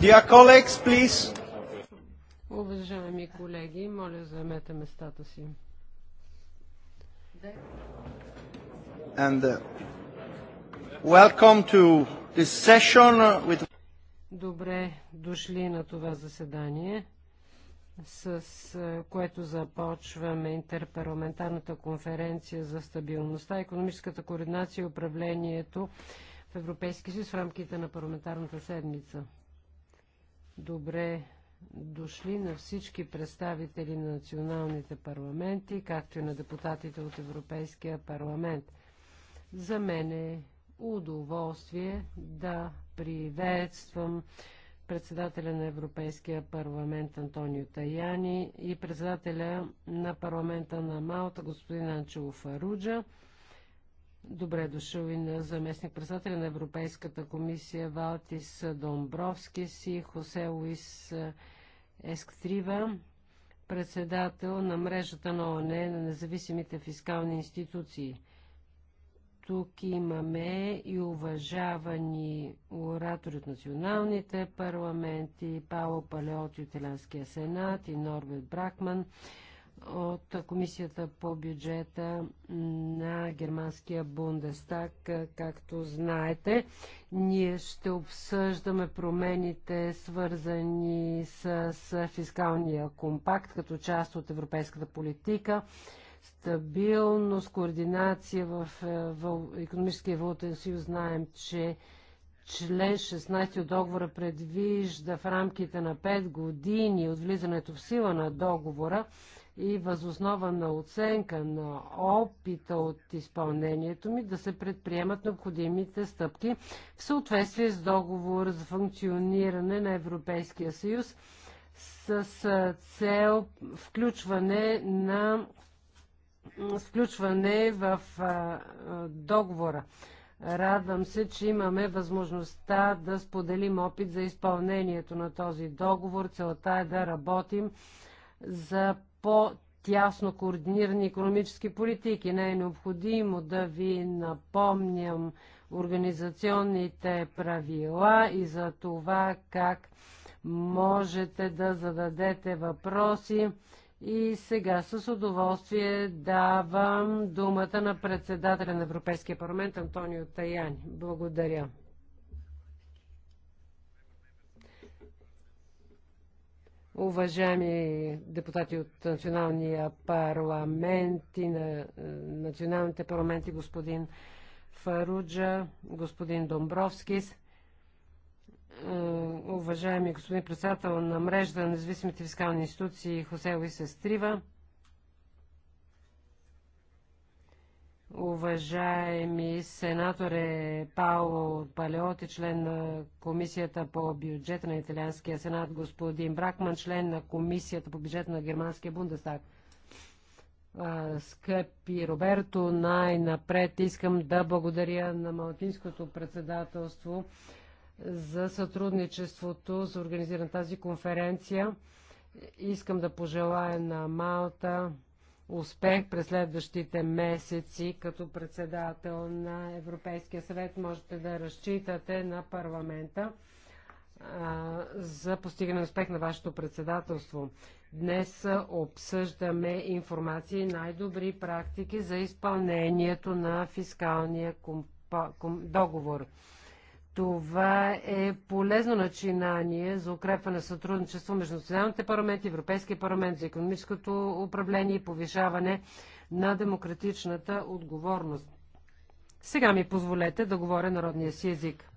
Dear colleagues, please. Уважаеми колеги, моля заемете местата си. And uh, welcome to this session with Добре дошли на това заседание, с което започваме интерпарламентарната конференция за стабилността, економическата координация и управлението в Европейски съюз в рамките на парламентарната седмица. Добре дошли на всички представители на националните парламенти, както и на депутатите от Европейския парламент. За мен е удоволствие да приветствам председателя на Европейския парламент Антонио Таяни и председателя на парламента на Малта господин Анчело Фаруджа. Добре дошъл и на заместник председателя на Европейската комисия Валтис Домбровски си, Хосе Луис е, Есктривер, председател на мрежата на ОНЕ на независимите фискални институции. Тук имаме и уважавани оратори от националните парламенти, Пао Палеоти от Италянския сенат и Норбет Бракман – от Комисията по бюджета на Германския Бундестаг. Както знаете, ние ще обсъждаме промените, свързани с, фискалния компакт като част от европейската политика, стабилност, координация в, е, в економическия валутен съюз. Знаем, че член 16 от договора предвижда в рамките на 5 години от влизането в сила на договора и възоснова на оценка на опита от изпълнението ми да се предприемат необходимите стъпки в съответствие с договор за функциониране на Европейския съюз с цел включване на включване в а, договора. Радвам се, че имаме възможността да споделим опит за изпълнението на този договор. Целта е да работим за по-тясно координирани економически политики. Не е необходимо да ви напомням организационните правила и за това как можете да зададете въпроси. И сега с удоволствие давам думата на председателя на Европейския парламент Антонио Таяни. Благодаря. уважаеми депутати от националния парламент и на е, националните парламенти, господин Фаруджа, господин Домбровскис, е, уважаеми господин председател на мрежа на независимите фискални институции Хосе Луис Стрива, Уважаеми сенаторе Пауло Палеоти, член на Комисията по бюджет на Италианския сенат, господин Бракман, член на Комисията по бюджет на Германския Бундестаг. Скъпи Роберто, най-напред искам да благодаря на Малтинското председателство за сътрудничеството, за организирана тази конференция. Искам да пожелая на Малта успех през следващите месеци като председател на Европейския съвет. Можете да разчитате на парламента за постигане успех на вашето председателство. Днес обсъждаме информации и най-добри практики за изпълнението на фискалния договор. Това е полезно начинание за укрепване на сътрудничество между националните парламенти, Европейския парламент за економическото управление и повишаване на демократичната отговорност. Сега ми позволете да говоря народния си език.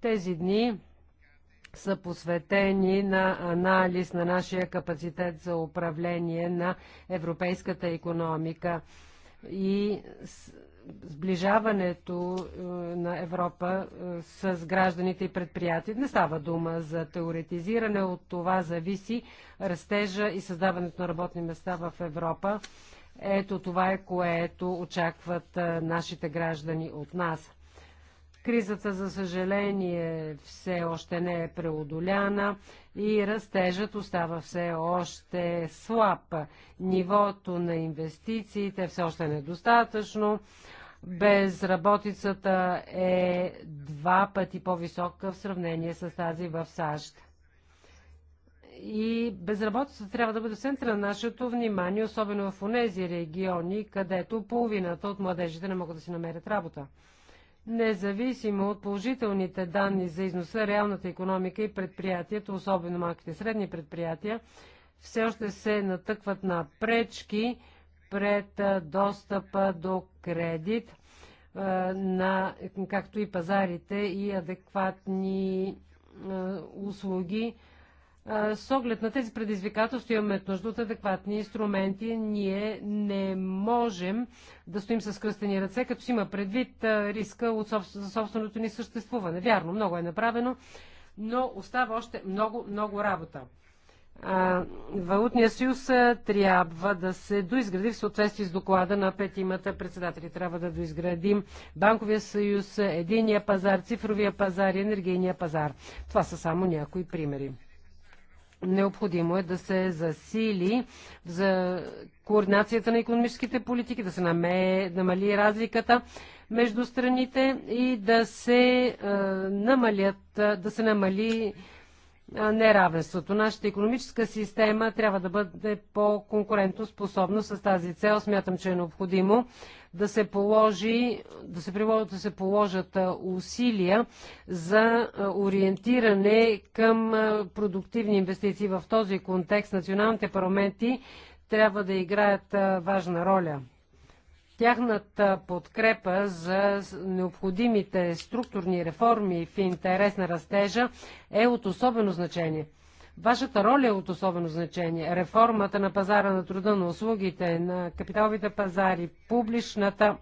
Тези дни са посветени на анализ на нашия капацитет за управление на европейската економика и сближаването е, на Европа е, с гражданите и предприятията. Не става дума за теоретизиране, от това зависи растежа и създаването на работни места в Европа. Ето това е, което очакват е, нашите граждани от нас. Кризата, за съжаление, все още не е преодоляна и растежът остава все още слаб. Нивото на инвестициите все още не е достатъчно. Безработицата е два пъти по-висока в сравнение с тази в САЩ. И безработицата трябва да бъде в центъра на нашето внимание, особено в тези региони, където половината от младежите не могат да си намерят работа. Независимо от положителните данни за износа, реалната економика и предприятията, особено малките и средни предприятия, все още се натъкват на пречки пред достъпа до кредит, на, както и пазарите и адекватни услуги с оглед на тези предизвикателства имаме нужда от адекватни инструменти. Ние не можем да стоим с кръстени ръце, като си има предвид риска от собствен, за собственото ни съществуване. Вярно, много е направено, но остава още много, много работа. Валутният съюз трябва да се доизгради в съответствие с доклада на петимата председатели. Трябва да доизградим Банковия съюз, единия пазар, цифровия пазар и енергийния пазар. Това са само някои примери. Необходимо е да се засили за координацията на економическите политики, да се намали разликата между страните и да се, намалят, да се намали неравенството. Нашата економическа система трябва да бъде по конкурентоспособна с тази цел. Смятам, че е необходимо да се, положи, да се, да се положат усилия за ориентиране към продуктивни инвестиции. В този контекст националните парламенти трябва да играят важна роля. Тяхната подкрепа за необходимите структурни реформи в интерес на растежа е от особено значение – Вашата роля е от особено значение. Реформата на пазара на труда, на услугите, на капиталовите пазари, публичната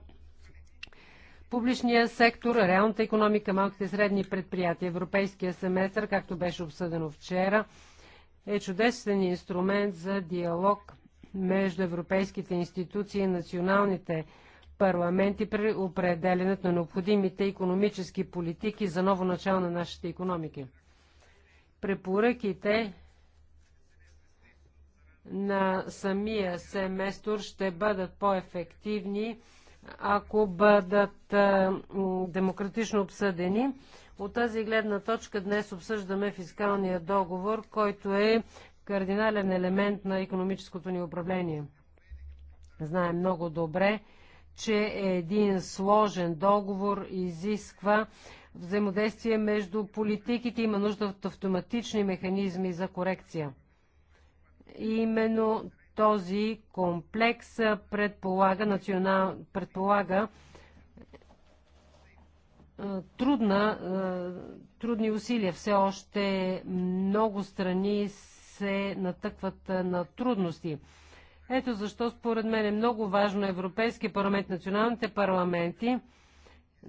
публичния сектор, реалната економика, малките и средни предприятия, европейския семестър, както беше обсъдено вчера, е чудесен инструмент за диалог между европейските институции и националните парламенти при определенето на необходимите економически политики за ново начало на нашите економики препоръките на самия семестър ще бъдат по-ефективни, ако бъдат демократично обсъдени. От тази гледна точка днес обсъждаме фискалния договор, който е кардинален елемент на економическото ни управление. Знаем много добре, че един сложен договор изисква взаимодействие между политиките, има нужда от автоматични механизми за корекция. И именно този комплекс предполага, национал, предполага трудна, трудни усилия. Все още много страни се натъкват на трудности. Ето защо според мен е много важно Европейския парламент, националните парламенти –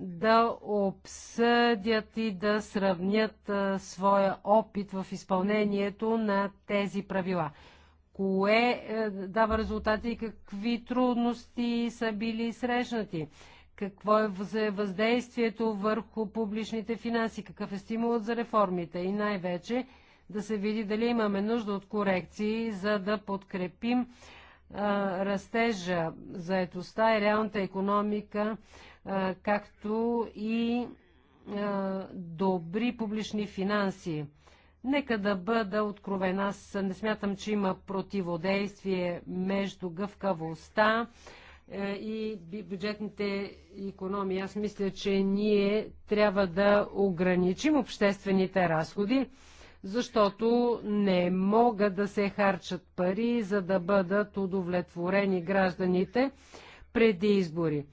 да обсъдят и да сравнят а, своя опит в изпълнението на тези правила. Кое е, дава резултати и какви трудности са били срещнати? Какво е, е въздействието върху публичните финанси? Какъв е стимулът за реформите? И най-вече да се види дали имаме нужда от корекции, за да подкрепим а, растежа, заетостта и реалната економика както и добри публични финанси. Нека да бъда откровена. Аз не смятам, че има противодействие между гъвкавостта е, и бюджетните економии. Аз мисля, че ние трябва да ограничим обществените разходи, защото не могат да се харчат пари, за да бъдат удовлетворени гражданите преди избори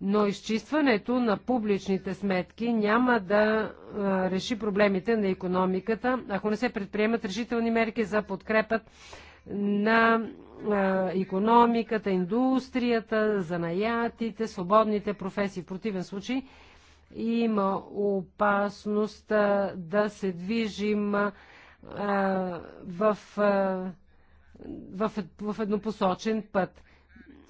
но изчистването на публичните сметки няма да а, реши проблемите на економиката, ако не се предприемат решителни мерки за подкрепът на а, економиката, индустрията, занаятите, свободните професии. В противен случай има опасност а, да се движим в, в, в еднопосочен път.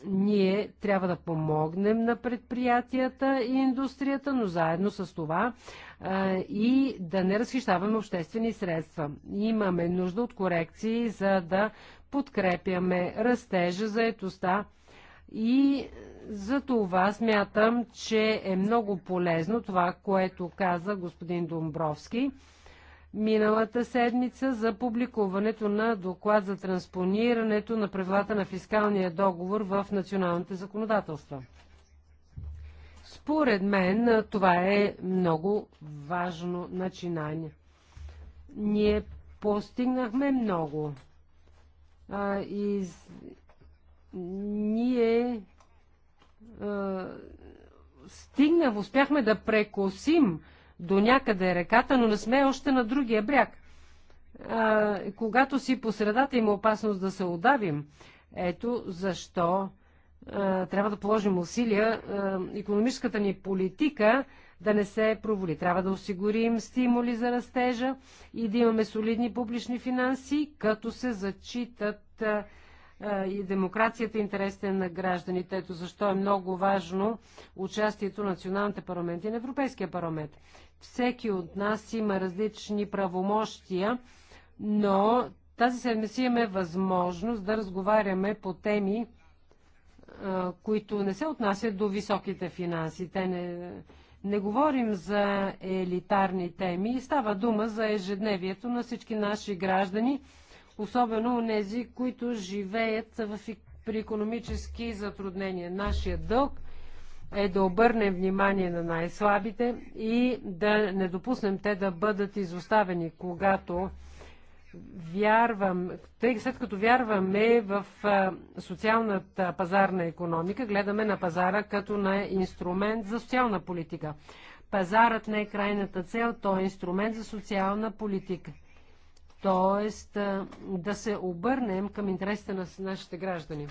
Ние трябва да помогнем на предприятията и индустрията, но заедно с това а, и да не разхищаваме обществени средства. Имаме нужда от корекции, за да подкрепяме растежа, заетостта и за това смятам, че е много полезно това, което каза господин Домбровски миналата седмица за публикуването на доклад за транспонирането на правилата на фискалния договор в националните законодателства. Според мен това е много важно начинание. Ние постигнахме много. А, и ние а, стигнах, успяхме да прекосим до някъде реката, но не сме още на другия бряг. А, когато си по средата има опасност да се удавим, ето защо а, трябва да положим усилия а, економическата ни политика да не се провали. Трябва да осигурим стимули за растежа и да имаме солидни публични финанси, като се зачитат а, и демокрацията и интересите на гражданите. Ето защо е много важно участието на националните парламенти и на Европейския парламент всеки от нас има различни правомощия, но тази седмица имаме възможност да разговаряме по теми, които не се отнасят до високите финанси. Те не, не говорим за елитарни теми. Става дума за ежедневието на всички наши граждани, особено у нези, които живеят в, при економически затруднения. Нашия дълг – е да обърнем внимание на най-слабите и да не допуснем те да бъдат изоставени, когато вярвам, тъй след като вярваме в социалната пазарна економика, гледаме на пазара като на инструмент за социална политика. Пазарът не е крайната цел, той е инструмент за социална политика. Тоест да се обърнем към интересите на нашите граждани.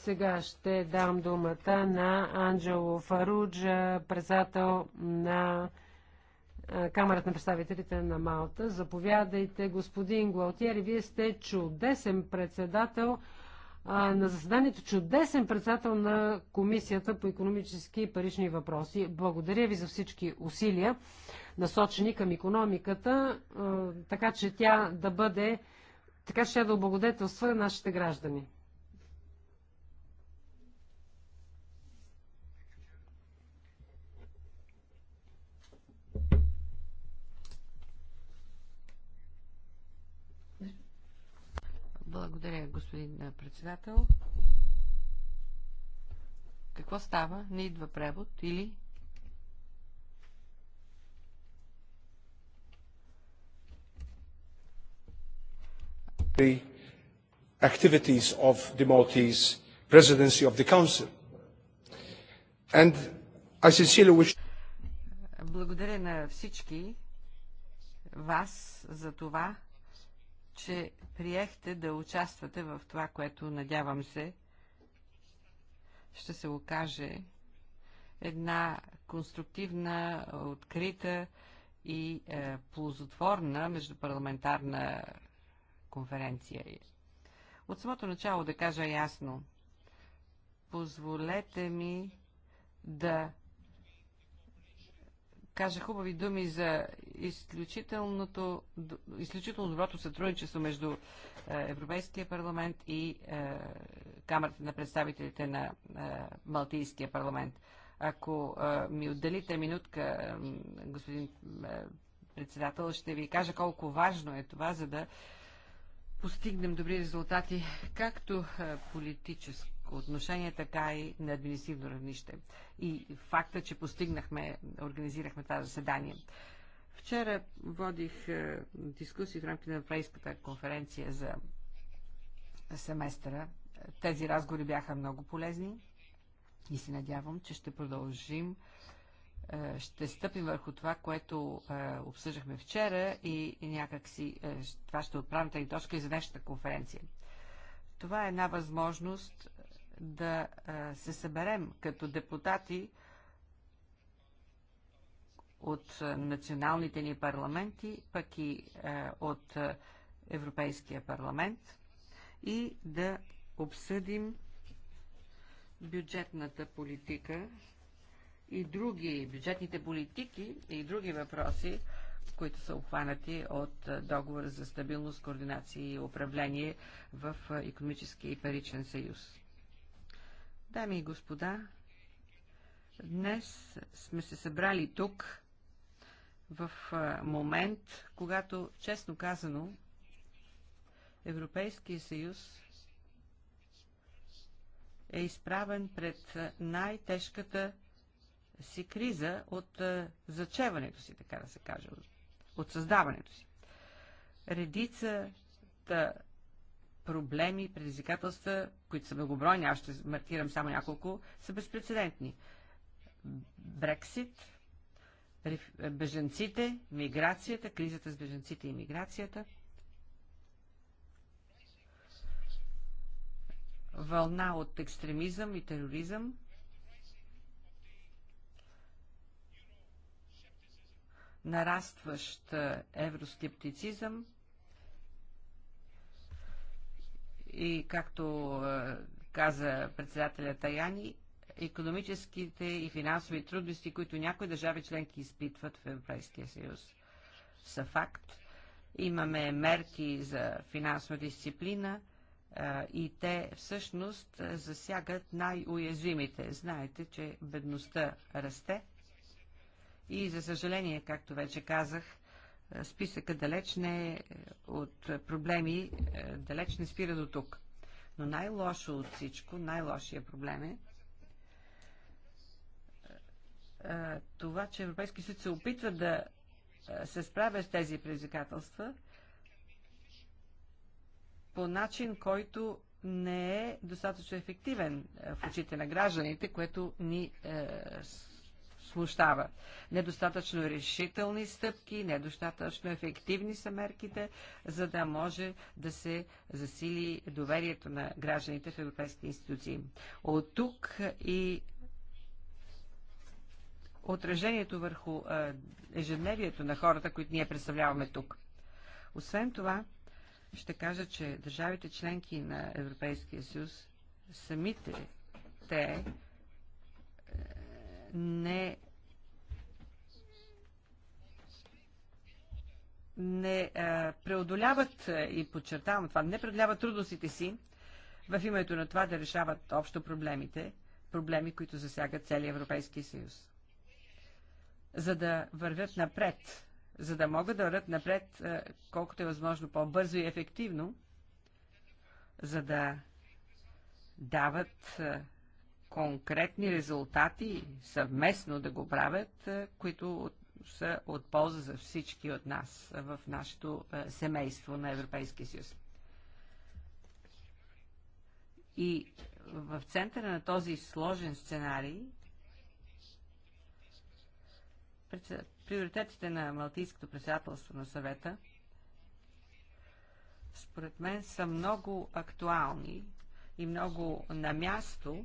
Сега ще дам думата на Анджело Фаруджа, председател на Камерата на представителите на Малта. Заповядайте, господин Гуалтиери. Вие сте чудесен председател на заседанието, чудесен председател на Комисията по економически и парични въпроси. Благодаря ви за всички усилия, насочени към економиката, така че тя да бъде, така че тя да облагодетелства нашите граждани. Благодаря, господин председател. Какво става? Не идва превод или... The activities of the Maltese presidency of the council. And I sincerely wish... Благодаря на всички вас за това, че приехте да участвате в това, което, надявам се, ще се окаже една конструктивна, открита и е, ползотворна междупарламентарна конференция. От самото начало да кажа ясно, позволете ми да кажа хубави думи за изключителното, изключително доброто сътрудничество между е, Европейския парламент и е, Камерата на представителите на е, Малтийския парламент. Ако ми отделите минутка, господин председател, ще ви кажа колко важно е това, за да постигнем добри резултати, както политически отношение, така и на административно равнище. И факта, че постигнахме, организирахме това заседание. Вчера водих е, дискусии в рамките на Европейската конференция за семестъра. Тези разговори бяха много полезни и се надявам, че ще продължим е, ще стъпим върху това, което е, обсъждахме вчера и, някакси това ще отправим тази точка и за днешната конференция. Това е една възможност да се съберем като депутати от е, националните ни парламенти, пък и е, от е, Европейския парламент и да обсъдим бюджетната политика и други бюджетните политики и други въпроси, които са обхванати от договора за стабилност, координация и управление в економически и паричен съюз. Дами и господа, днес сме се събрали тук, в момент, когато, честно казано, Европейския съюз е изправен пред най-тежката си криза от зачеването си, така да се каже, от създаването си. Редицата проблеми, предизвикателства, които са многобройни, аз ще маркирам само няколко, са безпредседентни. Брексит, беженците, миграцията, кризата с беженците и миграцията, вълна от екстремизъм и тероризъм, нарастващ евроскептицизъм и, както каза председателя Таяни, економическите и финансови трудности, които някои държави членки изпитват в Европейския съюз, са факт. Имаме мерки за финансова дисциплина и те всъщност засягат най-уязвимите. Знаете, че бедността расте и за съжаление, както вече казах, списъка далеч не е, е от проблеми, е, далеч не спира до тук. Но най-лошо от всичко, най-лошия проблем е, това, че Европейски съюз се опитва да се справя с тези предизвикателства по начин, който не е достатъчно ефективен в очите на гражданите, което ни е, смущава. Недостатъчно решителни стъпки, недостатъчно ефективни са мерките, за да може да се засили доверието на гражданите в европейските институции. От тук и отражението върху ежедневието на хората, които ние представляваме тук. Освен това, ще кажа, че държавите членки на Европейския съюз самите те е, не не преодоляват, и подчертавам това, не преодоляват трудностите си в името на това да решават общо проблемите, проблеми, които засягат целия Европейски съюз за да вървят напред, за да могат да вървят напред е, колкото е възможно по-бързо и ефективно, за да дават е, конкретни резултати, съвместно да го правят, е, които са от полза за всички от нас в нашето семейство на Европейския съюз. И в центъра на този сложен сценарий Приоритетите на Малтийското председателство на съвета според мен са много актуални и много на място,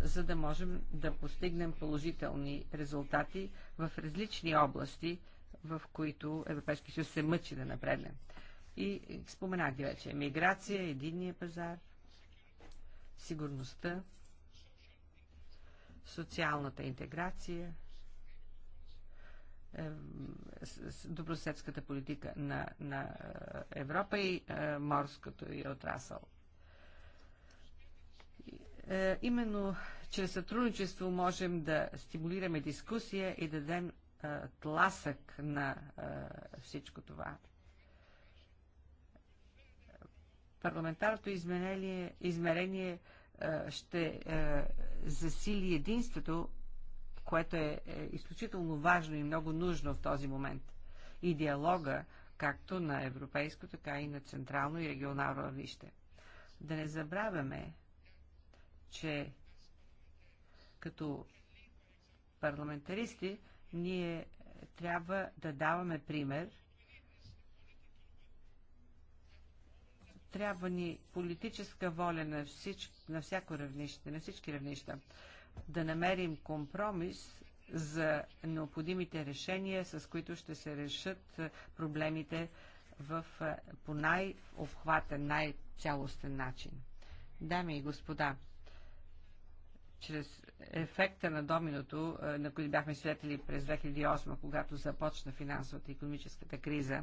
за да можем да постигнем положителни резултати в различни области, в които Европейски съюз се мъчи да напредне. И споменах ги вече. Миграция, единния пазар, сигурността, социалната интеграция – добросъседската политика на, на е, Европа и е, морското и отрасъл. Е, именно чрез сътрудничество можем да стимулираме дискусия и да дадем тласък на всичко това. Парламентарното измерение, измерение ще засили единството което е, е изключително важно и много нужно в този момент. И диалога, както на европейско, така и на централно и регионално равнище. Да не забравяме, че като парламентаристи ние трябва да даваме пример. Трябва ни политическа воля на, всич, на всяко равнище, на всички равнища да намерим компромис за необходимите решения, с които ще се решат проблемите в, по най-обхватен, най-цялостен начин. Дами и господа, чрез ефекта на доминото, на които бяхме свидетели през 2008, когато започна финансовата и економическата криза,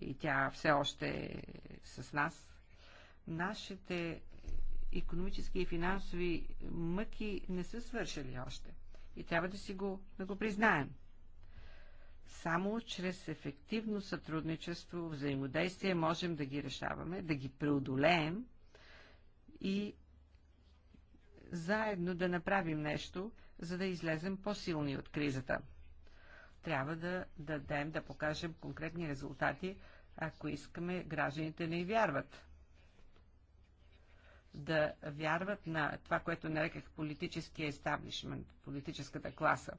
и тя все още е с нас, нашите економически и финансови мъки не са свършили още. И трябва да си го, да го признаем. Само чрез ефективно сътрудничество, взаимодействие можем да ги решаваме, да ги преодолеем и заедно да направим нещо, за да излезем по-силни от кризата. Трябва да дадем, да покажем конкретни резултати, ако искаме гражданите не вярват да вярват на това, което нареках политическия естаблишмент, политическата класа.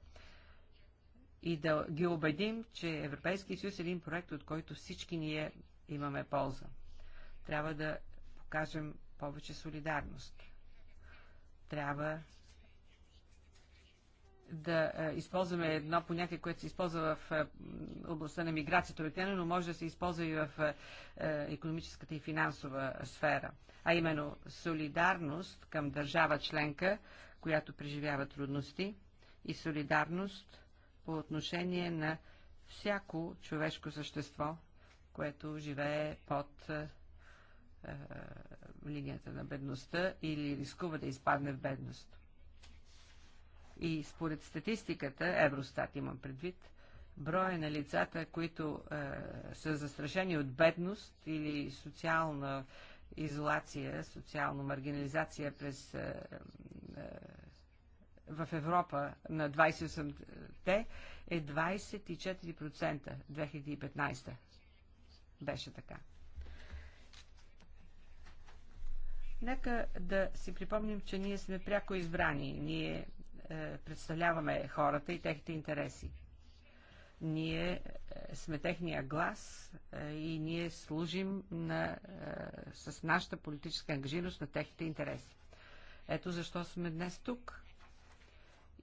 И да ги убедим, че Европейския съюз е един проект, от който всички ние имаме полза. Трябва да покажем повече солидарност. Трябва да е, използваме едно понятие, което се използва в е, областта на миграцията обикновено, но може да се използва и в е, економическата и финансова сфера. А именно солидарност към държава членка, която преживява трудности, и солидарност по отношение на всяко човешко същество, което живее под линията на бедността или рискува да изпадне в бедност. И според статистиката, Евростат имам предвид, броя на лицата, които е, са застрашени от бедност или социална изолация, социална маргинализация през, е, е, в Европа на 28-те е 24% 2015. Беше така. Нека да си припомним, че ние сме пряко избрани. Ние е, представляваме хората и техните интереси. Ние е, сме техния глас е, и ние служим на, с нашата политическа ангажираност на техните интереси. Ето защо сме днес тук.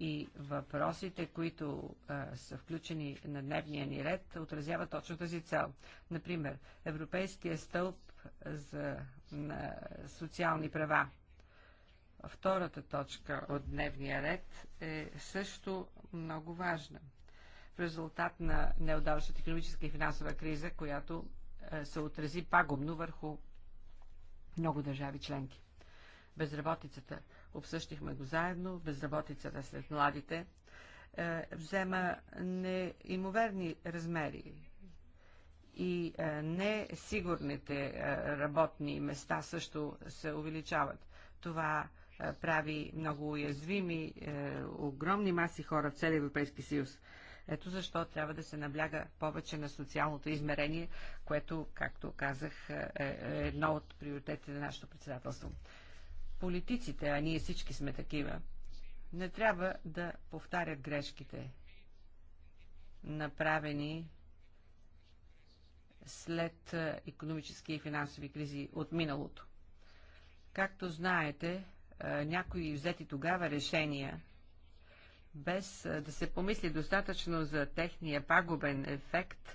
И въпросите, които а, са включени на дневния ни ред, отразяват точно тази цел. Например, Европейския стълб за на социални права втората точка от дневния ред е също много важна. В резултат на неудаващата економическа и финансова криза, която е, се отрази пагубно върху много държави членки. Безработицата, обсъщихме го заедно, безработицата след младите, е, взема неимоверни размери и е, несигурните работни места също се увеличават. Това прави много уязвими е, огромни маси хора в целия Европейски съюз. Ето защо трябва да се набляга повече на социалното измерение, което, както казах, е, е едно от приоритетите на нашето председателство. Политиците, а ние всички сме такива, не трябва да повтарят грешките, направени след економически и финансови кризи от миналото. Както знаете, е, някои взети тогава решения, без е, да се помисли достатъчно за техния пагубен ефект,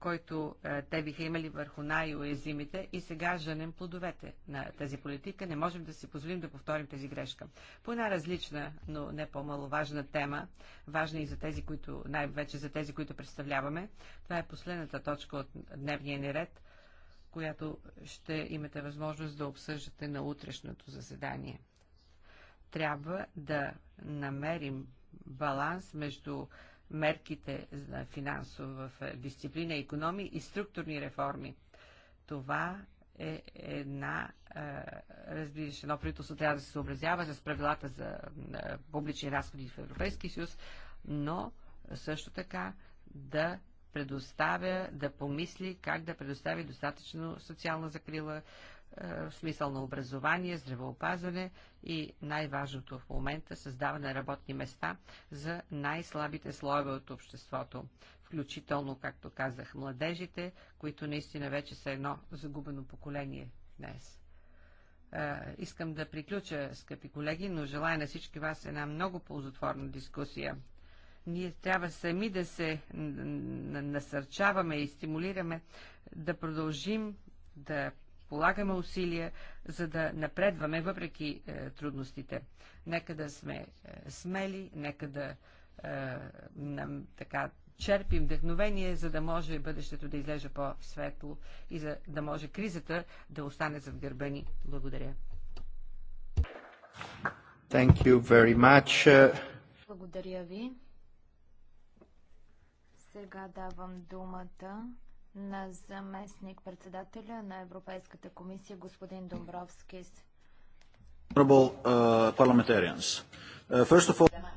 който е, те биха имали върху най-уязвимите и сега женем плодовете на тази политика. Не можем да си позволим да повторим тази грешка. По една различна, но не по-маловажна тема, важна и за тези, които, най-вече за тези, които представляваме, това е последната точка от дневния ни ред – която ще имате възможност да обсъждате на утрешното заседание. Трябва да намерим баланс между мерките за финансова дисциплина, економи и структурни реформи. Това е една, разбира едно правителство трябва да се съобразява с правилата за публични разходи в Европейския съюз, но също така да предоставя, да помисли как да предостави достатъчно социална закрила е, в смисъл на образование, здравеопазване и най-важното в момента създаване на работни места за най-слабите слоеве от обществото, включително, както казах, младежите, които наистина вече са едно загубено поколение днес. Е, искам да приключа, скъпи колеги, но желая на всички вас една много ползотворна дискусия. Ние трябва сами да се насърчаваме и стимулираме да продължим да полагаме усилия, за да напредваме въпреки е, трудностите. Нека да сме е, смели, нека да е, нам, така, черпим вдъхновение, за да може бъдещето да излежа по-светло и за да може кризата да остане зад гърба ни. Благодаря. Thank you very much. Благодаря ви. Сега давам думата на заместник председателя на Европейската комисия господин Домбровскис. Uh,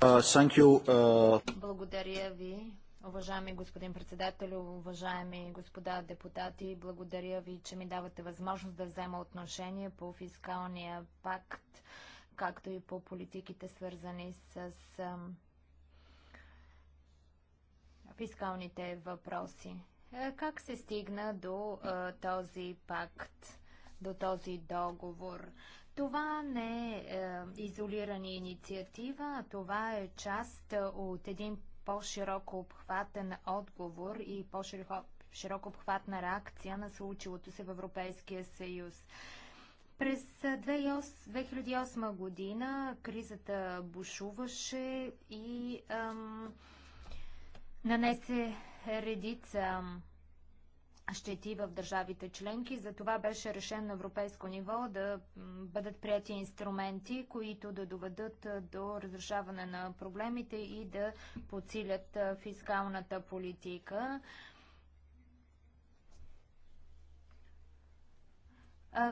uh, uh, Благодаря ви, уважаеми господин председател, уважаеми господа депутати. Благодаря ви, че ми давате възможност да взема отношение по фискалния пакт, както и по политиките свързани с фискалните въпроси. Е, как се стигна до а, е, този пакт, до този договор? Това не е, е изолирана инициатива, а това е част е, от един по-широко обхватен отговор и по-широко обхватна реакция на случилото се в Европейския съюз. През 2008 година кризата бушуваше и ам, нанесе редица щети в държавите членки. За това беше решено на европейско ниво да бъдат прияти инструменти, които да доведат до разрешаване на проблемите и да подсилят фискалната политика.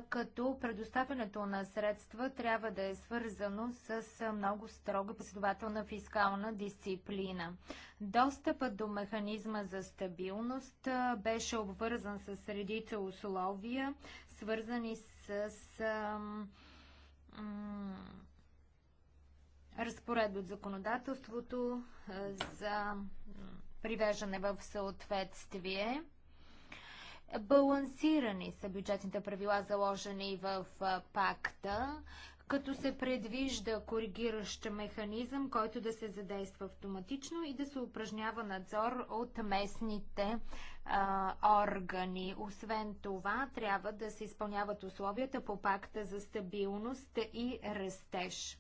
като предоставянето на средства трябва да е свързано с много строга последователна фискална дисциплина. Достъпът до механизма за стабилност беше обвързан с редица условия, свързани с разпоред от законодателството за привеждане в съответствие. Балансирани са бюджетните правила, заложени в пакта, като се предвижда коригиращ механизъм, който да се задейства автоматично и да се упражнява надзор от местните а, органи. Освен това, трябва да се изпълняват условията по пакта за стабилност и растеж.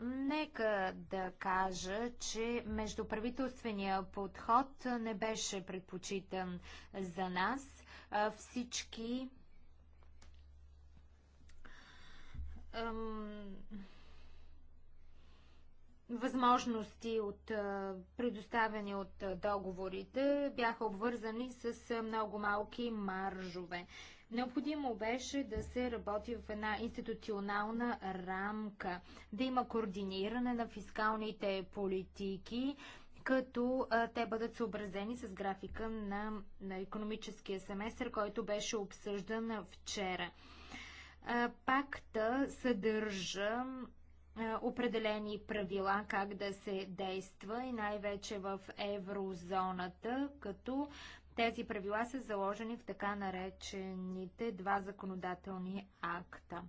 Нека да кажа, че междуправителствения подход не беше предпочитан за нас. Всички възможности от предоставени от договорите бяха обвързани с много малки маржове. Необходимо беше да се работи в една институционална рамка, да има координиране на фискалните политики, като а, те бъдат съобразени с графика на, на економическия семестър, който беше обсъждан вчера. А, пакта съдържа определени правила как да се действа и най-вече в еврозоната, като тези правила са заложени в така наречените два законодателни акта.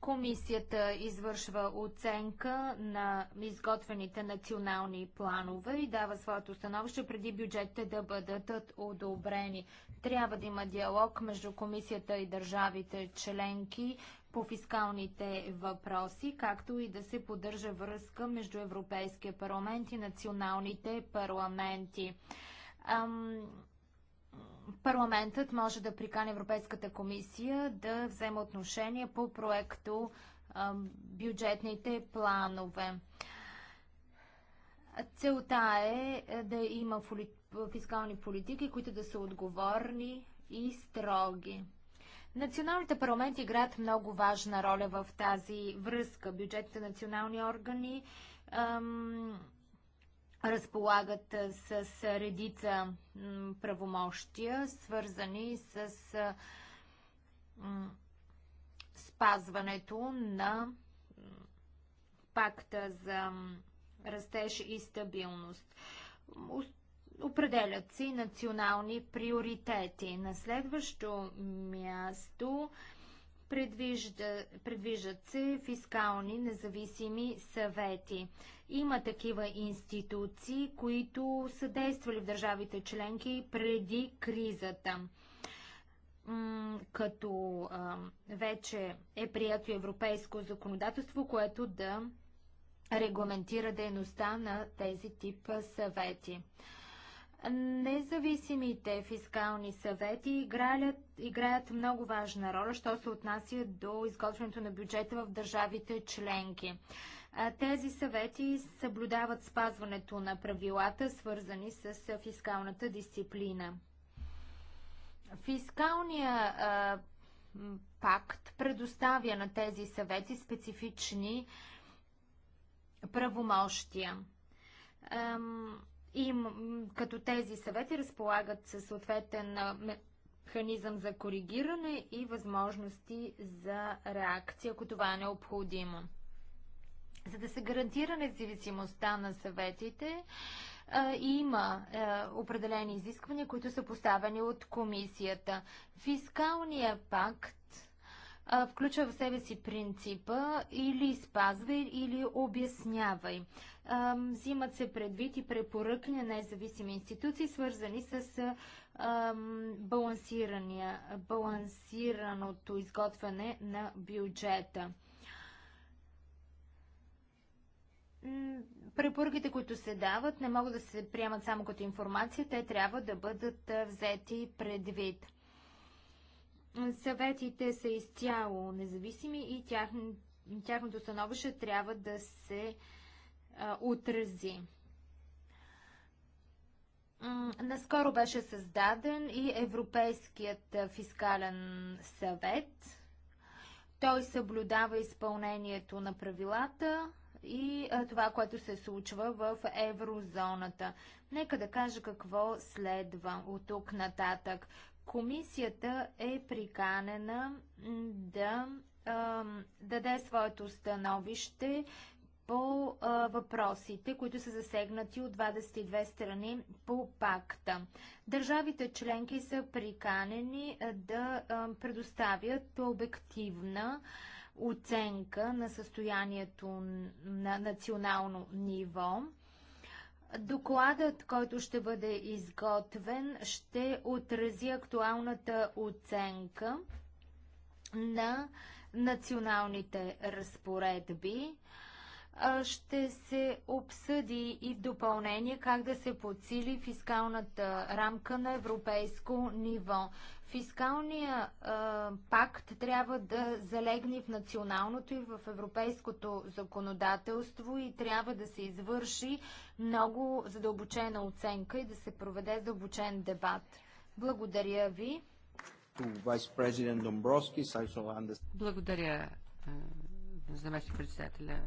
Комисията извършва оценка на изготвените национални планове и дава своето становище преди бюджетите да бъдат одобрени. Трябва да има диалог между комисията и държавите членки по фискалните въпроси, както и да се поддържа връзка между Европейския парламент и националните парламенти. Ам, парламентът може да прикани Европейската комисия да вземе отношение по проекто ам, бюджетните планове. Целта е, е да има фискални политики, които да са отговорни и строги. Националните парламенти играят много важна роля в тази връзка. Бюджетите национални органи ам, разполагат с редица правомощия, свързани с ам, спазването на пакта за растеж и стабилност. Определят си национални приоритети. На следващо място предвижда, предвиждат се фискални независими съвети. Има такива институции, които са действали в държавите членки преди кризата. като вече е прието европейско законодателство, което да регламентира дейността на тези тип съвети. Независимите фискални съвети играят, играят много важна роля, що се отнася до изготвянето на бюджета в държавите членки. Тези съвети съблюдават спазването на правилата, свързани с фискалната дисциплина. Фискалния а, пакт предоставя на тези съвети специфични правомощия. И като тези съвети разполагат със съответен механизъм за коригиране и възможности за реакция, ако това е необходимо. За да се гарантира независимостта на съветите, има определени изисквания, които са поставени от комисията. Фискалния пакт включва в себе си принципа или спазвай, или обяснявай. Взимат се предвид и препоръки на независими институции, свързани с балансираното изготвяне на бюджета. Препоръките, които се дават, не могат да се приемат само като информация, те трябва да бъдат взети предвид. Съветите са изцяло независими и тяхното становище трябва да се отрази. Наскоро беше създаден и Европейският фискален съвет. Той съблюдава изпълнението на правилата и това, което се случва в еврозоната. Нека да кажа какво следва от тук нататък. Комисията е приканена да даде своето становище по а, въпросите, които са засегнати от 22 страни по пакта. Държавите членки са приканени да а, предоставят обективна оценка на състоянието на национално ниво. Докладът, който ще бъде изготвен, ще отрази актуалната оценка на националните разпоредби ще се обсъди и в допълнение как да се подсили фискалната рамка на европейско ниво. Фискалния а, пакт трябва да залегне в националното и в европейското законодателство и трябва да се извърши много задълбочена оценка и да се проведе задълбочен дебат. Благодаря ви. Благодаря, заместник председателя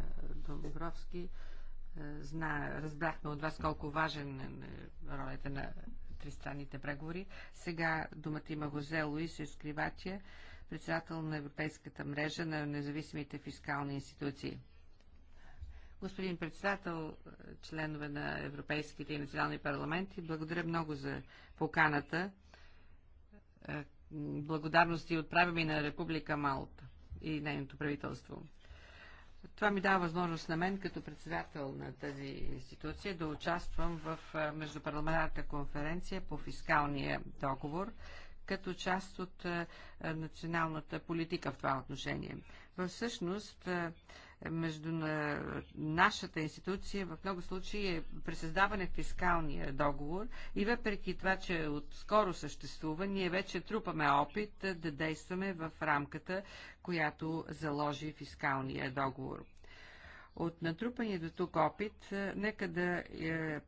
Домбровски. Е, зна, разбрахме от вас колко важен е, е ролята на тристранните преговори. Сега думата има Гозе Луис Ескриватия, председател на Европейската мрежа на независимите фискални институции. Господин председател, членове на Европейските и национални парламенти, благодаря много за поканата. Е, благодарности отправяме на Република Малта и нейното правителство. Това ми дава възможност на мен, като председател на тази институция, да участвам в Междупарламентарната конференция по фискалния договор, като част от националната политика в това отношение. Всъщност, между нашата институция в много случаи е пресъздаване фискалния договор и въпреки това, че отскоро съществува, ние вече трупаме опит е, да действаме в рамката, която заложи фискалния договор. От натрупания до тук опит, е, нека да е,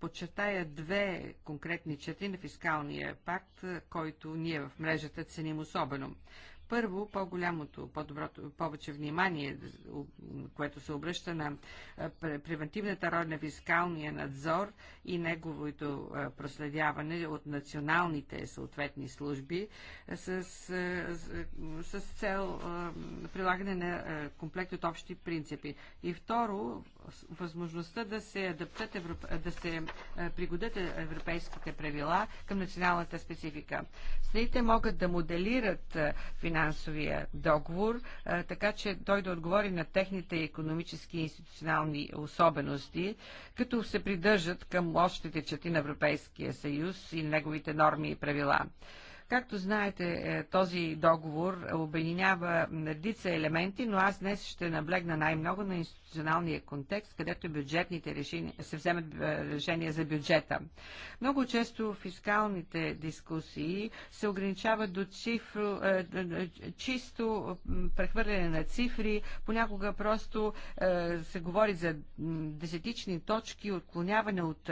подчертая две конкретни черти на фискалния пакт, е, който ние в мрежата ценим особено. Първо, по-голямото, по-доброто, повече внимание, което се обръща на превентивната роля на фискалния надзор и неговото проследяване от националните съответни служби с, с цел прилагане на комплект от общи принципи. И второ, възможността да се адаптат, да се пригодят европейските правила към националната специфика. Страните могат да моделират финансовите финансовия договор, така че той да отговори на техните економически и институционални особености, като се придържат към общите чети на Европейския съюз и неговите норми и правила. Както знаете, е, този договор обединява редица елементи, но аз днес ще наблегна най-много на институционалния контекст, където бюджетните решения, се вземат е, решения за бюджета. Много често фискалните дискусии се ограничават до цифро, е, чисто прехвърляне на цифри, понякога просто се говори за десетични точки, отклоняване от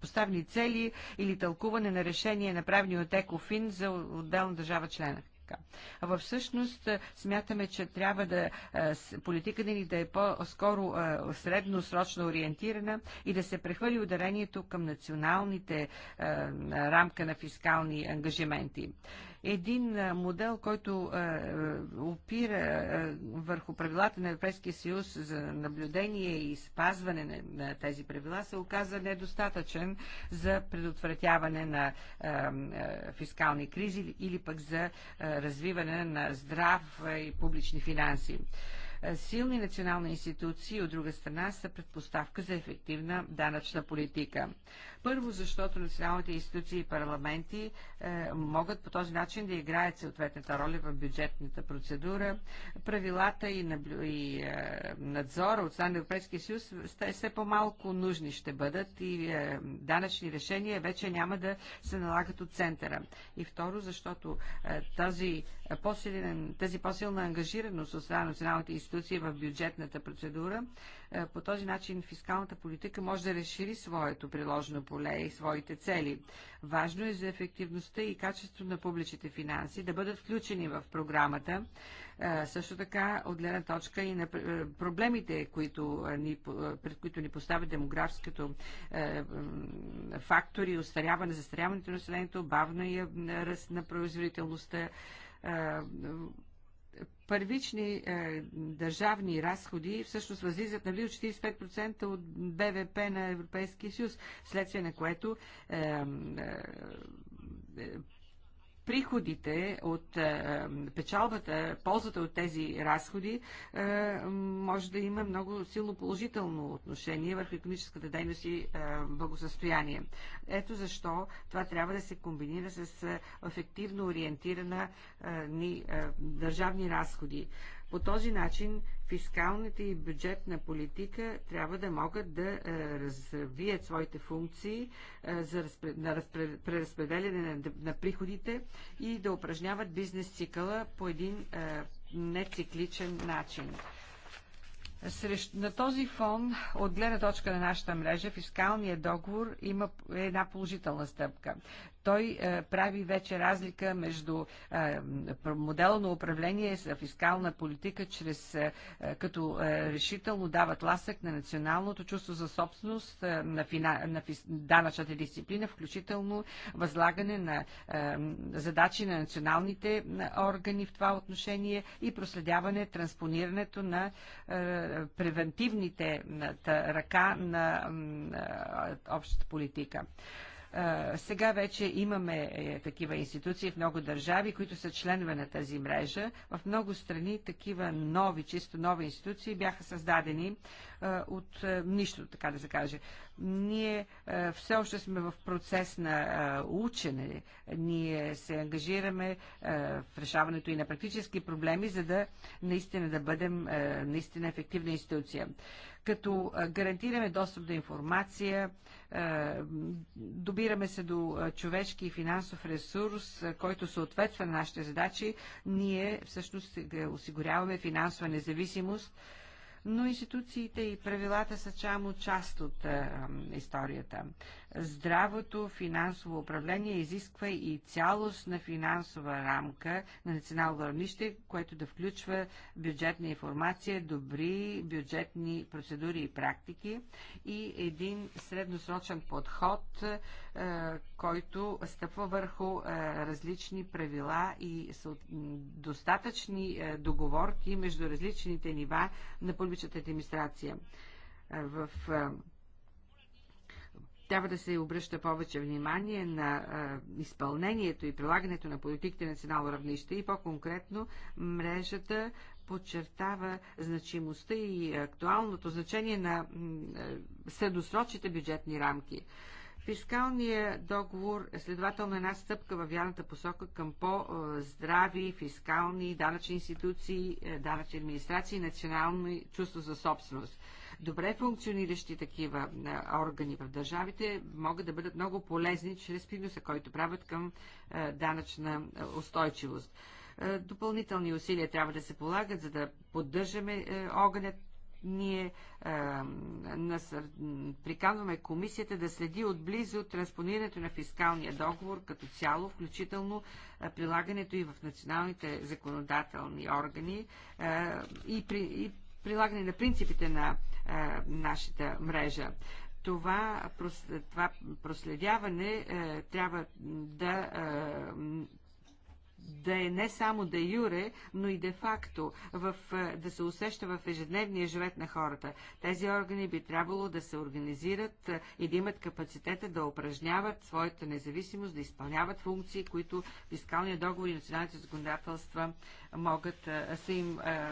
поставени цели или тълкуване на решения, направени от Екофин за отделна държава члена А А всъщност е, смятаме, че трябва да е, политиката ни да е по-скоро е, средносрочно ориентирана и да се прехвърли ударението към националните рамка на фискални ангажименти един модел, който опира върху правилата на Европейския съюз за наблюдение и спазване на тези правила, се оказа недостатъчен за предотвратяване на фискални кризи или пък за развиване на здрав и публични финанси. Силни национални институции, от друга страна, са предпоставка за ефективна данъчна политика. Първо, защото националните институции и парламенти е, могат по този начин да играят съответната роля в бюджетната процедура. Правилата и, наблю... и е, надзора от страна на Европейския съюз все по-малко нужни ще бъдат и е, данъчни решения вече няма да се налагат от центъра. И второ, защото е, тази е, по тази по-силна ангажираност от страна на националните институции в бюджетната процедура е, по този начин фискалната политика може да разшири своето приложено поле и своите цели. Важно е за ефективността и качеството на публичните финанси да бъдат включени в програмата, е, също така от гледна точка и на е, проблемите, които ни, пред които ни поставя демографското фактори, устаряване, застаряването на населението, бавно и ръст на производителността, първични е, държавни разходи всъщност възлизат на близо 45% от БВП на Европейския съюз, следствие на което е, е, приходите от е, печалбата, ползата от тези разходи е, може да има много силно положително отношение върху економическата дейност и е, благосъстояние. Ето защо това трябва да се комбинира с ефективно ориентирана ни държавни разходи. По този начин фискалната и бюджетна политика трябва да могат да е, развият своите функции е, за разпред... на разпред... преразпределяне на... на приходите и да упражняват бизнес цикъла по един е, нецикличен начин. На този фон, от гледна точка на нашата мрежа, фискалният договор има една положителна стъпка. Той е, прави вече разлика между е, модела на управление за фискална политика, чрез, е, е, като е, решително дава тласък на националното чувство за собственост, е, на, фина, на фис, данъчната дисциплина, включително възлагане на е, задачи на националните органи в това отношение и проследяване транспонирането на е, превентивните ръка на е, общата политика. Сега вече имаме е, такива институции в много държави, които са членове на тази мрежа. В много страни такива нови, чисто нови институции бяха създадени от нищо, така да се каже. Ние все още сме в процес на учене. Ние се ангажираме в решаването и на практически проблеми, за да наистина да бъдем наистина ефективна институция като гарантираме достъп до информация, добираме се до човешки и финансов ресурс, който съответства на нашите задачи, ние всъщност осигуряваме финансова независимост, но институциите и правилата са само част от историята. Здравото финансово управление изисква и цялостна финансова рамка на национално равнище, което да включва бюджетна информация, добри бюджетни процедури и практики и един средносрочен подход, е, който стъпва върху е, различни правила и достатъчни е, договорки между различните нива на публичната администрация. В трябва да се обръща повече внимание на а, изпълнението и прилагането на политиките на национално равнище и по-конкретно мрежата подчертава значимостта и актуалното значение на средосрочните бюджетни рамки. Фискалният договор е следователно една стъпка във вярната посока към по-здрави фискални данъчни институции, е, данъчни администрации и национално чувство за собственост добре функциониращи такива органи в държавите могат да бъдат много полезни чрез приноса, който правят към данъчна устойчивост. Допълнителни усилия трябва да се полагат, за да поддържаме огънят ние е, насър... приканваме комисията да следи отблизо транспонирането на фискалния договор като цяло, включително е, прилагането и в националните законодателни органи е, и, при, и прилагане на принципите на нашата мрежа това, това проследяване е, трябва да е, да е не само да юре, но и де факто, в, е, да се усеща в ежедневния живот на хората. Тези органи би трябвало да се организират е, и да имат капацитета да упражняват своята независимост, да изпълняват функции, които фискалния договор и националните законодателства могат е, са им е, е,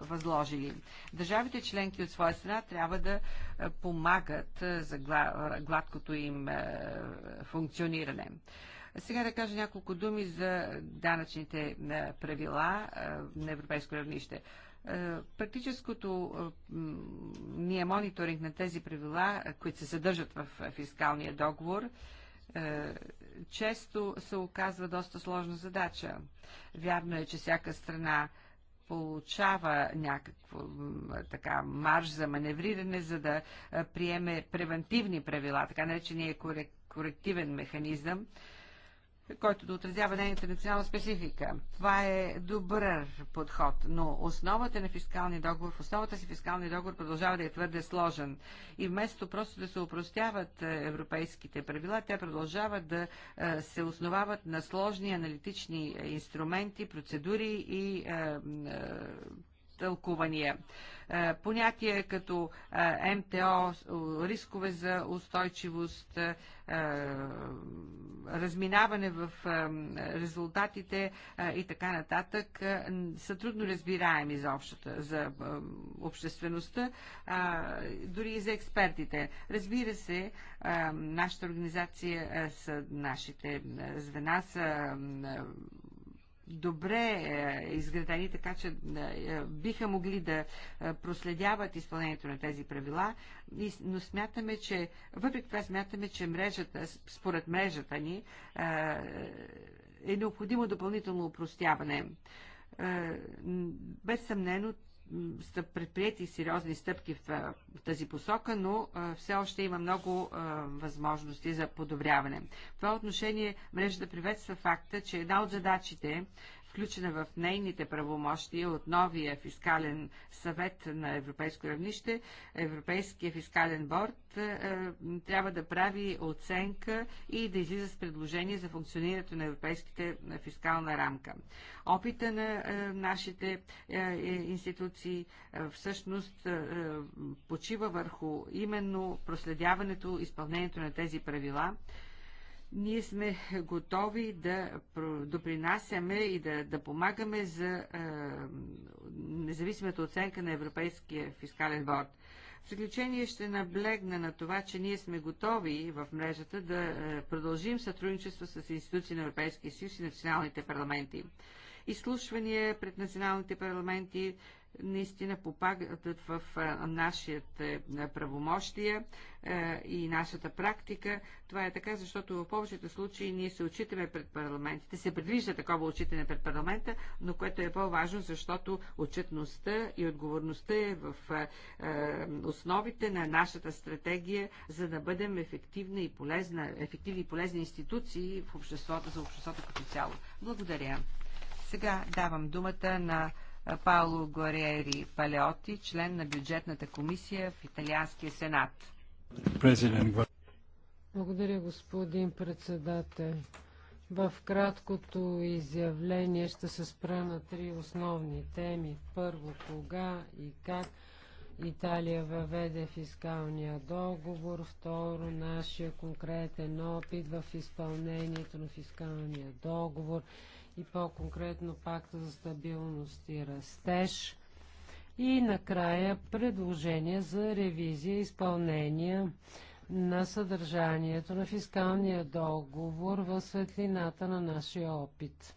възложили. Държавите членки от своя страна трябва да помагат за гладкото им функциониране. Сега да кажа няколко думи за данъчните е, правила е, на европейско равнище. Е, практическото ние мониторинг на тези правила, които се съдържат в фискалния договор, често се оказва доста сложна задача. Вярно е, че всяка страна получава някакво така марш за маневриране, за да приеме превентивни правила, така наречения корективен механизъм, който да отразява нейната национална специфика. Това е добър подход, но основата на фискалния договор, в основата си фискалния договор продължава да е твърде сложен. И вместо просто да се упростяват е, европейските правила, те продължават да е, се основават на сложни аналитични инструменти, процедури и е, тълкувания. Е, Понятия като е, МТО, рискове за устойчивост, е, разминаване в резултатите и така нататък са трудно разбираеми за, общата, за обществеността, дори и за експертите. Разбира се, нашата организация са, нашите звена са добре е, изградени, така че е, е, биха могли да проследяват изпълнението на тези правила, но смятаме, че въпреки това смятаме, че мрежата, според мрежата ни, е необходимо допълнително упростяване без съмнено са предприяти сериозни стъпки в, в тази посока, но а, все още има много а, възможности за подобряване. В това отношение мрежата да приветства факта, че една от задачите включена в нейните правомощия от новия фискален съвет на европейско равнище, Европейския фискален борт е, е, трябва да прави оценка и да излиза с предложение за функционирането на европейските е, фискална рамка. Опита на нашите институции всъщност почива върху именно проследяването, изпълнението на тези правила ние сме готови да допринасяме и да, да помагаме за е, независимата оценка на Европейския фискален борд. В заключение ще наблегна на това, че ние сме готови в мрежата да продължим сътрудничество с институции на Европейския съюз и националните парламенти. Изслушвания пред националните парламенти, наистина попадат в нашите правомощия и нашата практика. Това е така, защото в повечето случаи ние се отчитаме пред парламентите, се предвижда такова отчитане пред парламента, но което е по-важно, защото отчетността и отговорността е в основите на нашата стратегия, за да бъдем ефективна и полезна, ефективни и полезни институции в обществото, за обществото като цяло. Благодаря. Сега давам думата на Пауло Гореери Палеоти, член на бюджетната комисия в Италианския сенат. Президент. Благодаря, господин председател. В краткото изявление ще се спра на три основни теми. Първо, кога и как Италия въведе фискалния договор. Второ, нашия конкретен опит в изпълнението на фискалния договор и по-конкретно пакта за стабилност и растеж. И накрая предложение за ревизия и изпълнение на съдържанието на фискалния договор в светлината на нашия опит.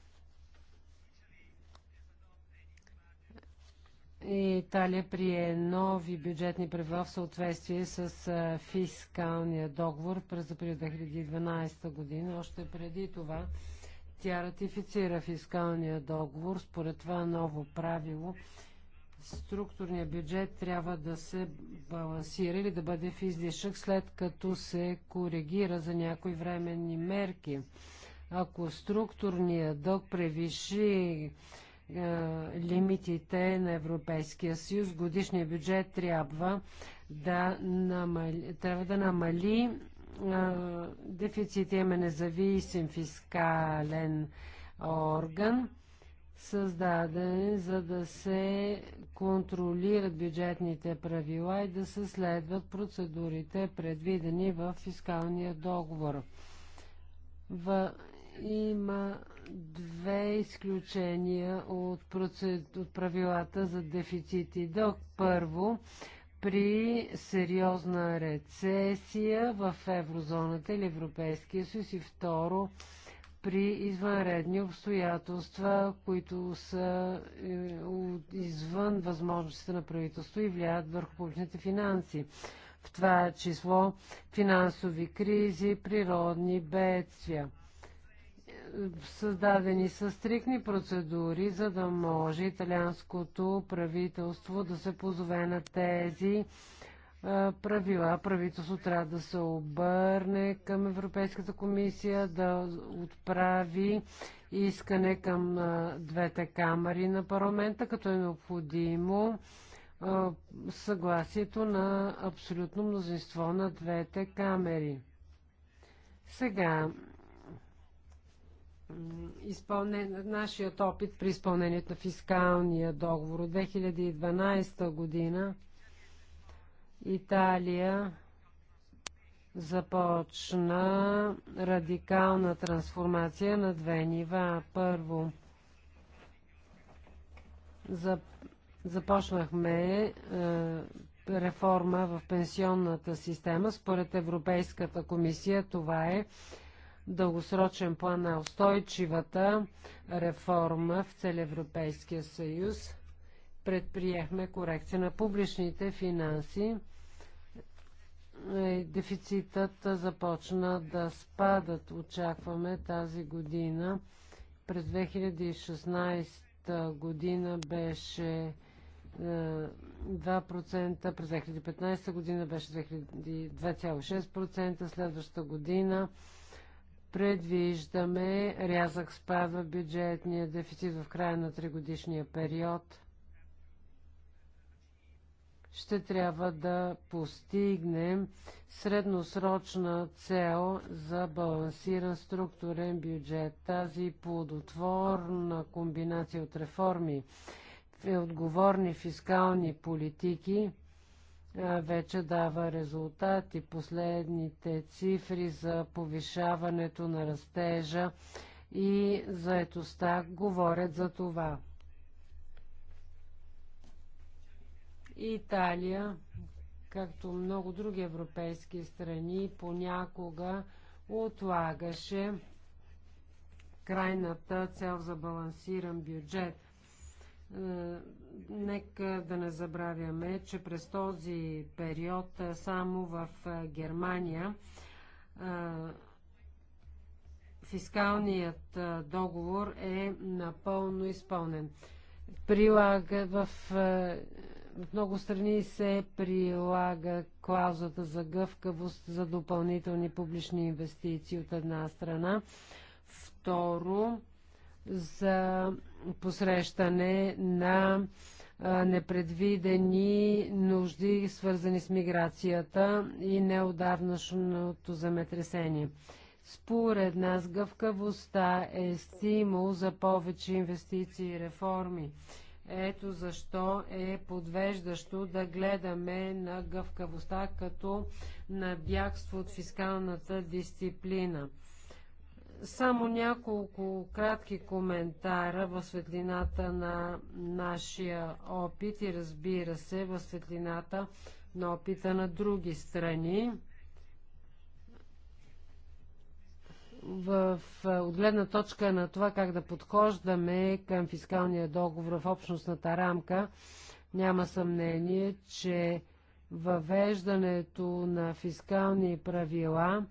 Италия прие нови бюджетни правила в съответствие с фискалния договор през април 2012 година. Още преди това тя ратифицира фискалния договор. Според това ново правило структурният бюджет трябва да се балансира или да бъде в излишък, след като се коригира за някои временни мерки. Ако структурният дълг превиши е, лимитите на Европейския съюз, годишният бюджет трябва да намали, трябва да намали дефицит има е независим фискален орган, създаден е, за да се контролират бюджетните правила и да се следват процедурите, предвидени в фискалния договор. В... Има две изключения от, процед... от правилата за дефицит и дълг. Първо, при сериозна рецесия в еврозоната или Европейския съюз и второ при извънредни обстоятелства, които са е, извън възможностите на правителство и влияят върху публичните финанси. В това число финансови кризи, природни бедствия създадени са стрикни процедури, за да може италианското правителство да се позове на тези правила. Правителство трябва да се обърне към Европейската комисия, да отправи искане към двете камери на парламента, като е необходимо съгласието на абсолютно мнозинство на двете камери. Сега изпълнен, нашият опит при изпълнението на фискалния договор от 2012 година Италия започна радикална трансформация на две нива. Първо, започнахме е, реформа в пенсионната система. Според Европейската комисия това е дългосрочен план на устойчивата реформа в целевропейския Европейския съюз. Предприехме корекция на публичните финанси. Е, дефицитът започна да спадат. Очакваме тази година. През 2016 година беше 2%, е, през 2015 година беше 2,6%, следващата година Предвиждаме рязък спад в бюджетния дефицит в края на тригодишния период. Ще трябва да постигнем средносрочна цел за балансиран структурен бюджет. Тази плодотворна комбинация от реформи, е отговорни фискални политики – е, вече дава резултати. Последните цифри за повишаването на растежа и заетостта говорят за това. Италия, както много други европейски страни, понякога отлагаше крайната цел за балансиран бюджет – е, нека да не забравяме, че през този период е, само в е, Германия фискалният договор е напълно изпълнен. Прилага в, в много страни се прилага клаузата за гъвкавост за допълнителни публични инвестиции от една страна. Второ, за посрещане на непредвидени нужди, свързани с миграцията и неодавнашното земетресение. Според нас гъвкавостта е стимул за повече инвестиции и реформи. Ето защо е подвеждащо да гледаме на гъвкавостта като на бягство от фискалната дисциплина. Само няколко кратки коментара в светлината на нашия опит и разбира се в светлината на опита на други страни. в, от гледна точка на това как да подхождаме към фискалния договор в общностната рамка, няма съмнение, че въвеждането на фискални правила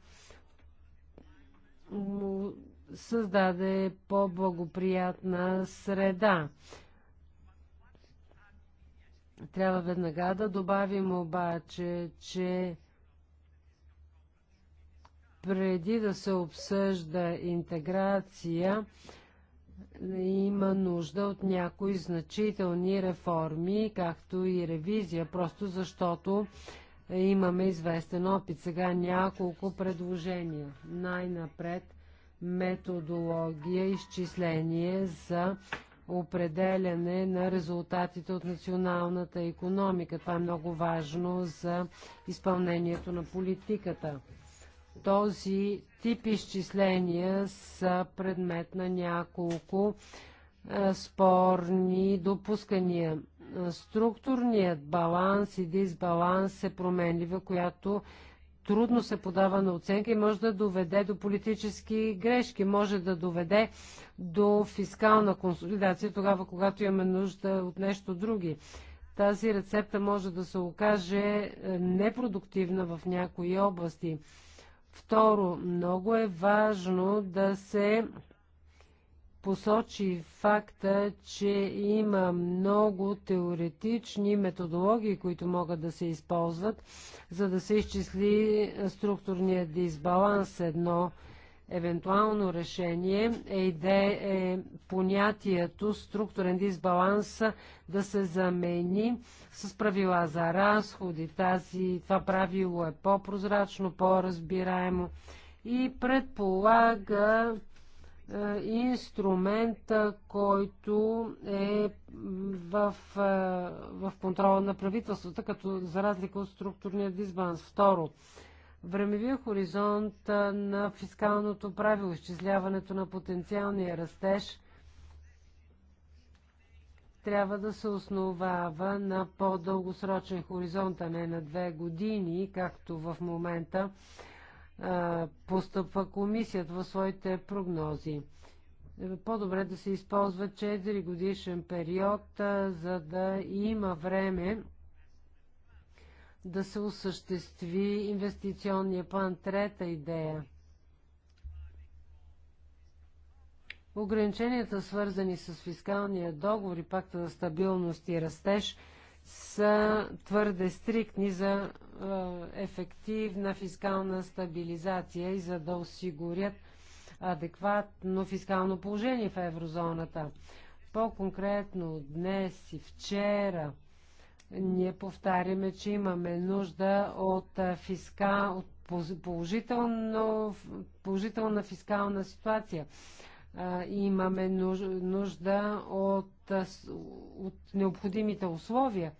му създаде по-благоприятна среда. Трябва веднага да добавим обаче, че преди да се обсъжда интеграция, има нужда от някои значителни реформи, както и ревизия, просто защото имаме известен опит. Сега няколко предложения. Най-напред методология, изчисление за определяне на резултатите от националната економика. Това е много важно за изпълнението на политиката. Този тип изчисления са предмет на няколко спорни допускания структурният баланс и дисбаланс е променлива, която трудно се подава на оценка и може да доведе до политически грешки, може да доведе до фискална консолидация, тогава когато имаме нужда от нещо други. Тази рецепта може да се окаже е, непродуктивна в някои области. Второ, много е важно да се посочи факта, че има много теоретични методологии, които могат да се използват, за да се изчисли структурния дисбаланс. Едно евентуално решение е идея е понятието структурен дисбаланс да се замени с правила за разходи. Тази, това правило е по-прозрачно, по-разбираемо и предполага е, инструмента, който е в, е, в контрола на правителствата, като за разлика от структурния дисбаланс. Второ, времевия хоризонт е, на фискалното правило, изчисляването на потенциалния растеж трябва да се основава на по-дългосрочен хоризонт, а не на две години, както в момента постъпва комисията в своите прогнози. По-добре да се използва 4 годишен период, за да има време да се осъществи инвестиционния план. Трета идея. Ограниченията, свързани с фискалния договор и пакта за стабилност и растеж – са твърде стриктни за е, ефективна фискална стабилизация и за да осигурят адекватно фискално положение в еврозоната. По-конкретно днес и вчера ние повтаряме, че имаме нужда от, е, фиска, от положителна фискална ситуация имаме нужда от, от необходимите условия.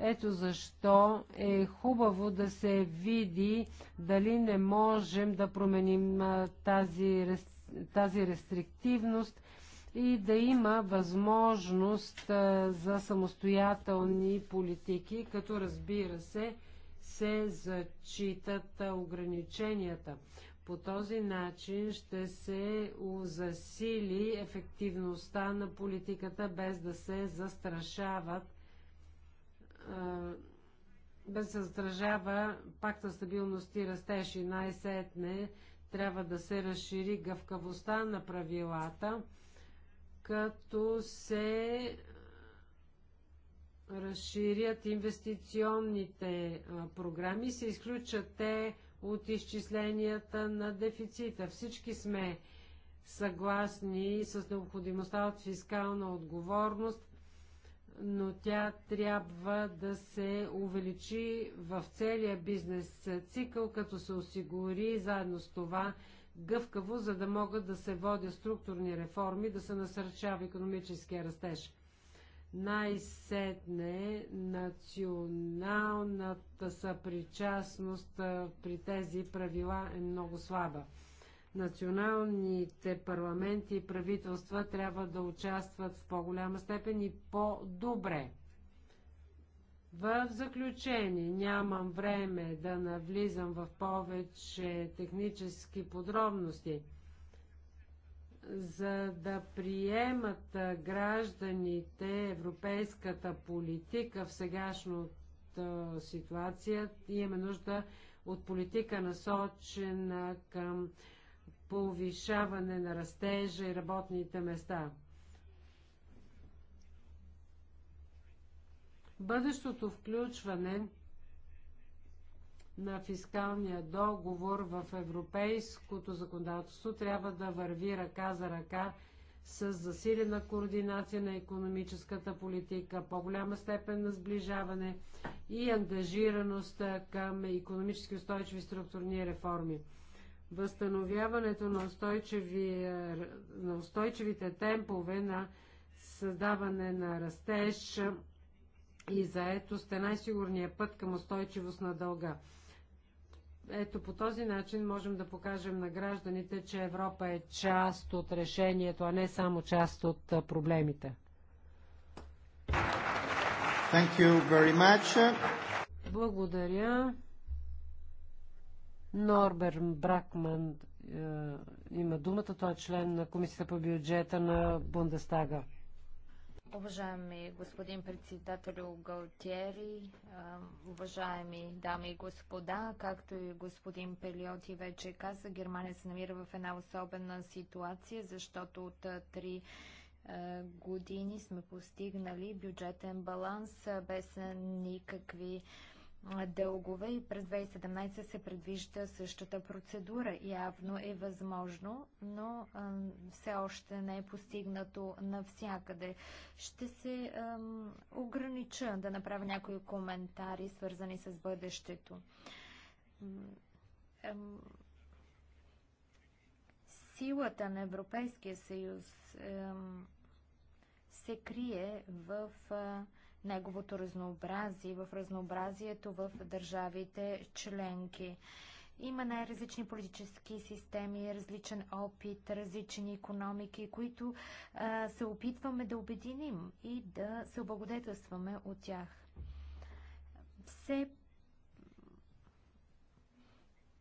Ето защо е хубаво да се види дали не можем да променим тази, тази рестриктивност и да има възможност за самостоятелни политики, като разбира се, се зачитат ограниченията. По този начин ще се засили ефективността на политиката, без да се застрашават без да се заздражава пакта стабилност и растеж и най-сетне трябва да се разшири гъвкавостта на правилата, като се разширят инвестиционните програми, се изключат те от изчисленията на дефицита. Всички сме съгласни с необходимостта от фискална отговорност, но тя трябва да се увеличи в целия бизнес цикъл, като се осигури заедно с това гъвкаво, за да могат да се водят структурни реформи, да се насърчава економическия растеж най-сетне националната съпричастност при тези правила е много слаба. Националните парламенти и правителства трябва да участват в по-голяма степен и по-добре. В заключение, нямам време да навлизам в повече технически подробности – за да приемат гражданите европейската политика в сегашната ситуация, имаме нужда от политика насочена към повишаване на растежа и работните места. Бъдещото включване – на фискалния договор в европейското законодателство трябва да върви ръка за ръка с засилена координация на економическата политика, по-голяма степен на сближаване и ангажираност към економически устойчиви структурни реформи. Възстановяването на, устойчиви, на устойчивите темпове на създаване на растеж и заетост е най-сигурният път към устойчивост на дълга. Ето по този начин можем да покажем на гражданите, че Европа е част от решението, а не само част от проблемите. Thank you very much. Благодаря. Норбер Бракман е, има думата. Той е член на Комисията по бюджета на Бундестага. Уважаеми господин председател Галтиери, уважаеми дами и господа, както и господин Пелиоти вече каза, Германия се намира в една особена ситуация, защото от три години сме постигнали бюджетен баланс без никакви дългове и през 2017 се предвижда същата процедура. Явно е възможно, но все още не е постигнато навсякъде. Ще се огранича да направя някои коментари, свързани с бъдещето. Силата на Европейския съюз се крие в неговото разнообразие, в разнообразието в държавите членки. Има най-различни политически системи, различен опит, различни економики, които а, се опитваме да обединим и да се облагодетелстваме от тях. Все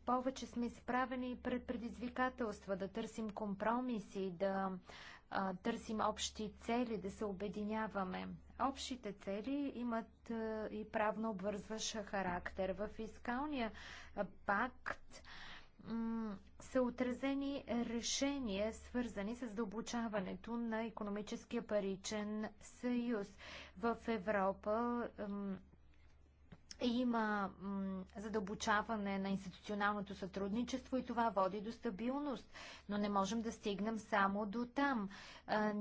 повече сме изправени пред предизвикателства, да търсим компромиси, да а, търсим общи цели, да се обединяваме. Общите цели имат е, и правно обвързващ характер. В фискалния е, пакт са отразени решения, свързани с дълбочаването на економическия паричен съюз. В Европа има задълбочаване на институционалното сътрудничество и това води до стабилност, но не можем да стигнем само до там. Е,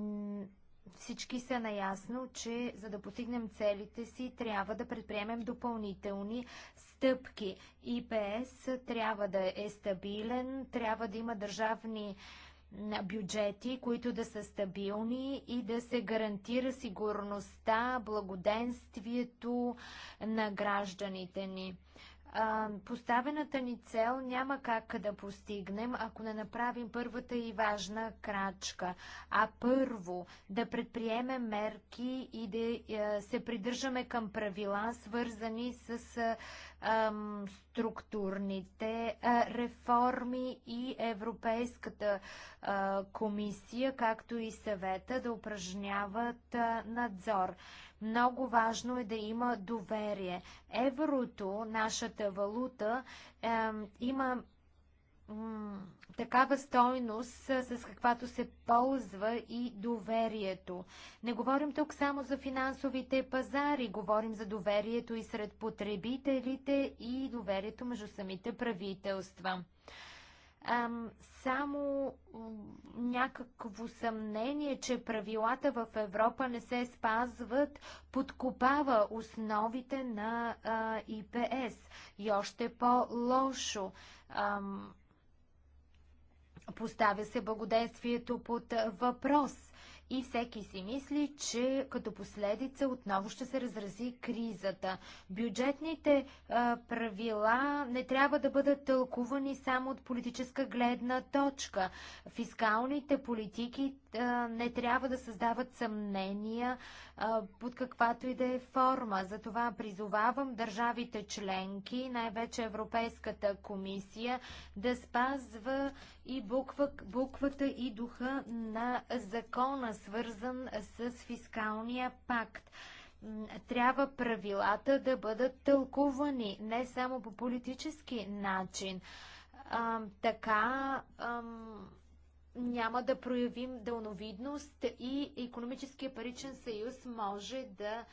всички са наясно, че за да постигнем целите си, трябва да предприемем допълнителни стъпки. ИПС трябва да е стабилен, трябва да има държавни бюджети, които да са стабилни и да се гарантира сигурността, благоденствието на гражданите ни. А, поставената ни цел няма как да постигнем, ако не направим първата и важна крачка, а първо да предприемем мерки и да е, се придържаме към правила, свързани с е, структурните реформи и Европейската комисия, както и съвета да упражняват надзор. Много важно е да има доверие. Еврото, нашата валута, има такава стойност, с каквато се ползва и доверието. Не говорим тук само за финансовите пазари, говорим за доверието и сред потребителите и доверието между самите правителства. Ам, само някакво съмнение, че правилата в Европа не се спазват, подкопава основите на а, ИПС. И още по-лошо. Ам, Поставя се благодействието под въпрос и всеки си мисли, че като последица отново ще се разрази кризата. Бюджетните а, правила не трябва да бъдат тълкувани само от политическа гледна точка. Фискалните политики а, не трябва да създават съмнения а, под каквато и да е форма. Затова призовавам държавите членки, най-вече Европейската комисия, да спазва и буква, буквата и духа на закона свързан с фискалния пакт. Трябва правилата да бъдат тълкувани не само по политически начин. А, така ам, няма да проявим дълновидност и економическия паричен съюз може да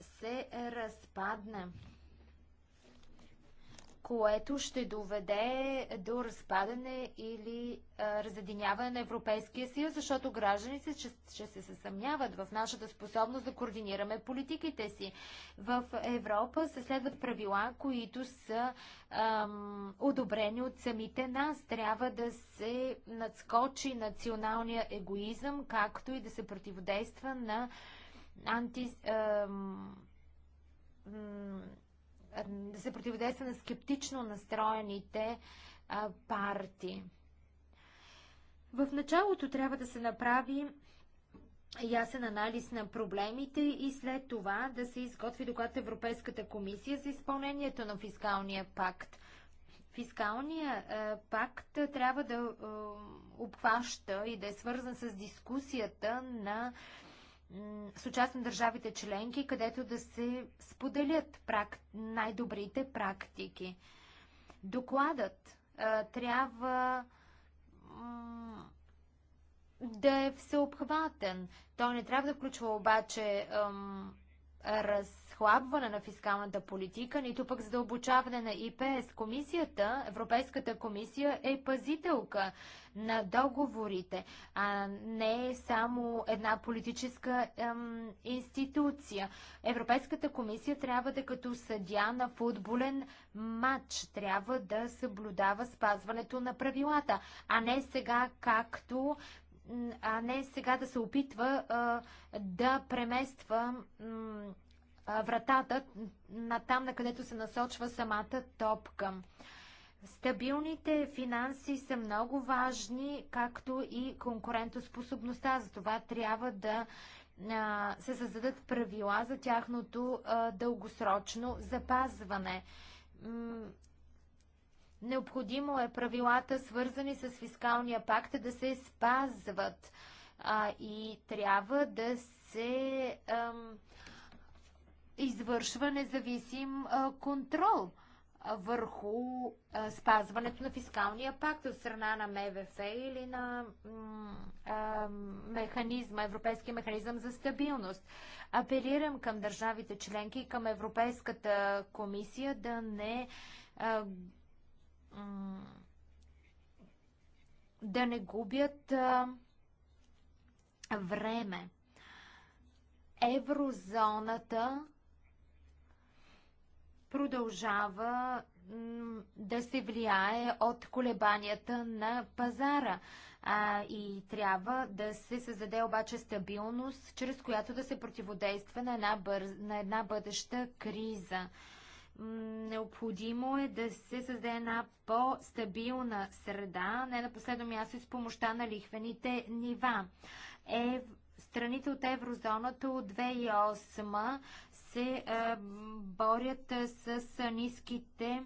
се разпадне което ще доведе до разпадане или разединяване на Европейския съюз, защото гражданите ще, ще се съмняват в нашата способност да координираме политиките си. В Европа се следват правила, които са ам, одобрени от самите нас. Трябва да се надскочи националния егоизъм, както и да се противодейства на анти... Ам, да се противодейства на скептично настроените парти. В началото трябва да се направи ясен анализ на проблемите и след това да се изготви доклад Европейската комисия за изпълнението на фискалния пакт. Фискалния е, пакт трябва да е, обхваща и да е свързан с дискусията на е, с участие на държавите членки, където да се споделят прак... най-добрите практики. Докладът а, трябва да е всеобхватен. Той не трябва да включва обаче ам, раз, разхлабване на фискалната политика, нито пък задълбочаване на ИПС. Комисията, Европейската комисия е пазителка на договорите, а не е само една политическа ем, институция. Европейската комисия трябва да е като съдя на футболен матч, трябва да съблюдава спазването на правилата, а не сега както а не сега да се опитва а, да премества м, вратата на там, на където се насочва самата топка. Стабилните финанси са много важни, както и конкурентоспособността. За това трябва да а, се създадат правила за тяхното а, дългосрочно запазване. М необходимо е правилата, свързани с фискалния пакт, да се спазват а, и трябва да се извършва независим контрол върху спазването на фискалния пакт от страна на МВФ или на механизма, Европейския механизъм за стабилност. Апелирам към държавите членки и към Европейската комисия да не да не губят време. Еврозоната продължава да се влияе от колебанията на пазара. А, и трябва да се създаде обаче стабилност, чрез която да се противодейства на една, бърз, на една бъдеща криза. Необходимо е да се създаде една по-стабилна среда, не на последно място и с помощта на лихвените нива. Е, страните от еврозоната от 2008 се борят с ниските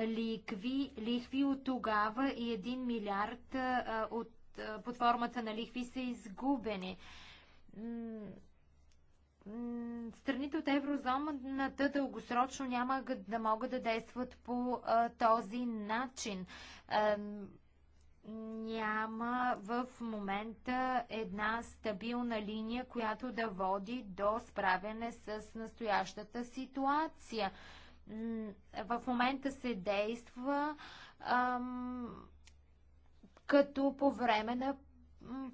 ликви, лихви от тогава и 1 милиард от, под формата на лихви са изгубени. Страните от еврозоната дългосрочно няма да могат да действат по този начин няма в момента една стабилна линия, която да води до справяне с настоящата ситуация. В момента се действа ам, като по време на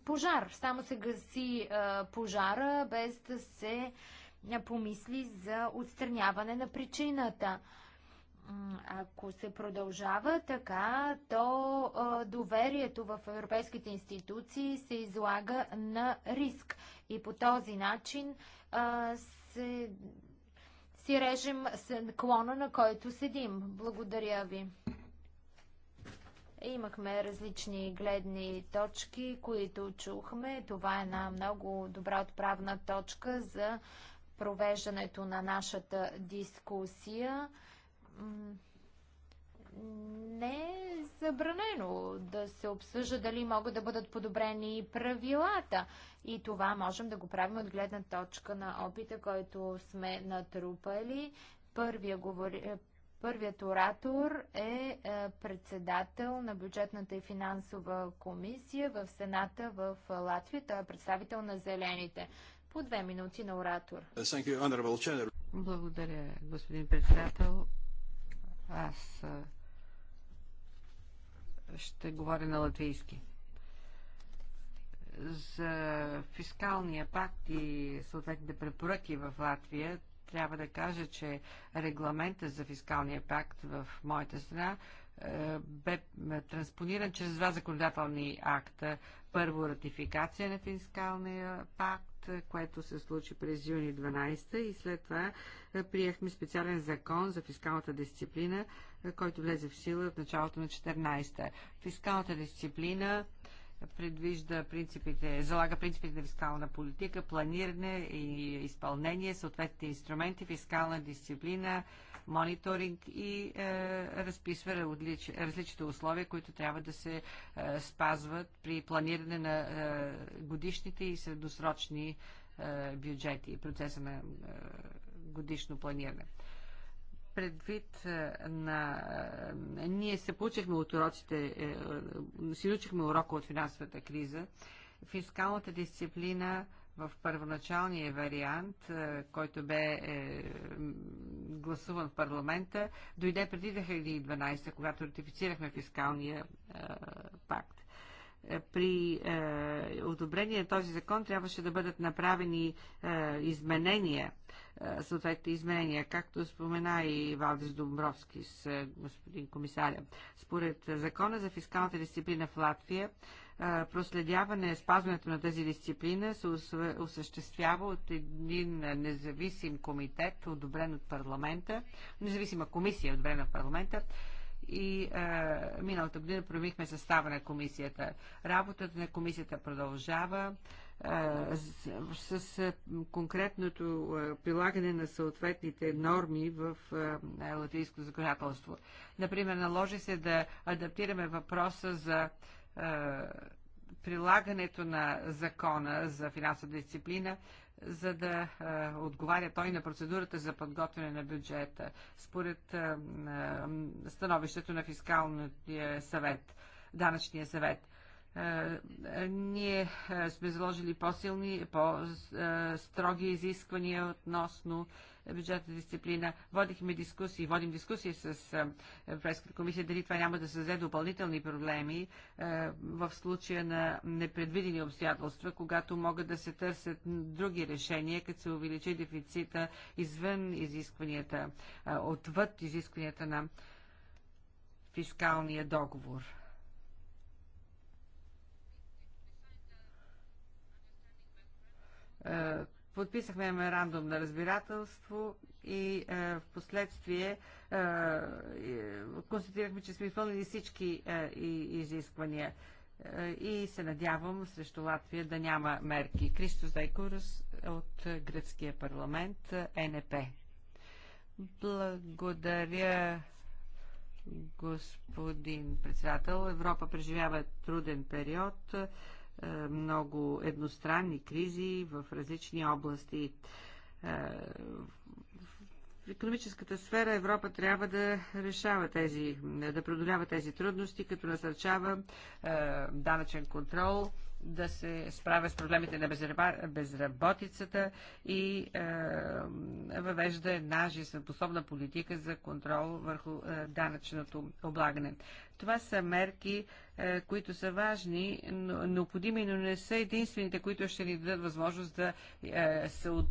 пожар. Само се гаси а, пожара, без да се помисли за отстраняване на причината. Ако се продължава така, то доверието в европейските институции се излага на риск. И по този начин се, си режем клона, на който седим. Благодаря ви. Имахме различни гледни точки, които чухме. Това е една много добра отправна точка за провеждането на нашата дискусия не е забранено да се обсъжда дали могат да бъдат подобрени правилата. И това можем да го правим от гледна точка на опита, който сме натрупали. Първия говори, е, Първият оратор е, е председател на бюджетната и финансова комисия в Сената в Латвия. Той е представител на Зелените. По две минути на оратор. Благодаря, господин председател. Аз ще говоря на латвийски. За фискалния пакт и съответните препоръки в Латвия трябва да кажа, че регламента за фискалния пакт в моята страна е, бе е, транспониран чрез два законодателни акта. Първо ратификация на фискалния пакт е, което се случи през юни 12 и след това е, приехме специален закон за фискалната дисциплина, е, който влезе в сила в началото на 14 Фискалната дисциплина предвижда принципите, залага принципите на фискална политика, планиране и изпълнение, съответните инструменти, фискална дисциплина, мониторинг и е, разписва различ, различните условия, които трябва да се е, спазват при планиране на е, годишните и средосрочни е, бюджети и процеса на е, годишно планиране предвид е, на... Е, ние се получихме от уроците, е, си учихме урока от финансовата криза. Фискалната дисциплина в първоначалния вариант, е, който бе е, гласуван в парламента, дойде преди 2012, когато ратифицирахме фискалния е, пакт. Е, при е, одобрение на този закон трябваше да бъдат направени е, изменения, е, съответните изменения, както спомена и Валдис Домбровски с е, господин комисаря. Според закона за фискалната дисциплина в Латвия, проследяване спазването на тази дисциплина се осъществява от един независим комитет, одобрен от парламента, независима комисия, одобрена от парламента, и а, миналата година промихме състава на комисията. Работата на комисията продължава а, с, с конкретното а, прилагане на съответните норми в латинското законодателство. Например, наложи се да адаптираме въпроса за е, прилагането на закона за финансова дисциплина, за да е, отговаря той на процедурата за подготвяне на бюджета, според е, становището на фискалния съвет, данъчния съвет. Ние сме заложили по-силни, по-строги изисквания относно бюджетна дисциплина. Водихме дискусии, водим дискусии с Европейската комисия, дали това няма да създаде допълнителни проблеми в случая на непредвидени обстоятелства, когато могат да се търсят други решения, като се увеличи дефицита извън изискванията, отвъд изискванията на фискалния договор подписахме меморандум на разбирателство и е, в последствие е, е, констатирахме, че сме изпълнили всички изисквания и се надявам срещу Латвия да няма мерки. Кристо Зайкурус от Гръцкия парламент, НП. Благодаря господин председател. Европа преживява труден период. Е, много едностранни кризи в различни области. Е, в економическата сфера Европа трябва да решава тези, да преодолява тези трудности, като насърчава е, данъчен контрол, да се справя с проблемите на безработицата и въвежда една жизнеспособна политика за контрол върху данъчното облагане. Това са мерки е, които са важни, но, необходими, но не са единствените, които ще ни дадат възможност да е, се от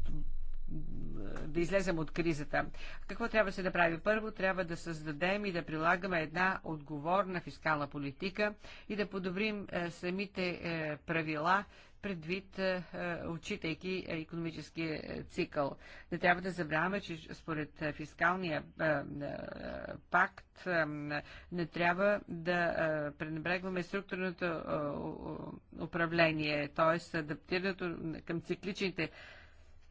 да излезем от кризата. Какво трябва да се направи? Първо, трябва да създадем и да прилагаме една отговорна фискална политика и да подобрим е, самите е, правила, предвид, е, отчитайки економическия цикъл. Не трябва да забравяме, че според фискалния пакт не трябва да пренебрегваме структурното управление, т.е. адаптирането към цикличните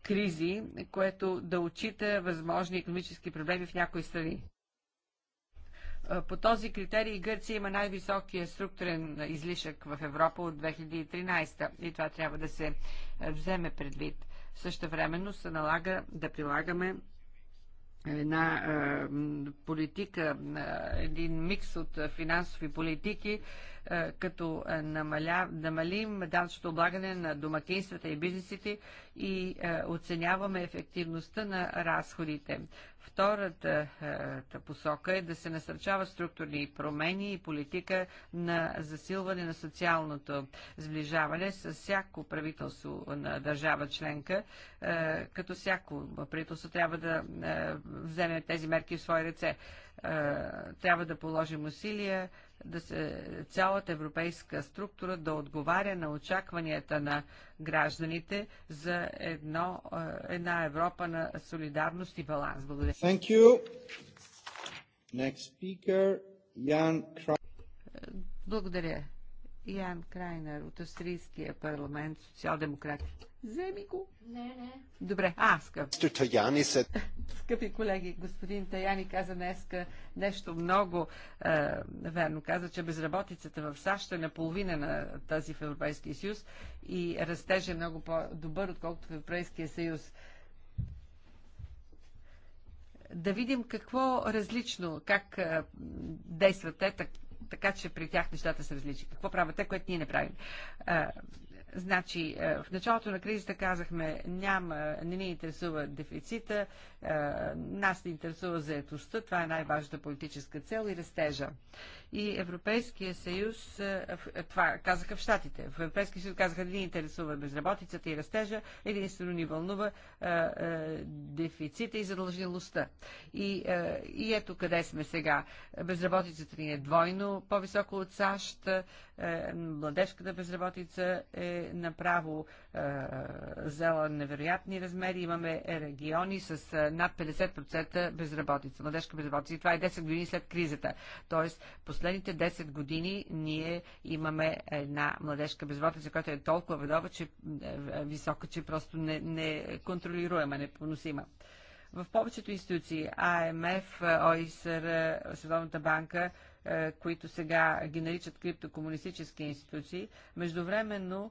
кризи, което да отчита възможни економически проблеми в някои страни. По този критерий Гърция има най-високия структурен излишък в Европа от 2013 и това трябва да се вземе предвид. Също времено се налага да прилагаме една политика, един микс от финансови политики, като намаля, намалим данчето облагане на домакинствата и бизнесите и оценяваме ефективността на разходите. Втората е, посока е да се насърчават структурни промени и политика на засилване на социалното сближаване с всяко правителство на държава членка, е, като всяко правителство трябва да е, вземе тези мерки в свои ръце. Е, трябва да положим усилия да се, цялата европейска структура да отговаря на очакванията на гражданите за едно, е, една Европа на солидарност и баланс. Благодаря. Thank you. Next speaker, Jan Благодаря. Ян Крайнер от Австрийския парламент, социал демократи Вземи го. Не, не. Добре, а, скъп. Скъпи колеги, господин Таяни каза днеска нещо много е, верно. Каза, че безработицата в САЩ е наполовина на тази в Европейския съюз и растеж е много по-добър, отколкото в Европейския съюз да видим какво различно, как е, действат те, така че при тях нещата са различни. Какво правят те, което ние не правим? Значи, е, в началото на кризата казахме, няма, не ни интересува дефицита, е, нас ни интересува заетостта, това е най-важната политическа цел и растежа. И Европейския съюз, е, това казаха в Штатите, в Европейския съюз казаха, не ни интересува безработицата и растежа, единствено ни вълнува дефицита и задължилостта. И, и ето къде сме сега. Безработицата ни е двойно по-високо от САЩ, младежката безработица е направо е, взела невероятни размери. Имаме региони с е, над 50% безработица, младежка безработица. И това е 10 години след кризата. Тоест, последните 10 години ние имаме една младежка безработица, която е толкова ведова, че, е, е висока, че просто не, не контролируема, непоносима в повечето институции, АМФ, е, ОИСР, е, Световната банка, които сега ги наричат криптокомунистически институции, междувременно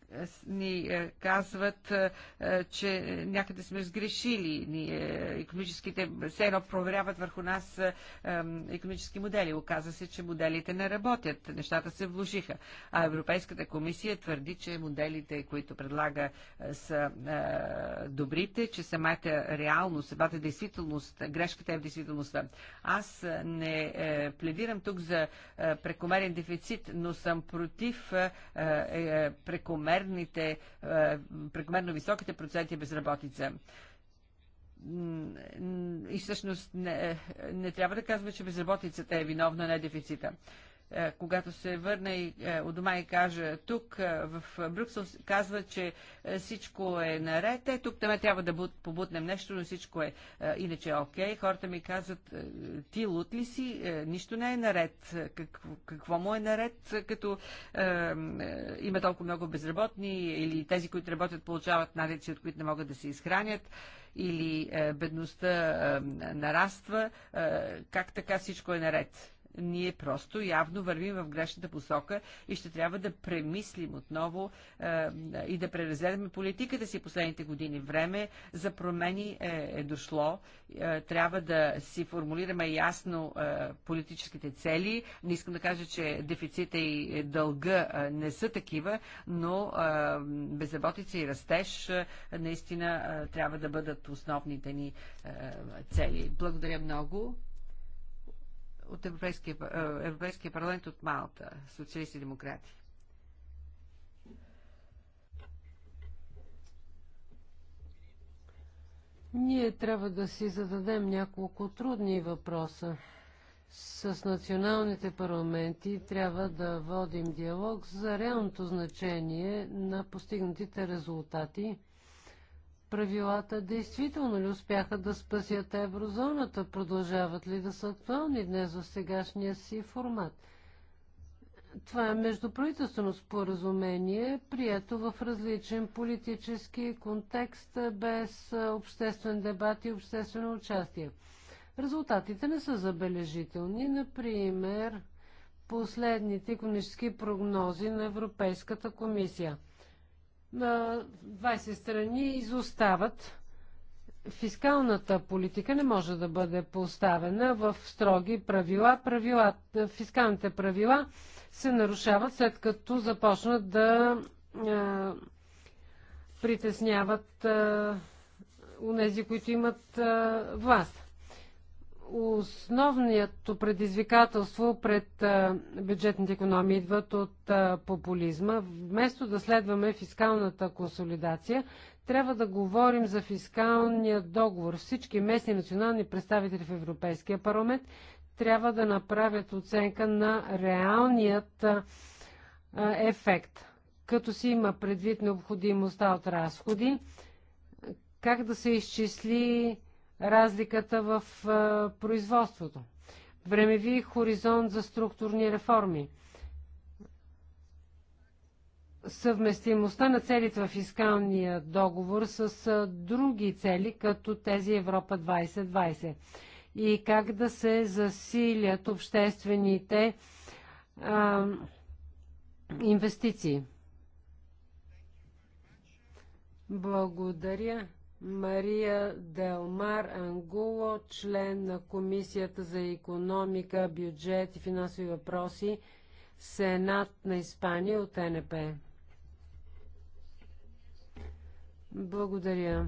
ни е, казват, е, че някъде сме сгрешили. Е, економическите все едно проверяват върху нас економически модели. Оказва се, че моделите не работят. Нещата се вложиха. А Европейската комисия твърди, че моделите, които предлага са добрите, че самата реалност, самата действителност, грешката е в действителността. Аз не пледирам тук за прекомерен дефицит, но съм против прекомерен прекомерните, е, прекомерно високите проценти безработица и всъщност не, е, не трябва да казваме, че безработицата е виновна, не дефицита. Е, когато се върна и, е, от дома и кажа тук е, в Брюксел, казва, че всичко е наред. Е, тук там трябва да побутнем нещо, но всичко е иначе окей. Хората ми казват, ти лут ли си? Нищо не е наред. Какво, какво му е наред, като е, има толкова много безработни или тези, които работят, получават наречи, от които не могат да се изхранят? или е, бедността е, нараства, е, как така всичко е наред? ние просто явно вървим в грешната посока и ще трябва да премислим отново е, и да преразгледаме политиката си последните години. Време за промени е, е дошло. Е, трябва да си формулираме ясно е, политическите цели. Не искам да кажа, че дефицита и дълга е, не са такива, но е, безработица и растеж е, наистина е, трябва да бъдат основните ни е, цели. Благодаря много от Европейския, е, Европейския парламент от Малта, социалисти и демократи. Ние трябва да си зададем няколко трудни въпроса. С националните парламенти трябва да водим диалог за реалното значение на постигнатите резултати правилата действително ли успяха да спасят еврозоната? Продължават ли да са актуални днес в сегашния си формат? Това е междуправителствено споразумение, прието в различен политически контекст, без обществен дебат и обществено участие. Резултатите не са забележителни. Например, последните економически прогнози на Европейската комисия – на 20 страни изостават. Фискалната политика не може да бъде поставена в строги правила. правила фискалните правила се нарушават след като започнат да а, притесняват унези, които имат а, власт основното предизвикателство пред бюджетните економии идват от популизма. Вместо да следваме фискалната консолидация, трябва да говорим за фискалния договор. Всички местни национални представители в Европейския парламент трябва да направят оценка на реалният ефект, като си има предвид необходимостта от разходи, как да се изчисли разликата в производството. Времеви хоризонт за структурни реформи. Съвместимостта на целите в фискалния договор с други цели, като тези Европа 2020. И как да се засилят обществените а, инвестиции. Благодаря. Мария Делмар Ангуло, член на Комисията за економика, бюджет и финансови въпроси, Сенат на Испания от НП. Благодаря.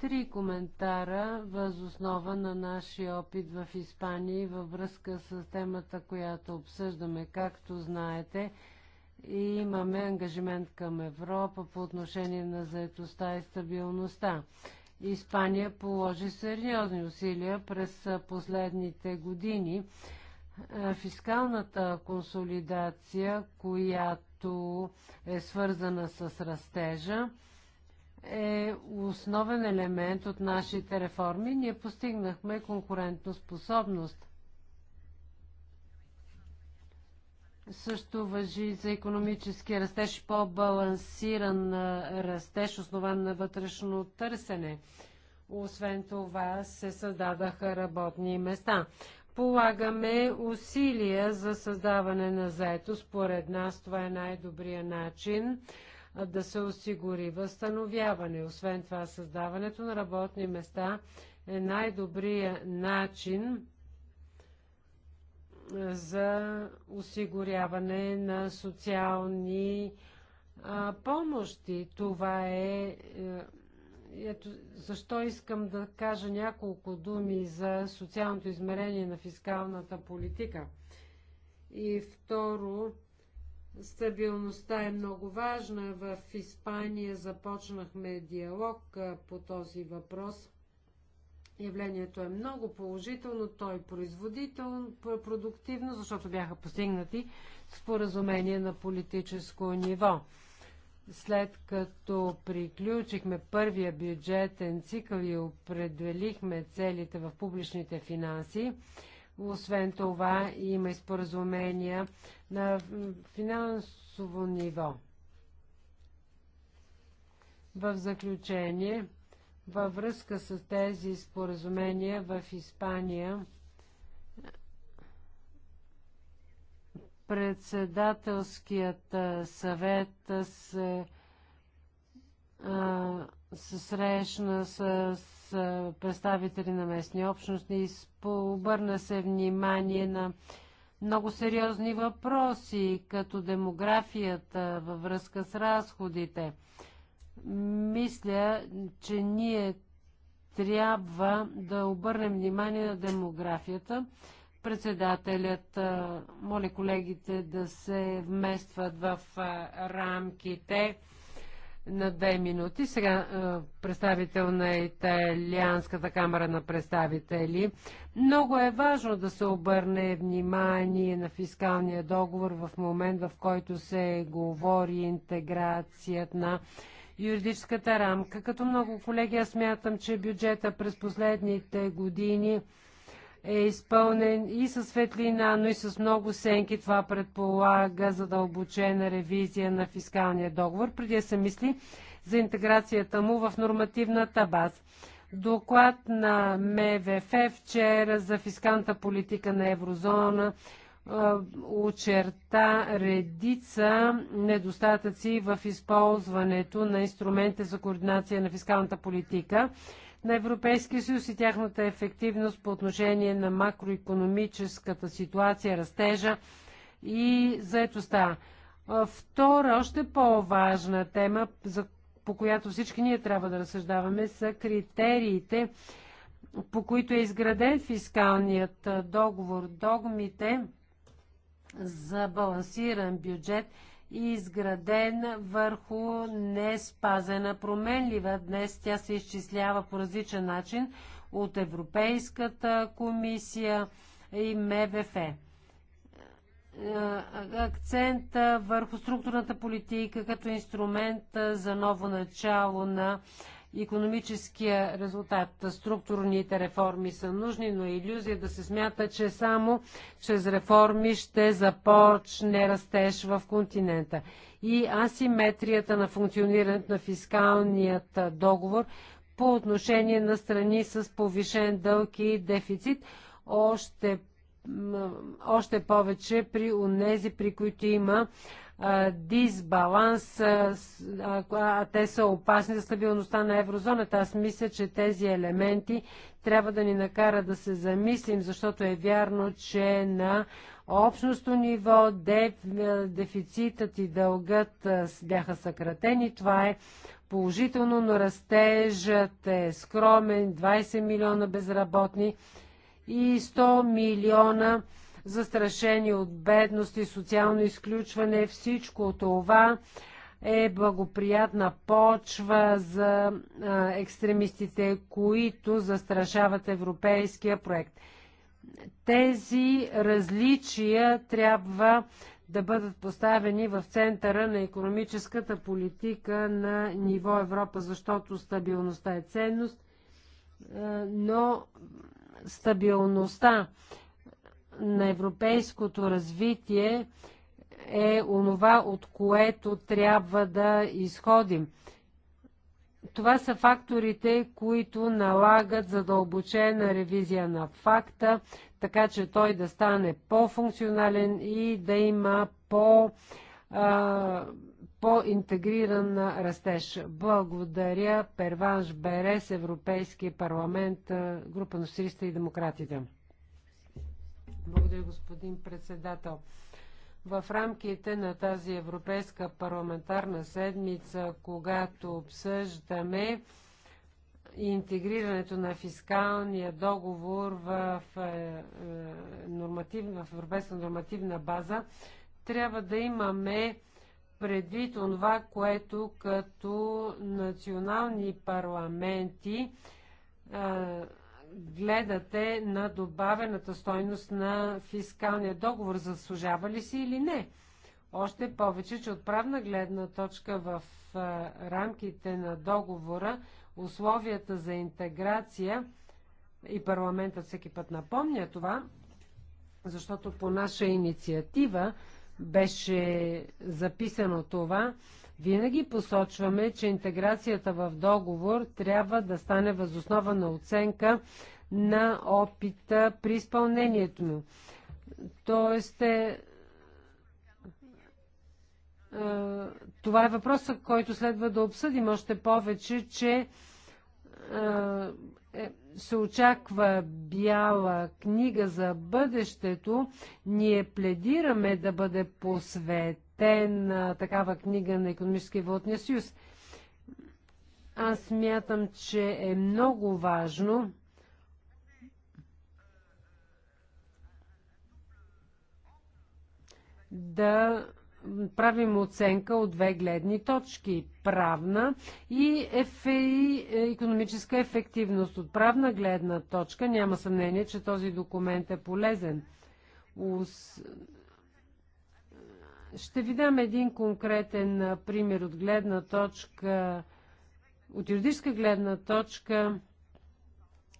Три коментара възоснова на нашия опит в Испания във връзка с темата, която обсъждаме. Както знаете, и имаме ангажимент към Европа по отношение на заетостта и стабилността. Испания положи сериозни усилия през последните години. Е, фискалната консолидация, която е свързана с растежа, е основен елемент от нашите реформи. Ние постигнахме конкурентоспособност Също въжи за економически растеж, по-балансиран растеж, основан на вътрешно търсене. Освен това се създадаха работни места. Полагаме усилия за създаване на заето. Според нас това е най-добрият начин да се осигури възстановяване. Освен това, създаването на работни места е най-добрият начин за осигуряване на социални а, помощи. Това е, е. Ето защо искам да кажа няколко думи за социалното измерение на фискалната политика. И второ, стабилността е много важна. В Испания започнахме диалог по този въпрос – Явлението е много положително, той е производително, продуктивно, защото бяха постигнати споразумения на политическо ниво. След като приключихме първия бюджетен цикъл и определихме целите в публичните финанси, освен това има и споразумения на финансово ниво. В заключение, във връзка с тези споразумения в Испания председателският съвет се, се срещна с, с представители на местни общности и обърна се внимание на много сериозни въпроси, като демографията във връзка с разходите, мисля, че ние трябва да обърнем внимание на демографията. Председателят моля колегите да се вместват в рамките на две минути. Сега представител на Италианската камера на представители. Много е важно да се обърне внимание на фискалния договор в момент, в който се говори интеграцията на юридическата рамка. Като много колеги, аз смятам, че бюджета през последните години е изпълнен и със светлина, но и с много сенки. Това предполага задълбочена ревизия на фискалния договор, преди да се мисли за интеграцията му в нормативната база. Доклад на МВФ вчера за фискалната политика на еврозона очерта редица недостатъци в използването на инструментите за координация на фискалната политика на Европейския съюз и тяхната ефективност по отношение на макроекономическата ситуация, растежа и заетостта. Втора, още по-важна тема, за, по която всички ние трябва да разсъждаваме, са критериите, по които е изграден фискалният договор. Догмите за балансиран бюджет, изграден върху неспазена променлива. Днес тя се изчислява по различен начин от Европейската комисия и МВФ. Е, Акцент върху структурната политика като инструмент за ново начало на економическия резултат. Структурните реформи са нужни, но е иллюзия да се смята, че само чрез реформи ще започне растеж в континента. И асиметрията на функционирането на фискалният договор по отношение на страни с повишен дълг и дефицит още, още повече при унези, при които има дисбаланс, а те са опасни за стабилността на еврозоната. Аз мисля, че тези елементи трябва да ни накара да се замислим, защото е вярно, че на общностно ниво дефицитът и дългът бяха съкратени. Това е положително, но растежът е скромен, 20 милиона безработни и 100 милиона застрашени от бедност и социално изключване. Всичко това е благоприятна почва за екстремистите, които застрашават европейския проект. Тези различия трябва да бъдат поставени в центъра на економическата политика на ниво Европа, защото стабилността е ценност, но стабилността на европейското развитие е онова, от което трябва да изходим. Това са факторите, които налагат задълбочена ревизия на факта, така че той да стане по-функционален и да има по- а, по-интегриран растеж. Благодаря Перванш Берес, Европейския парламент, група на социалистите и демократите. Благодаря, господин председател. В рамките на тази Европейска парламентарна седмица, когато обсъждаме интегрирането на фискалния договор в, е, е, норматив, в европейска нормативна база, трябва да имаме предвид това, което като национални парламенти е, гледате на добавената стойност на фискалния договор, заслужава ли си или не. Още повече, че от правна гледна точка в рамките на договора условията за интеграция и парламентът всеки път напомня това, защото по наша инициатива беше записано това, винаги посочваме, че интеграцията в договор трябва да стане възоснова на оценка на опита при изпълнението му. Тоест, е, е, това е въпросът, който следва да обсъдим още повече, че е, е се очаква бяла книга за бъдещето. Ние пледираме да бъде посвет на такава книга на економически вълтния съюз. Аз смятам, че е много важно да правим оценка от две гледни точки правна и економическа ефективност. От правна гледна точка няма съмнение, че този документ е полезен. Ще ви дам един конкретен пример от гледна точка, от юридическа гледна точка.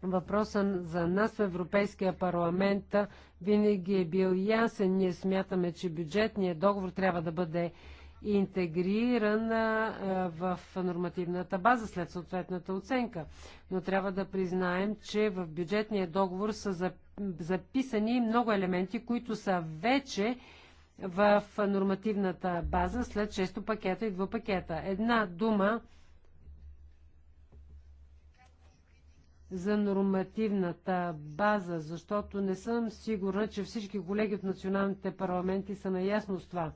Въпросът за нас в Европейския парламент винаги е бил ясен. Ние смятаме, че бюджетният договор трябва да бъде интегриран в нормативната база след съответната оценка. Но трябва да признаем, че в бюджетния договор са записани много елементи, които са вече в нормативната база. След 6 пакета и 2 пакета. Една дума за нормативната база, защото не съм сигурна, че всички колеги от националните парламенти са наясно с това.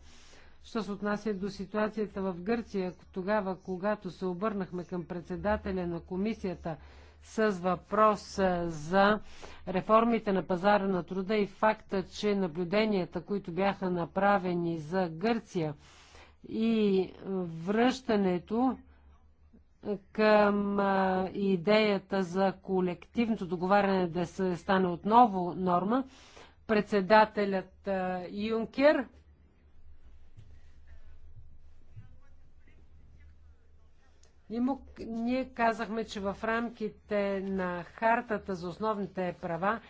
Що се отнася до ситуацията в Гърция, тогава, когато се обърнахме към председателя на комисията – с въпрос за реформите на пазара на труда и факта, че наблюденията, които бяха направени за Гърция и връщането към идеята за колективното договаряне да се стане отново норма, председателят Юнкер Ние казахме, че в рамките на хартата за основните права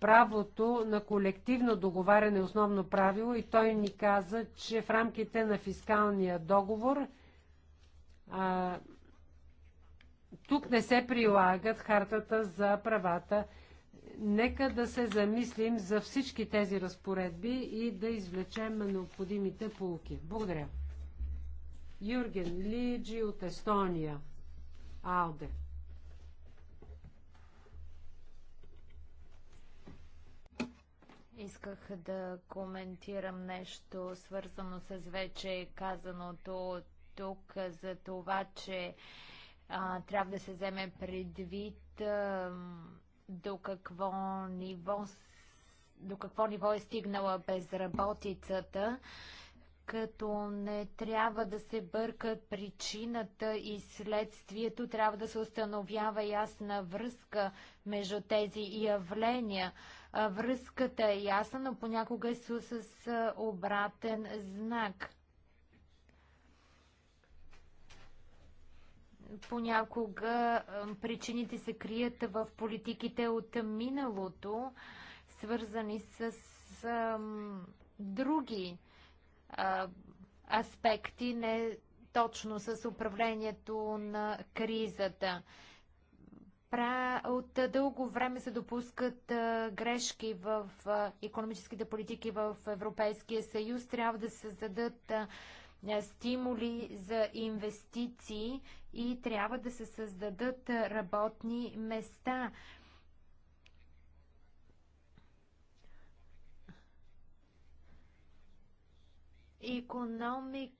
правото на колективно договаряне е основно правило и той ни каза, че в рамките на фискалния договор а, тук не се прилагат хартата за правата. Нека да се замислим за всички тези разпоредби и да извлечем необходимите полки. Благодаря. Юрген Лиджи от Естония. Алде. Исках да коментирам нещо свързано с вече казаното тук за това, че а, трябва да се вземе предвид а, до какво ниво до какво ниво е стигнала безработицата като не трябва да се бъркат причината и следствието, трябва да се установява ясна връзка между тези явления. Връзката е ясна, но понякога е с обратен знак. Понякога причините се крият в политиките от миналото, свързани с други а, аспекти, не точно с управлението на кризата. От дълго време се допускат а, грешки в а, економическите политики в Европейския съюз. Трябва да се създадат стимули за инвестиции и трябва да се създадат работни места. Економик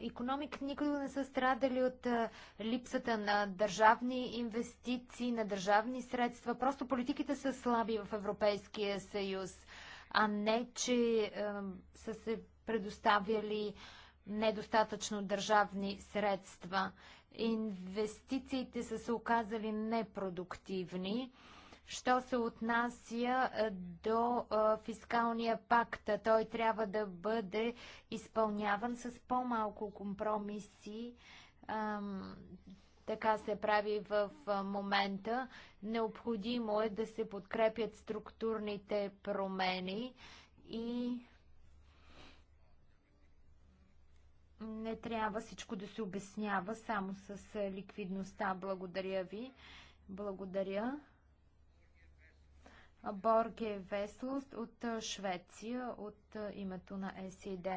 економик никога не са страдали от е, липсата на държавни инвестиции, на държавни средства. Просто политиките са слаби в Европейския съюз, а не, че е, са се предоставяли недостатъчно държавни средства. Инвестициите са се оказали непродуктивни. Що се отнася е, до е, фискалния пакт, той трябва да бъде изпълняван с по-малко компромиси. Така се прави в е, момента. Необходимо е да се подкрепят структурните промени и не трябва всичко да се обяснява само с ликвидността. Благодаря ви. Благодаря. Борге Веслост от Швеция от името на СИД.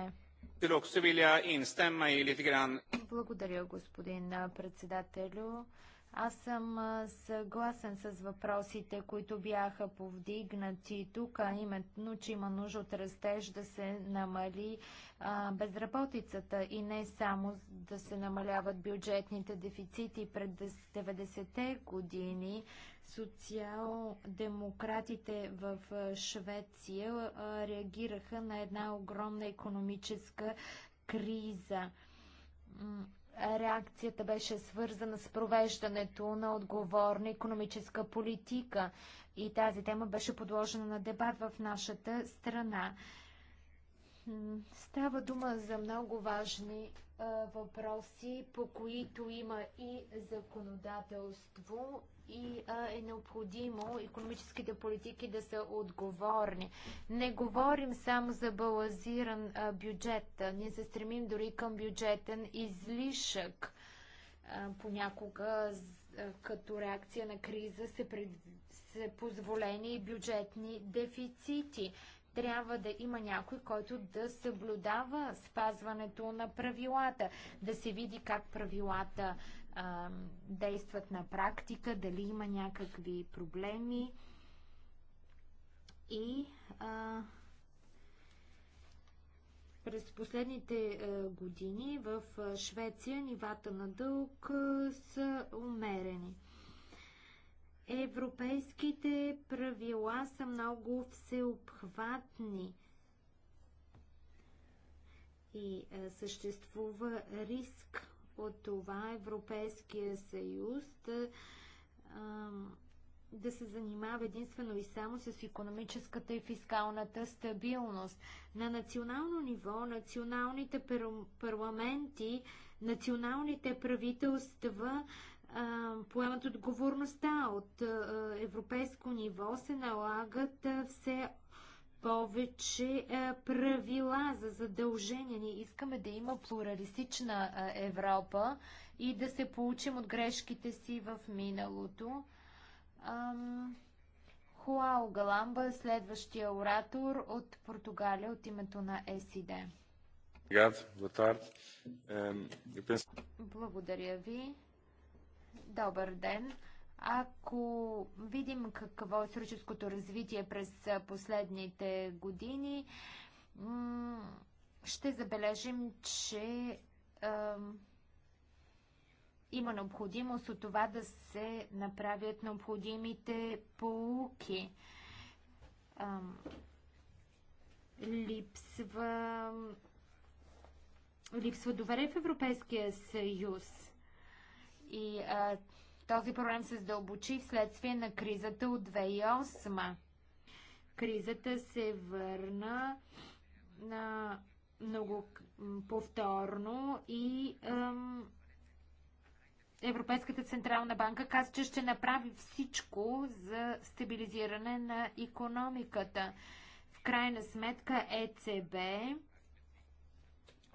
Благодаря, господин председателю. Аз съм съгласен с въпросите, които бяха повдигнати тук, а именно, че има нужда от растеж да се намали а, безработицата и не само да се намаляват бюджетните дефицити. Пред 90-те години социал-демократите в Швеция а, реагираха на една огромна економическа криза реакцията беше свързана с провеждането на отговорна економическа политика и тази тема беше подложена на дебат в нашата страна. Става дума за много важни въпроси, по които има и законодателство и а, е необходимо економическите политики да са отговорни. Не говорим само за балазиран а, бюджет. Ние се стремим дори към бюджетен излишък. А, понякога като реакция на криза се, пред... се позволени бюджетни дефицити трябва да има някой, който да съблюдава спазването на правилата, да се види как правилата а, действат на практика, дали има някакви проблеми и а, през последните години в Швеция нивата на дълг са умерени. Европейските правила са много всеобхватни и е, съществува риск от това Европейския съюз да, да се занимава единствено и само с економическата и фискалната стабилност. На национално ниво националните парламенти, националните правителства поемат отговорността от европейско ниво, се налагат все повече правила за задължения. Ние искаме да има плуралистична Европа и да се получим от грешките си в миналото. Хуао Галамба е следващия оратор от Португалия от името на СИД. Благодаря ви. Добър ден! Ако видим какво е историческото развитие през последните години, ще забележим, че е, има необходимост от това да се направят необходимите полуки. Е, липсва, липсва доверие в Европейския съюз и а, този проблем се задълбочи вследствие на кризата от 2008. Кризата се върна на много повторно и ам, Европейската централна банка каза, че ще направи всичко за стабилизиране на економиката. В крайна сметка ЕЦБ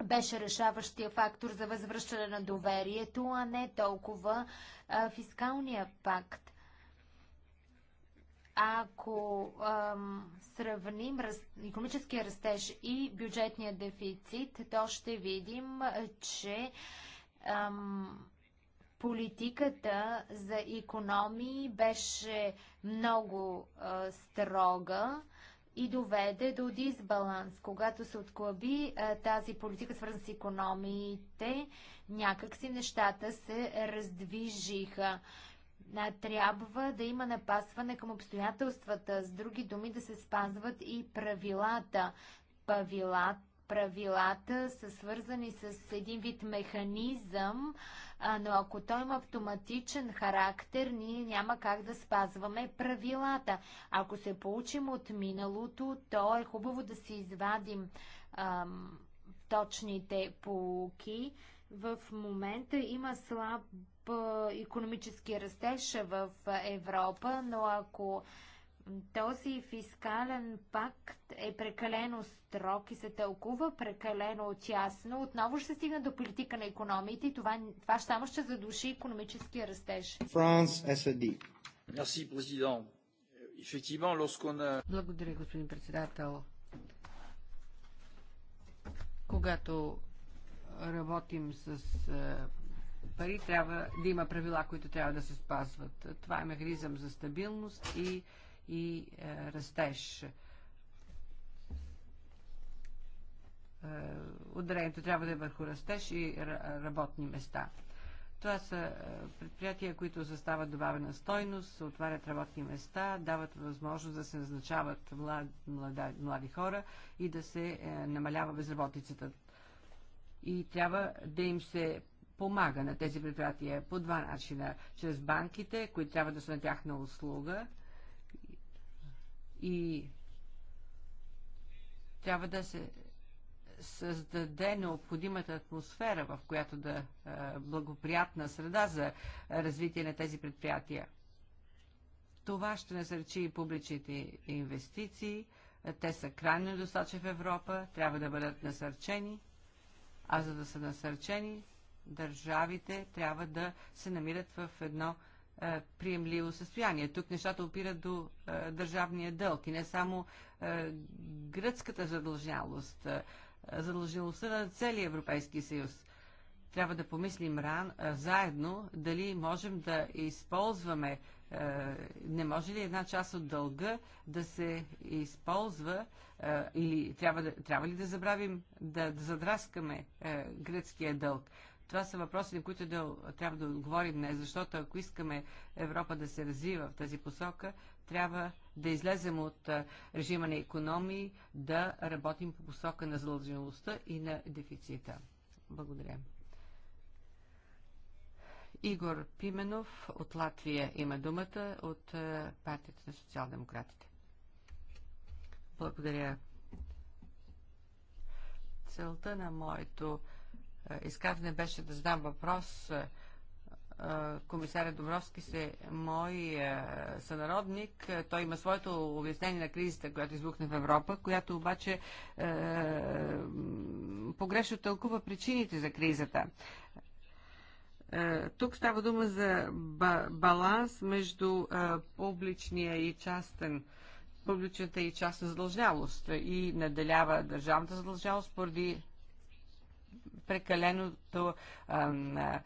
беше решаващия фактор за възвръщане на доверието, а не толкова а, фискалния пакт. Ако ам, сравним раз, економическия растеж и бюджетния дефицит, то ще видим, че ам, политиката за економии беше много а, строга и доведе до дисбаланс. Когато се отклаби тази политика, свързана с економиите, някакси нещата се раздвижиха. Трябва да има напасване към обстоятелствата, с други думи да се спазват и правилата. Правилата правилата са свързани с един вид механизъм, но ако той има автоматичен характер, ние няма как да спазваме правилата. Ако се получим от миналото, то е хубаво да си извадим ам, точните полуки. В момента има слаб економически растеж в Европа, но ако този фискален пакт е прекалено строг и се тълкува прекалено тясно. Отново ще стигна до политика на економиите и това, това само ще задуши економическия растеж. Благодаря, господин председател. Когато работим с е, пари, трябва да има правила, които трябва да се спазват. Това е механизъм за стабилност и и е, растеж. Е, ударението трябва да е върху растеж и работни места. Това са е, предприятия, които застават добавена стойност, отварят работни места, дават възможност да се назначават млад, млада, млади хора и да се е, намалява безработицата. И трябва да им се помага на тези предприятия по два начина. Чрез банките, които трябва да са на тяхна услуга, и трябва да се създаде необходимата атмосфера, в която да е благоприятна среда за развитие на тези предприятия. Това ще насърчи и публичните инвестиции. Те са крайно недостатъчни в Европа, трябва да бъдат насърчени, а за да са насърчени, държавите трябва да се намират в едно е, приемливо състояние. Тук нещата опират до е, държавния дълг и не само е, гръцката задължалост. задължалостта на целия Европейски съюз. Трябва да помислим ран, заедно дали можем да използваме, не може ли една част от дълга да се използва или трябва, да, трябва ли да забравим да, да задраскаме гръцкия дълг. Това са въпроси, на които да, трябва да отговорим днес, защото ако искаме Европа да се развива в тази посока, трябва да излезем от режима на економии, да работим по посока на задължеността и на дефицита. Благодаря. Игор Пименов от Латвия има думата от партията на социал-демократите. Благодаря. Целта на моето изказване беше да задам въпрос. Е, е, комисаря Домровски се мой е, сънародник. Той има своето обяснение на кризата, която избухна в Европа, която обаче погрешно тълкува причините за кризата. Тук става дума за баланс между публичния и частен публичната и частна задължалост и наделява държавната задължалост поради прекаленото а, а,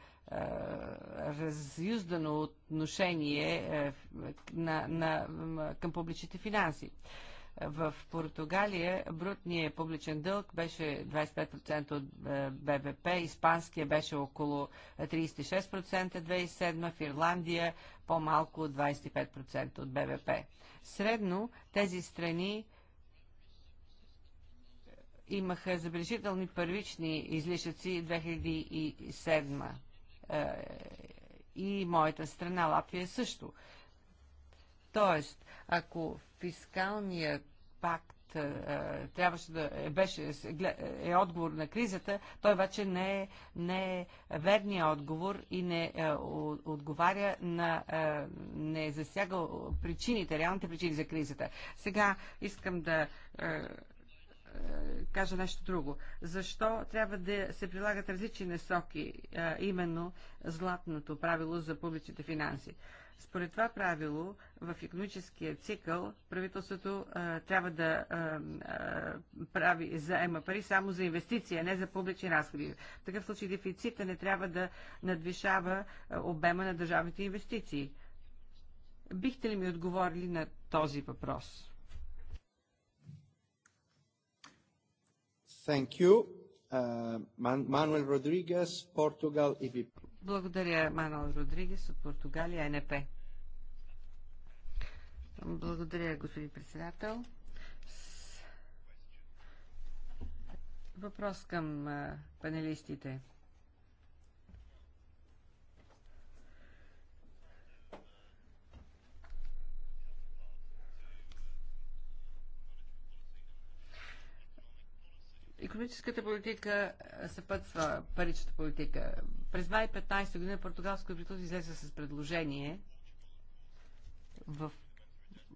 разюздано отношение е, на, на, към публичните финанси. В Португалия брутният публичен дълг беше 25% от е, БВП, испанския беше около 36% 2007, в Ирландия по-малко от 25% от БВП. Средно тези страни имаха забележителни първични излишъци 2007 е, и моята страна Латвия също. Тоест, ако фискалният пакт е, трябваше да е, беше, е отговор на кризата, той обаче не е, не е верният отговор и не е, отговаря на, е, не засяга причините, реалните причини за кризата. Сега искам да е, кажа нещо друго. Защо трябва да се прилагат различни насоки, е, именно златното правило за публичните финанси? Според това правило, в економическия цикъл правителството а, е, трябва да а, прави, заема пари само за а не за публични разходи. В такъв случай дефицита не трябва да надвишава обема на държавните инвестиции. Бихте ли ми отговорили на този въпрос? Thank you. Uh, Manuel Rodriguez, Portugal, EVP. Благодаря, Мануел Родригес от Португалия, е НП. Благодаря, господин председател. Въпрос към панелистите. Економическата политика съпътства паричната политика. През 2015 година португалско правителство излезе с предложение в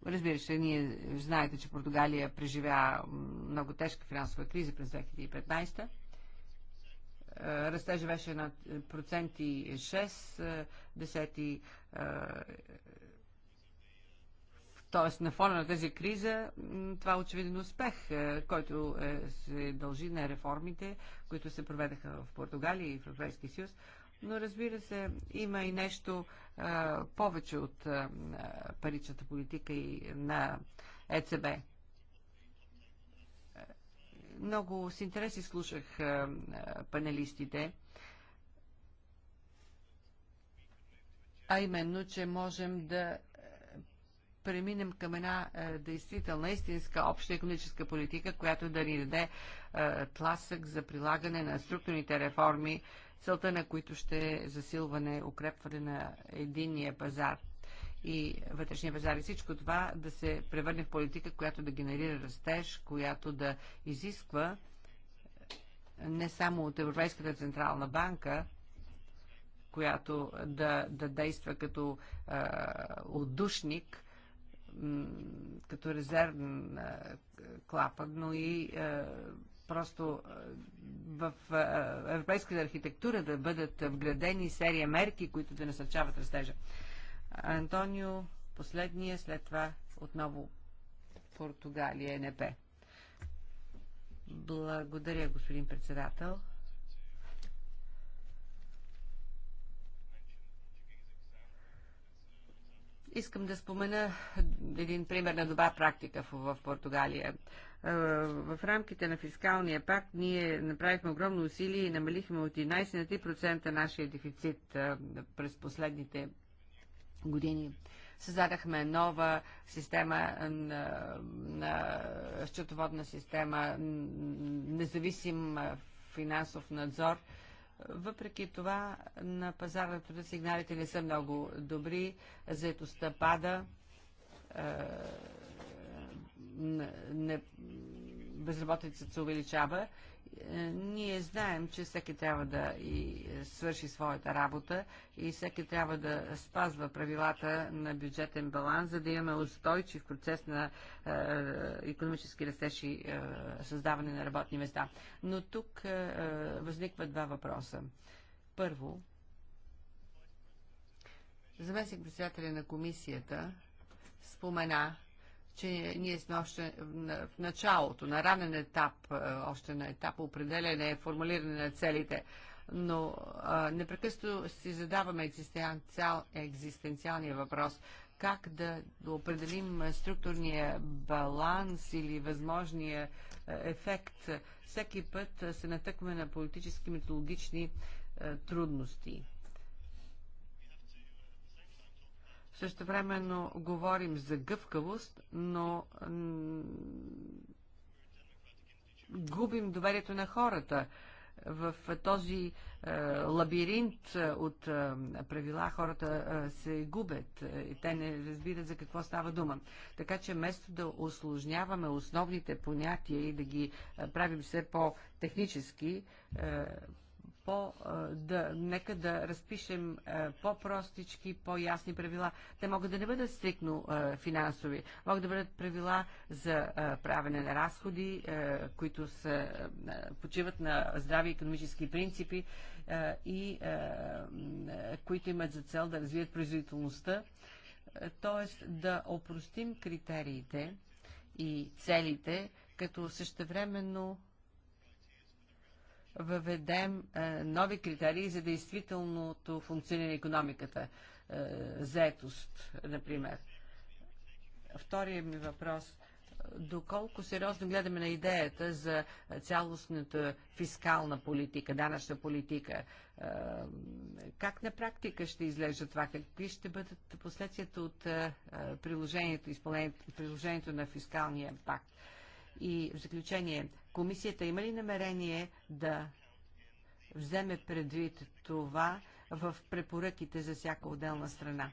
Разбира се, ние знаете, че Португалия преживя много тежка финансова криза през 2015. Растежа беше на е, проценти 6, 10 е, Тоест, на фона на тази криза, това е очевиден успех, е, който е, се дължи на реформите, които се проведаха в Португалия и в Европейския съюз. Но разбира се, има и нещо е, повече от паричната политика и на ЕЦБ. Много с интерес слушах панелистите, а именно, че можем да преминем към една е, действителна, истинска обща економическа политика, която да ни даде е, тласък за прилагане на структурните реформи, целта на които ще е засилване, укрепване на единния пазар и вътрешния пазар. И всичко това да се превърне в политика, която да генерира растеж, която да изисква е, не само от Европейската централна банка, която да, да действа като а, е, отдушник, като резервен клапан, но и просто в европейската архитектура да бъдат вградени серия мерки, които да насърчават растежа. Антонио, последния, след това отново Португалия, НП. Благодаря, господин председател. Искам да спомена един пример на добра практика в, Португалия. Е, в рамките на фискалния пакт ние направихме огромно усилие и намалихме от 11 на 3% нашия дефицит е, през последните години създадахме нова система е, на, на счетоводна система, независим финансов надзор – въпреки това на пазара на труда сигналите не са много добри. Заетостта пада. Е, безработицата се увеличава е, ние знаем, че всеки трябва да и е, свърши своята работа и всеки трябва да спазва правилата на бюджетен баланс, за да имаме устойчив процес на е, економически растеж и е, създаване на работни места. Но тук е, е възникват два въпроса. Първо, заместник председателя на комисията спомена че ние сме още в началото, на ранен етап, е, още на етап определене, формулиране на целите но а, непрекъсто си задаваме екзистенциал, екзистенциалния въпрос как да определим структурния баланс или възможния е, ефект. Всеки път се натъкваме на политически митологични а, е, трудности. Също времено говорим за гъвкавост, но губим доверието на хората. В този е, лабиринт е, от е, правила хората е, се губят е, и те не разбират за какво става дума. Така че вместо да осложняваме основните понятия и да ги е, правим все по-технически, по, да, нека да разпишем по-простички, по-ясни правила. Те могат да не бъдат стрикно финансови, могат да бъдат правила за правене на разходи, които са, почиват на здрави економически принципи и които имат за цел да развият производителността, т.е. да опростим критериите и целите, като същевременно въведем е, нови критерии за действителното функциониране на економиката, е, заетост, например. Втория ми въпрос. Доколко сериозно гледаме на идеята за цялостната фискална политика, данъчна политика? Е, как на практика ще изглежда това? Какви ще бъдат последствията от приложението, изпълнението, приложението на фискалния пакт? И в заключение, Комисията има ли намерение да вземе предвид това в препоръките за всяка отделна страна?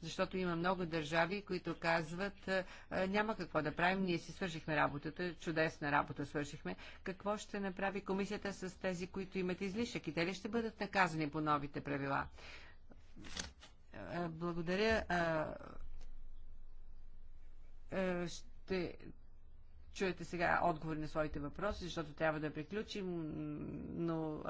Защото има много държави, които казват, е, няма какво да правим, ние си свършихме работата, чудесна работа свършихме. Какво ще направи комисията с тези, които имат излишък и те ли ще бъдат наказани по новите правила? Е, благодаря. Е, ще чуете сега отговори на своите въпроси, защото трябва да приключим, но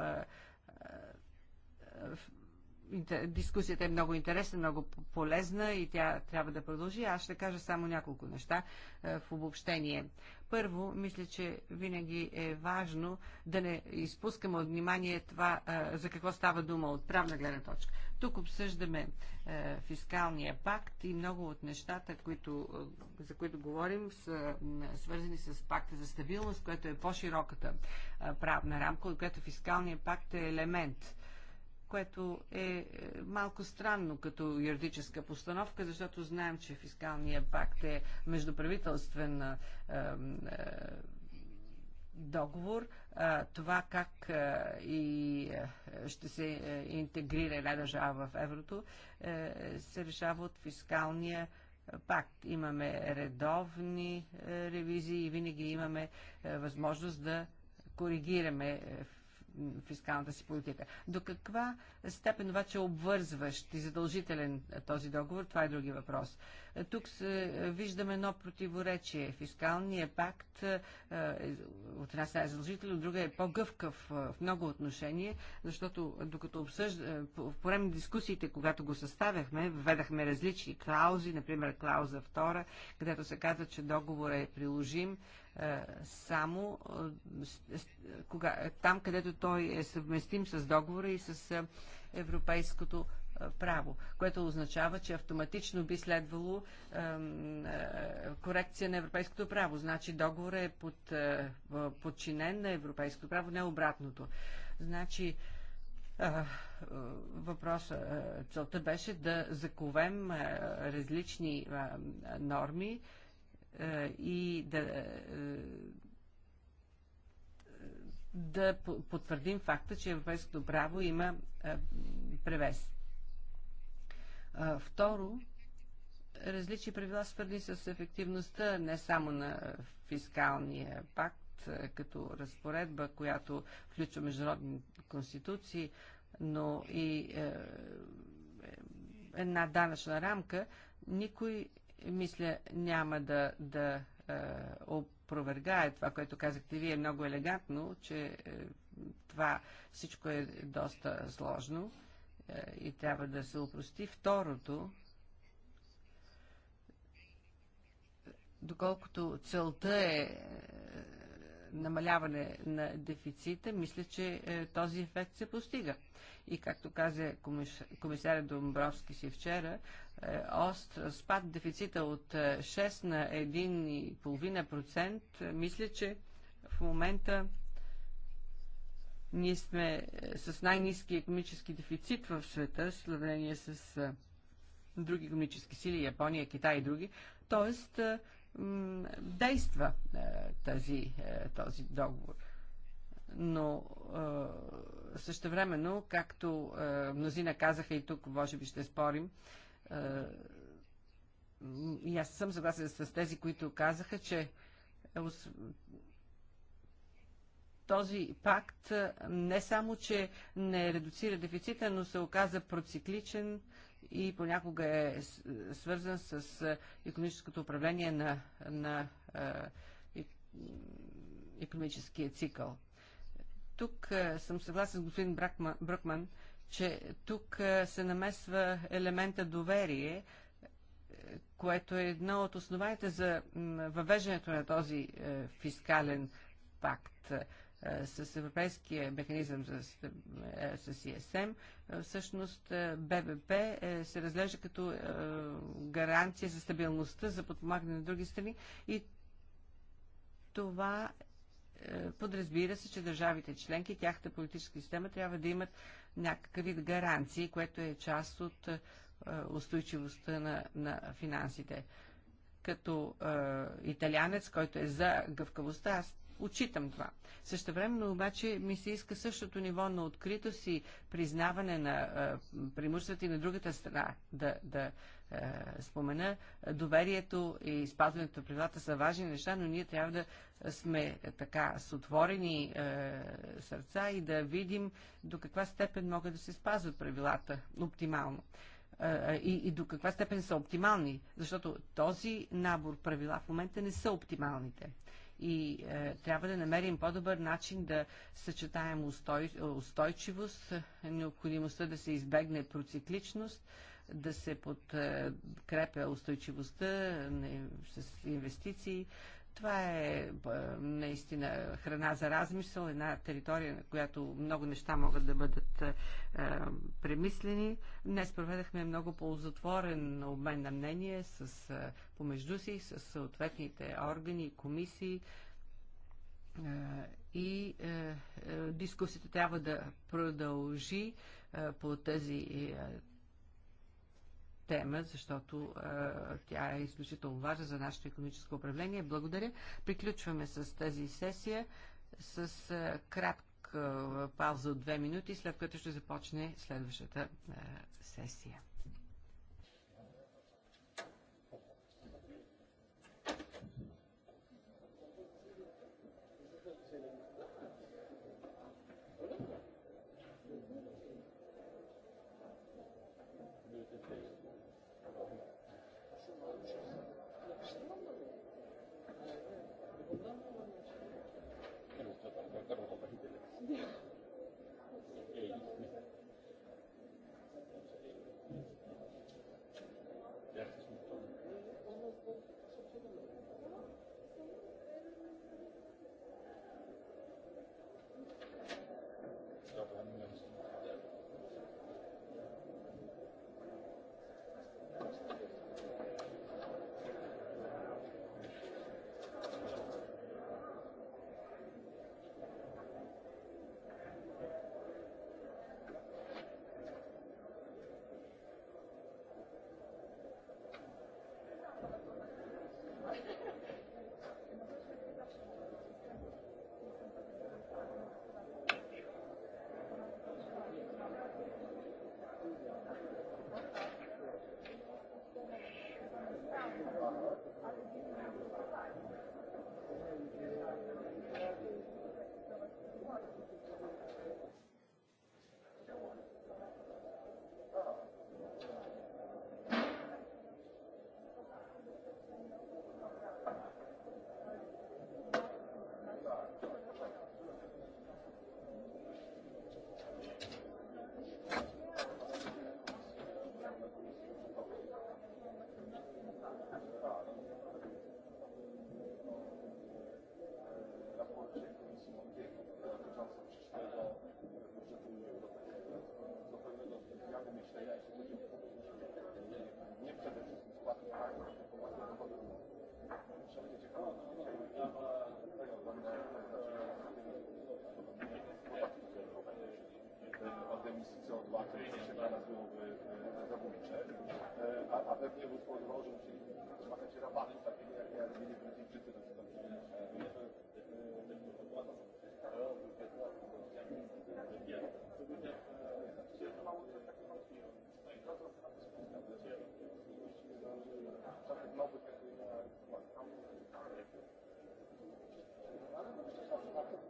дискусията е много интересна, много полезна и тя трябва да продължи. Аз ще кажа само няколко неща е, в обобщение. Първо, мисля, че винаги е важно да не изпускаме от внимание това е, за какво става дума от правна гледна точка. Тук обсъждаме е, фискалния пакт и много от нещата, които, за които говорим, са свързани с пакта за стабилност, което е по-широката правна рамка, от която фискалния пакт е елемент което е, е малко странно като юридическа постановка, защото знаем, че фискалния пакт е междуправителствен е, е, договор. Е, това как е, и е, ще се е, интегрира една държава в еврото е, се решава от фискалния пакт. Имаме редовни ревизии и винаги имаме възможност да коригираме фискалната си политика. До каква степен обаче е обвързващ и задължителен е, този договор, това е други въпрос. Е, тук се, е, виждаме едно противоречие. Фискалният пакт от една страна е задължителен, от друга е по-гъвкав в много отношения, защото докато обсъжда, в време на дискусиите, когато го съставяхме, введахме различни клаузи, например клауза 2, където се казва, че договор е приложим е, само е, е, кога, там, където той е съвместим с договора и с европейското право, което означава, че автоматично би следвало корекция на европейското право. Значи договор е под, подчинен на европейското право, не обратното. Значи въпрос, целта беше да заковем различни норми, е, и да, е, да потвърдим факта, че европейското право има е, превес. Второ, различни правила свързани с ефективността не само на фискалния пакт като разпоредба, която включва международни конституции, но и е, една данъчна рамка, никой мисля, няма да, да е, опровергая това, което казахте вие много елегантно, че е, това всичко е доста сложно е, и трябва да се опрости. Второто, доколкото целта е намаляване на дефицита, мисля, че е, този ефект се постига. И както каза комисаря Домбровски си вчера, е, ост спад дефицита от 6 е, на 1,5%, мисля, че в момента ние сме с най-низки економически дефицит в света, в сравнение с други економически сили, Япония, Китай и други. Тоест, действа е, тази, е, този договор. Но е, същевременно, както мнозина казаха и тук, може би ще спорим, и аз съм съгласен с тези, които казаха, че този пакт не само, че не редуцира дефицита, но се оказа процикличен, и понякога е свързан с економическото управление на, на е, економическия цикъл. Тук съм съгласен с господин Бракман, Бръкман, че тук се намесва елемента доверие, което е едно от основаните за въвеждането на този фискален пакт. Е, с Европейския механизъм за, е, с ИСМ, е, всъщност ББП се разглежда като гаранция за стабилността, за подпомагане на други страни и това подразбира се, че държавите членки, тяхната политическа система трябва да имат някакъв вид гаранции, което е част от устойчивостта на, на финансите. Като е, италянец, който е за гъвкавостта, аз Отчитам това. Също Същевременно обаче ми се иска същото ниво на откритост и признаване на е, преимуществата и на другата страна да, да е, спомена. Доверието и спазването на правилата са важни неща, но ние трябва да сме така с отворени е, сърца и да видим до каква степен могат да се спазват правилата оптимално и, и до каква степен са оптимални, защото този набор правила в момента не са оптималните и е, трябва да намерим по-добър начин да съчетаем устой, устойчивост, необходимостта да се избегне процикличност, да се подкрепя устойчивостта с инвестиции, това е, е наистина храна за размисъл, една територия, на която много неща могат да бъдат е, е, премислени. Днес проведахме много ползотворен обмен на мнение с, е, помежду си, с съответните органи, комисии. Е, и е, е, дискусията трябва да продължи е, по тази е, тема, защото а, тя е изключително важна за нашето економическо управление. Благодаря. Приключваме с тази сесия с а, кратка пауза от две минути, след което ще започне следващата а, сесия. od emisji co a, pewnie by spowodowało, że musieli wymagać rabatów takiego, jak ja zmienię Brytyjczycy na Takie Thank you.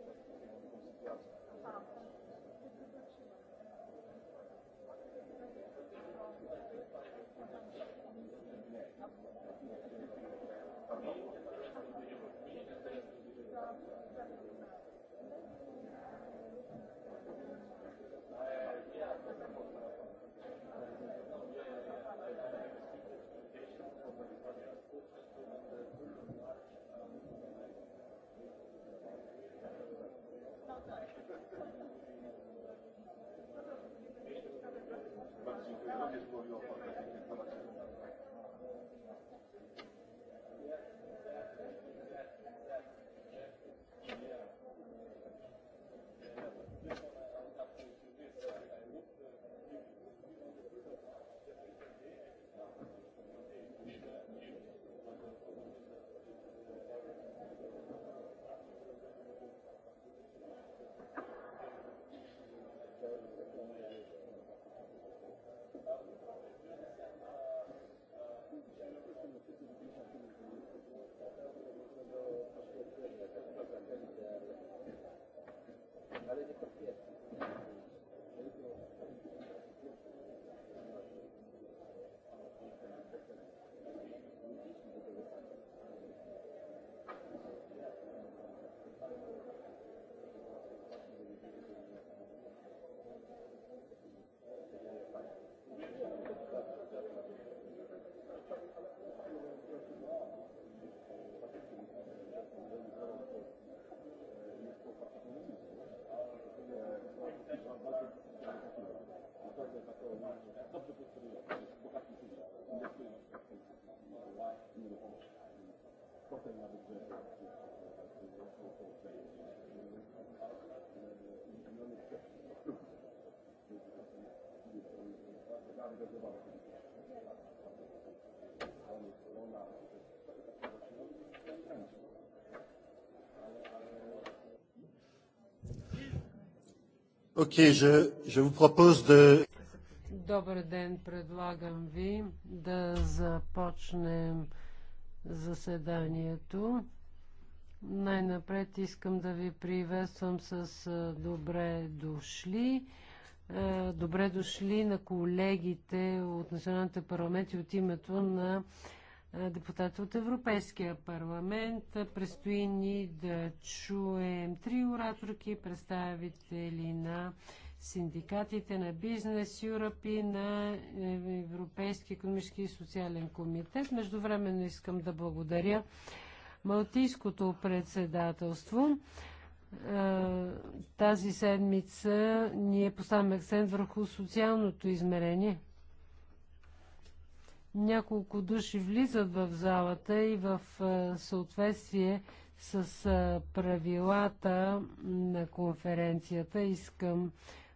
Окей, okay, je, vous Добър ден, предлагам ви да започнем заседанието. Най-напред искам да ви приветствам с добре дошли. Добре дошли на колегите от националните парламенти от името на депутата от Европейския парламент. Предстои ни да чуем три ораторки, представители на синдикатите на Бизнес Юрап и на е, Европейски економически и социален комитет. Междувременно искам да благодаря Малтийското председателство. Тази седмица ние поставяме акцент върху социалното измерение – няколко души влизат в залата и в е, съответствие с е, правилата на конференцията искам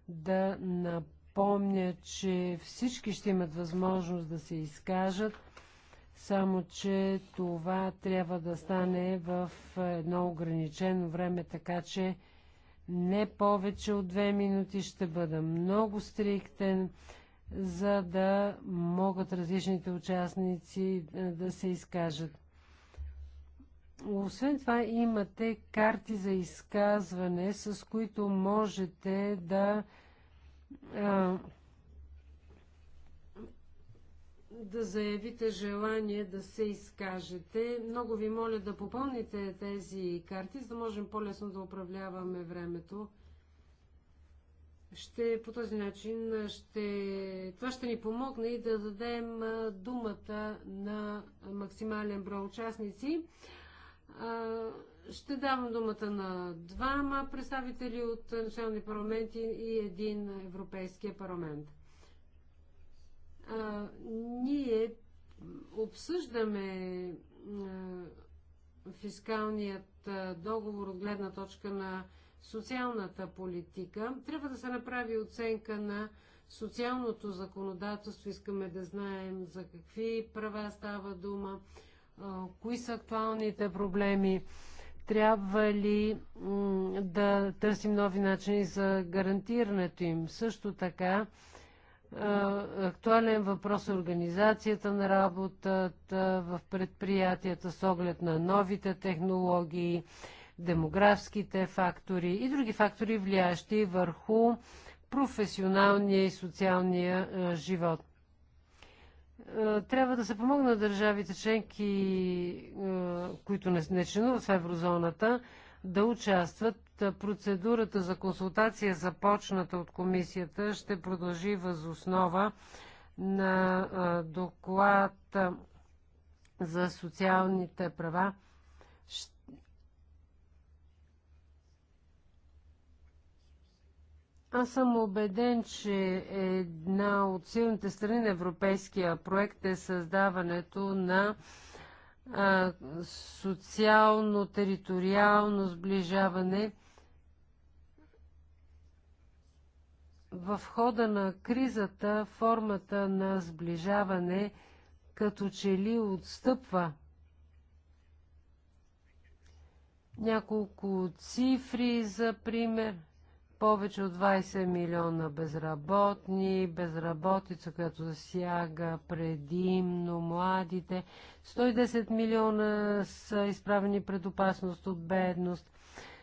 да напомня, че всички ще имат възможност да се изкажат, само че това трябва да стане в е, едно ограничено време, така че не повече от две минути ще бъда много стриктен за да могат различните участници е, да се изкажат. Освен това имате карти за изказване, с които можете да а, е, да заявите желание да се изкажете. Много ви моля да попълните тези карти, за да можем по-лесно да управляваме времето ще, по този начин ще, това ще ни помогне и да дадем думата на максимален брой участници. Ще давам думата на двама представители от национални парламенти и един Европейския парламент. А, ние обсъждаме а, фискалният а, договор от гледна точка на социалната политика. Трябва да се направи оценка на социалното законодателство. Искаме да знаем за какви права става дума, кои са актуалните проблеми. Трябва ли да търсим нови начини за гарантирането им? Също така, актуален въпрос е организацията на работата в предприятията с оглед на новите технологии, демографските фактори и други фактори, влияещи върху професионалния и социалния е, живот. Е, трябва да се помогна държавите членки, е, които не, не членуват в еврозоната, да участват. Процедурата за консултация, започната от комисията, ще продължи възоснова на доклад за социалните права Аз съм убеден, че една от силните страни на европейския проект е създаването на социално-териториално сближаване. В хода на кризата формата на сближаване като че ли отстъпва. Няколко цифри за пример – повече от 20 милиона безработни, безработица, която засяга предимно младите. 110 милиона са изправени пред опасност от бедност,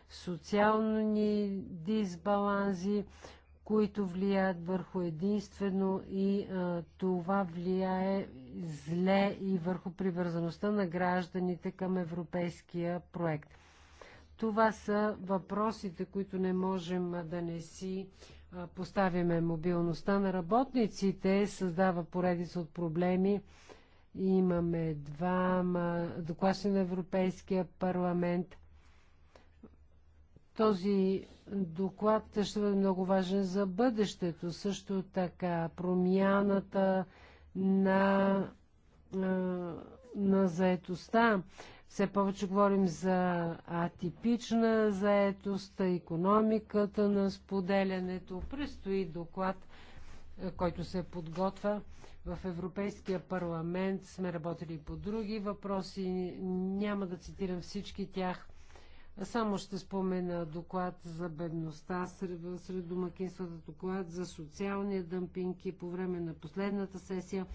социални дисбаланзи, които влияят върху единствено и а, това влияе зле и върху привързаността на гражданите към европейския проект – това са въпросите, които не можем да не си поставяме. Мобилността на работниците създава поредица от проблеми. Имаме два, докласи на Европейския парламент. Този доклад ще бъде много важен за бъдещето. Също така промяната на, на заетостта все повече говорим за атипична заетост, економиката на споделянето. Престои доклад, е, който се подготвя. В Европейския парламент сме работили по други въпроси. Няма да цитирам всички тях. Само ще спомена доклад за бедността сред, сред домакинствата, доклад за социалния дъмпинг и по време на последната сесия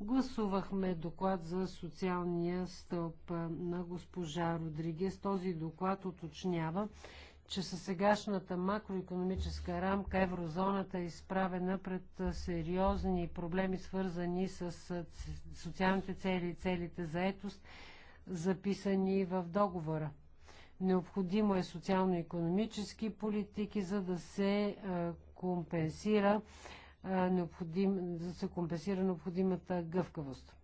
Гласувахме доклад за социалния стълб на госпожа Родригес. Този доклад уточнява, че със сегашната макроекономическа рамка еврозоната е изправена пред сериозни проблеми, свързани с социалните цели и целите за етост, записани в договора. Необходимо е социално-економически политики, за да се компенсира необходим, за да се компенсира необходимата гъвкавост.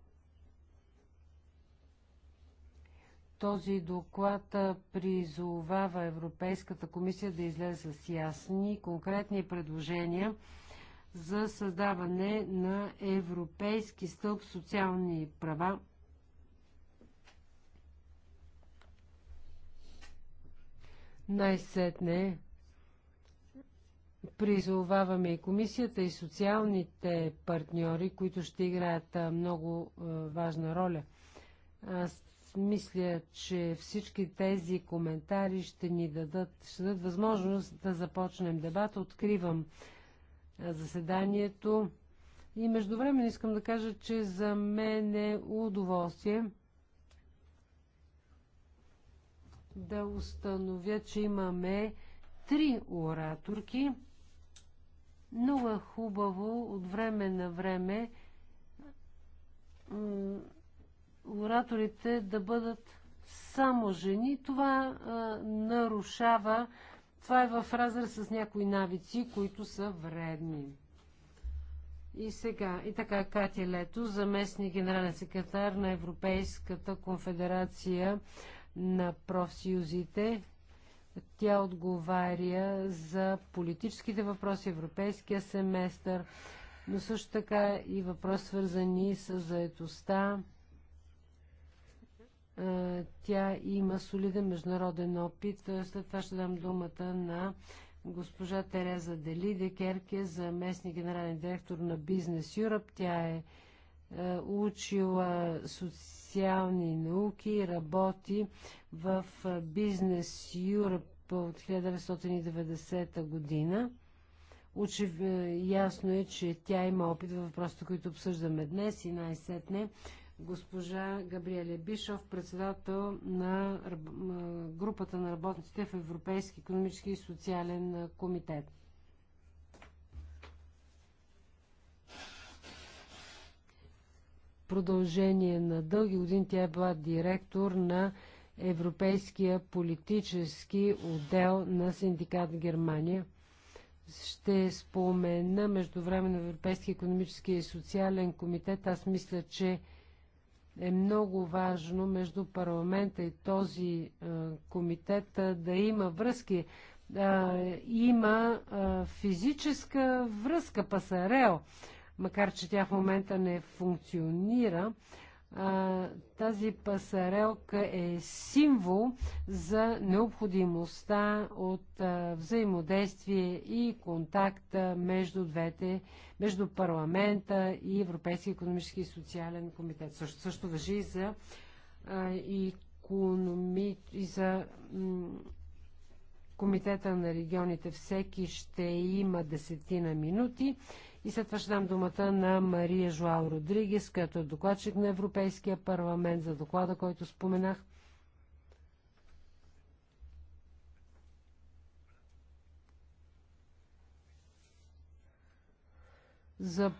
Този доклад призовава Европейската комисия да излезе с ясни конкретни предложения за създаване на Европейски стълб социални права най-сетне Призоваваме и комисията, и социалните партньори, които ще играят много важна роля. Аз мисля, че всички тези коментари ще ни дадат, ще дадат възможност да започнем дебата. Откривам заседанието. И между време искам да кажа, че за мен е удоволствие да установя, че имаме три ораторки. Много е хубаво от време на време ораторите да бъдат само жени. Това а, нарушава. Това е в разрез с някои навици, които са вредни. И сега, и така, Катя Лето, заместник генерален секретар на Европейската конфедерация на профсъюзите, тя отговаря за политическите въпроси, европейския семестър, но също така и въпрос, свързани с заетостта. Е, тя има солиден международен опит. След това ще дам думата на госпожа Тереза Дели Декерке, заместник генерален директор на Бизнес Юръп. Тя е, е учила социални науки, работи в Бизнес Юръп от 1990 година. Учи е, Ясно е, че тя има опит в въпросите, които обсъждаме днес и най-сетне госпожа Габриеля Бишов, председател на групата на работниците в Европейски економически и социален комитет. Продължение на дълги години тя е била директор на Европейския политически отдел на синдикат в Германия. Ще спомена между време на Европейски економически и социален комитет. Аз мисля, че е много важно между парламента и този е, комитет е, да има връзки. А, е, има а, физическа връзка, пасарел, макар че тя в момента не функционира тази пасарелка е символ за необходимостта от взаимодействие и контакт между двете, между парламента и Европейски економически и социален комитет. Също, също въжи и за, економи, и за комитета на регионите. Всеки ще има десетина минути и след това ще дам думата на Мария Жуал Родригес, като е докладчик на Европейския парламент за доклада, който споменах. За...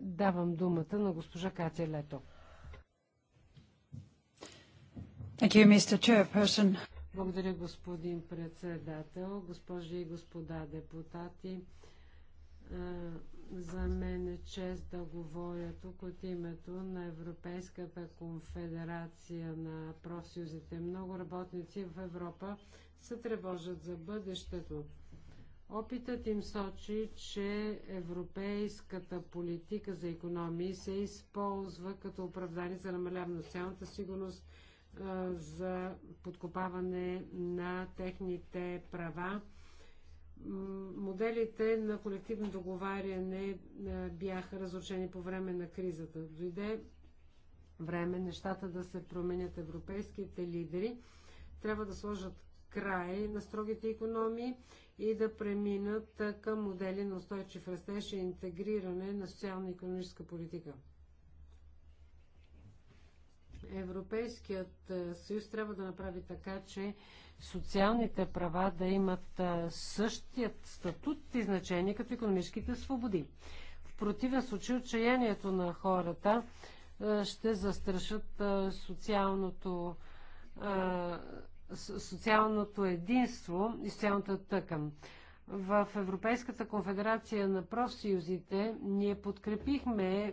Давам думата на госпожа Катя Лето. You, Благодаря, господин председател, госпожи и господа депутати. Е, за мен е чест да говоря тук от името на Европейската конфедерация на профсъюзите. Много работници в Европа се тревожат за бъдещето. Опитът им сочи, че европейската политика за економии се използва като оправдание за намаляване на социалната сигурност, е, за подкопаване на техните права моделите на колективно договаряне е, бяха разрушени по време на кризата. Дойде време нещата да се променят. Европейските лидери трябва да сложат край на строгите економии и да преминат към модели на устойчив растеж и интегриране на социално-економическа политика. Европейският съюз трябва да направи така, че социалните права да имат същият статут и значение като економическите свободи. В противен случай отчаянието на хората ще застрашат социалното, социалното единство и социалната тъкан. В Европейската конфедерация на профсъюзите ние подкрепихме е,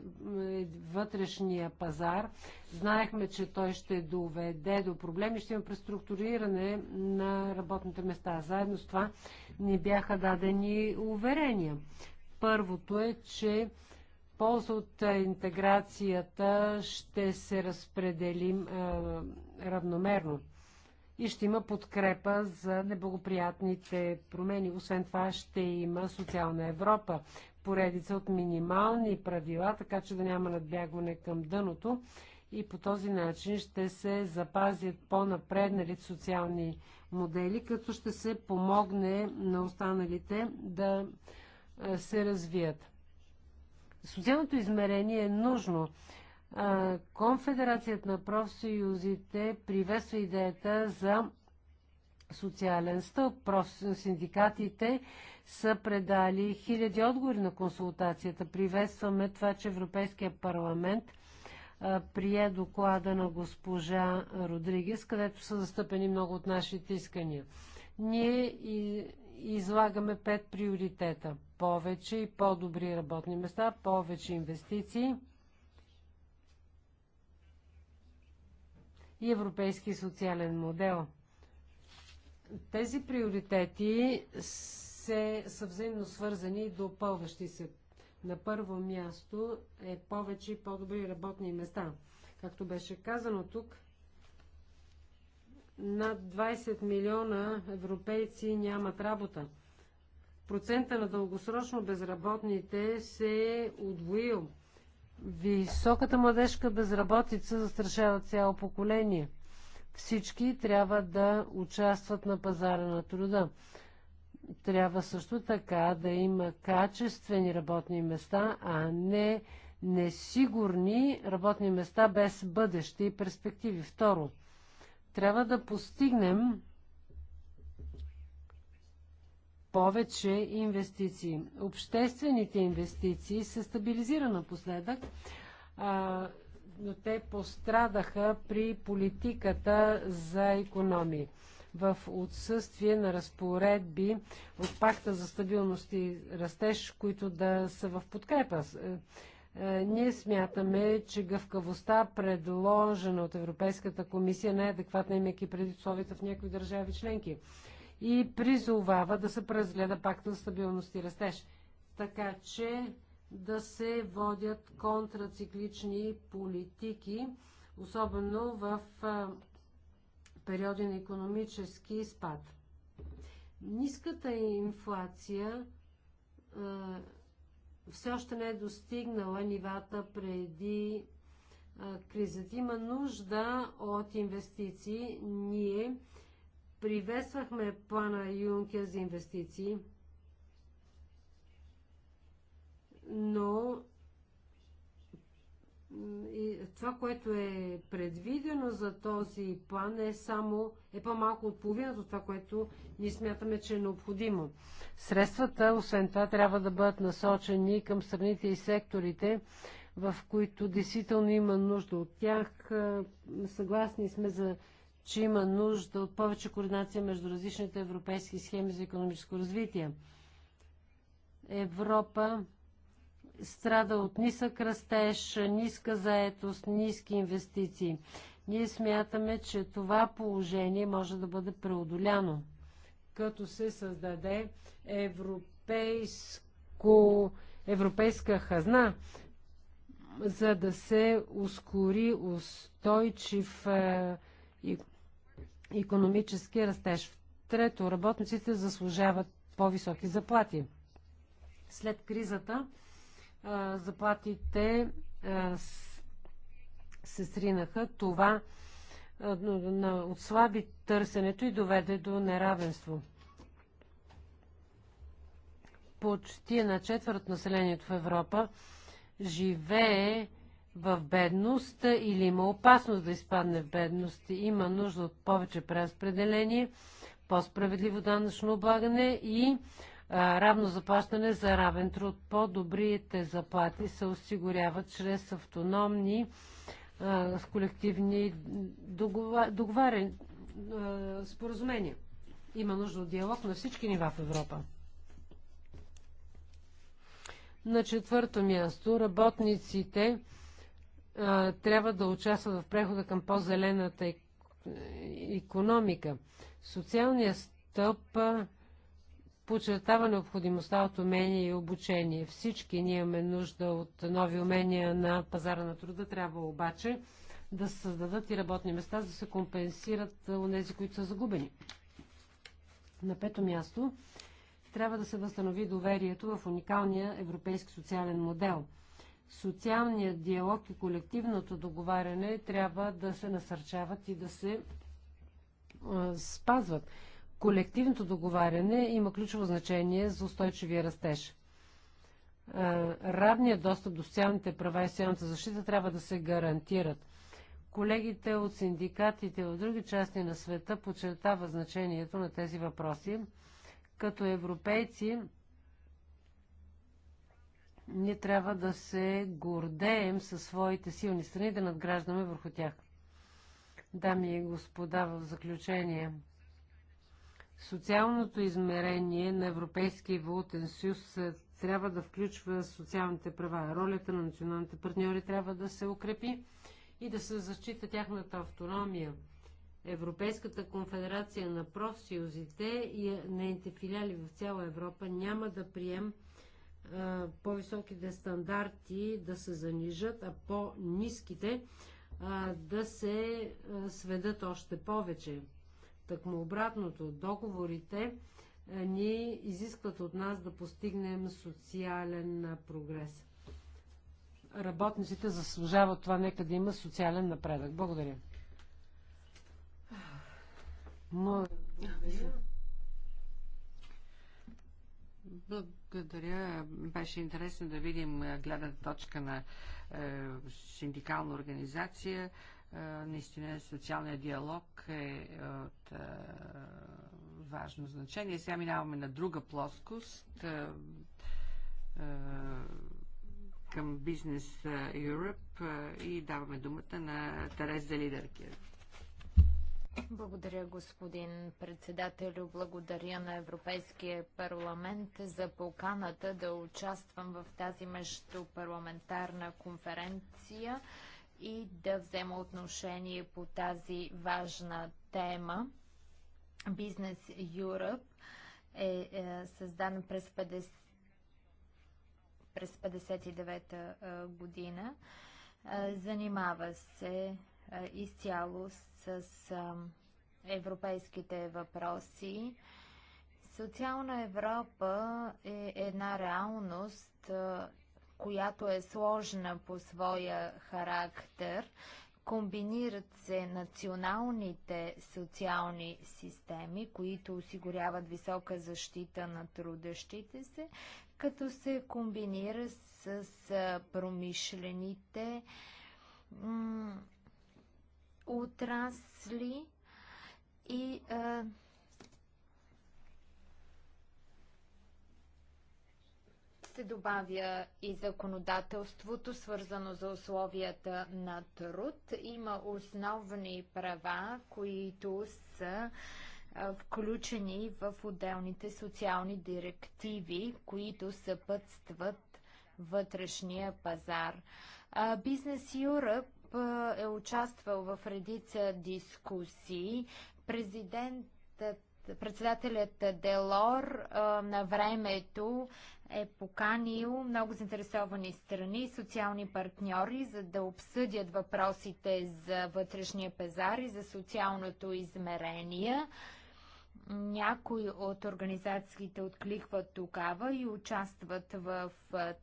вътрешния пазар. Знаехме, че той ще доведе до проблеми, ще има преструктуриране на работните места. Заедно с това ни бяха дадени уверения. Първото е, че полза от интеграцията ще се разпределим е, равномерно и ще има подкрепа за неблагоприятните промени. Освен това ще има социална Европа, поредица от минимални правила, така че да няма надбягване към дъното и по този начин ще се запазят по-напреднали социални модели, като ще се помогне на останалите да е, се развият. Социалното измерение е нужно Конфедерацията на профсъюзите приветства идеята за социален стълб. Синдикатите са предали хиляди отговори на консултацията. Приветстваме това, че Европейския парламент прие доклада на госпожа Родригес, където са застъпени много от нашите искания. Ние излагаме пет приоритета. Повече и по-добри работни места, повече инвестиции – и европейски социален модел. Тези приоритети се, са взаимно свързани и допълващи се. На първо място е повече и по-добри работни места. Както беше казано тук, над 20 милиона европейци нямат работа. Процента на дългосрочно безработните се е удвоил – Високата младежка безработица застрашава цяло поколение. Всички трябва да участват на пазара на труда. Трябва също така да има качествени работни места, а не несигурни работни места без бъдеще и перспективи. Второ, трябва да постигнем повече инвестиции. Обществените инвестиции се стабилизира напоследък, а, но те пострадаха при политиката за економии. В отсъствие на разпоредби от пакта за стабилност и растеж, които да са в подкрепа. Е, е, ние смятаме, че гъвкавостта, предложена от Европейската комисия, не е адекватна, имайки предисловията в някои държави членки и призовава да се преразгледа пакта за стабилност и растеж. Така че да се водят контрациклични политики, особено в периоди на економически спад. Ниската инфлация все още не е достигнала нивата преди кризата. Има нужда от инвестиции. Ние Приветствахме плана Юнкер за инвестиции, но и това, което е предвидено за този план е само е по-малко от половината от това, което ние смятаме, че е необходимо. Средствата, освен това, трябва да бъдат насочени към страните и секторите, в които действително има нужда от тях. Съгласни сме за че има нужда от повече координация между различните европейски схеми за економическо развитие. Европа страда от нисък растеж, ниска заетост, ниски инвестиции. Ние смятаме, че това положение може да бъде преодоляно, като се създаде европейско, европейска хазна, за да се ускори устойчив е, и економически растеж. Трето, работниците заслужават по-високи заплати. След кризата заплатите се сринаха. Това отслаби търсенето и доведе до неравенство. Почти на четвърт населението в Европа живее в бедност или има опасност да изпадне в бедност. Има нужда от повече преразпределение, по-справедливо данъчно облагане и а, равно заплащане за равен труд. По-добрите заплати се осигуряват чрез автономни с колективни договаряния. Договар... Споразумения. Има нужда от диалог на всички нива в Европа. На четвърто място работниците а, трябва да участват в прехода към по-зелената економика. Социалният стъп подчертава необходимостта от умения и обучение. Всички ние имаме нужда от нови умения на пазара на труда, трябва обаче да се създадат и работни места, да се компенсират нези, които са загубени. На пето място трябва да се възстанови доверието в уникалния европейски социален модел – Социалният диалог и колективното договаряне трябва да се насърчават и да се а, спазват. Колективното договаряне има ключово значение за устойчивия растеж. Равният достъп до социалните права и социалната защита трябва да се гарантират. Колегите от синдикатите в други части на света подчертава значението на тези въпроси. Като европейци ние трябва да се гордеем със своите силни страни, да надграждаме върху тях. Дами и господа, в заключение, социалното измерение на Европейския валутен съюз е, трябва да включва социалните права. Ролята на националните партньори трябва да се укрепи и да се защита тяхната автономия. Европейската конфедерация на профсъюзите и е, нейните филиали в цяла Европа няма да прием по-високите стандарти да се занижат, а по-низките да се сведат още повече. Такмо обратното, договорите ни изискват от нас да постигнем социален прогрес. Работниците заслужават това, нека да има социален напредък. Благодаря. Моя. Благодаря. Беше интересно да видим гледната точка на е, синдикална организация. Е, наистина социалният диалог е, е от е, важно значение. Сега минаваме на друга плоскост е, е, към Business Europe е, и даваме думата на Тереза Лидеркия. Благодаря, господин председател, Благодаря на Европейския парламент за поканата да участвам в тази междупарламентарна конференция и да взема отношение по тази важна тема. Бизнес Europe е, е, създан през 50 през 59-та е, година. Е, занимава се изцяло с с европейските въпроси. Социална Европа е една реалност, която е сложна по своя характер. Комбинират се националните социални системи, които осигуряват висока защита на трудещите се, като се комбинира с промишлените отрасли и а, се добавя и законодателството, свързано за условията на труд. Има основни права, които са включени в отделните социални директиви, които съпътстват вътрешния пазар. Бизнес Юръп е участвал в редица дискусии. Президентът председателят Делор на времето е поканил много заинтересовани страни, социални партньори, за да обсъдят въпросите за вътрешния пазар и за социалното измерение. Някои от организациите откликват тогава и участват в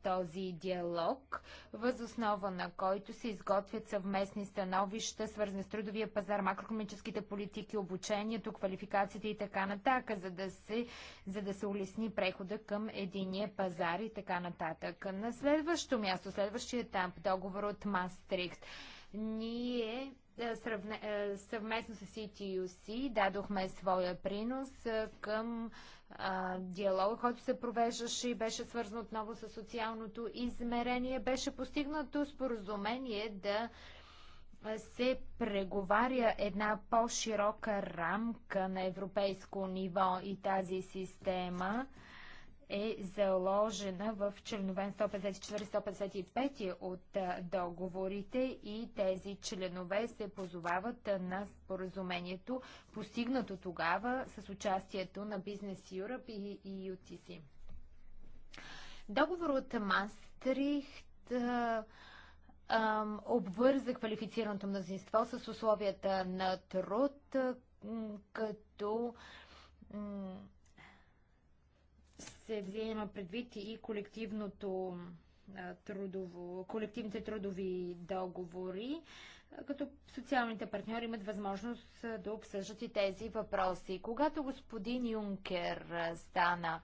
този диалог, възоснова на който се изготвят съвместни становища, свързани с трудовия пазар, макроекономическите политики, обучението, квалификациите и така нататък, за да се, за да се улесни прехода към единия пазар и така нататък. На следващо място, следващия етап, договор от Мастрихт, ние е, е, съвместно с CTUC дадохме своя принос е, към диалога, който се провеждаше и беше свързан отново с социалното измерение. Беше постигнато споразумение да се преговаря една по-широка рамка на европейско ниво и тази система – е заложена в членове 154-155 от договорите и тези членове се позовават на споразумението, постигнато тогава с участието на Business Юрап и, UTC. Договорът Мастрихт обвърза квалифицираното мнозинство с условията на труд, като се взема предвид и колективното трудово, колективните трудови договори, като социалните партньори имат възможност да обсъждат и тези въпроси. Когато господин Юнкер стана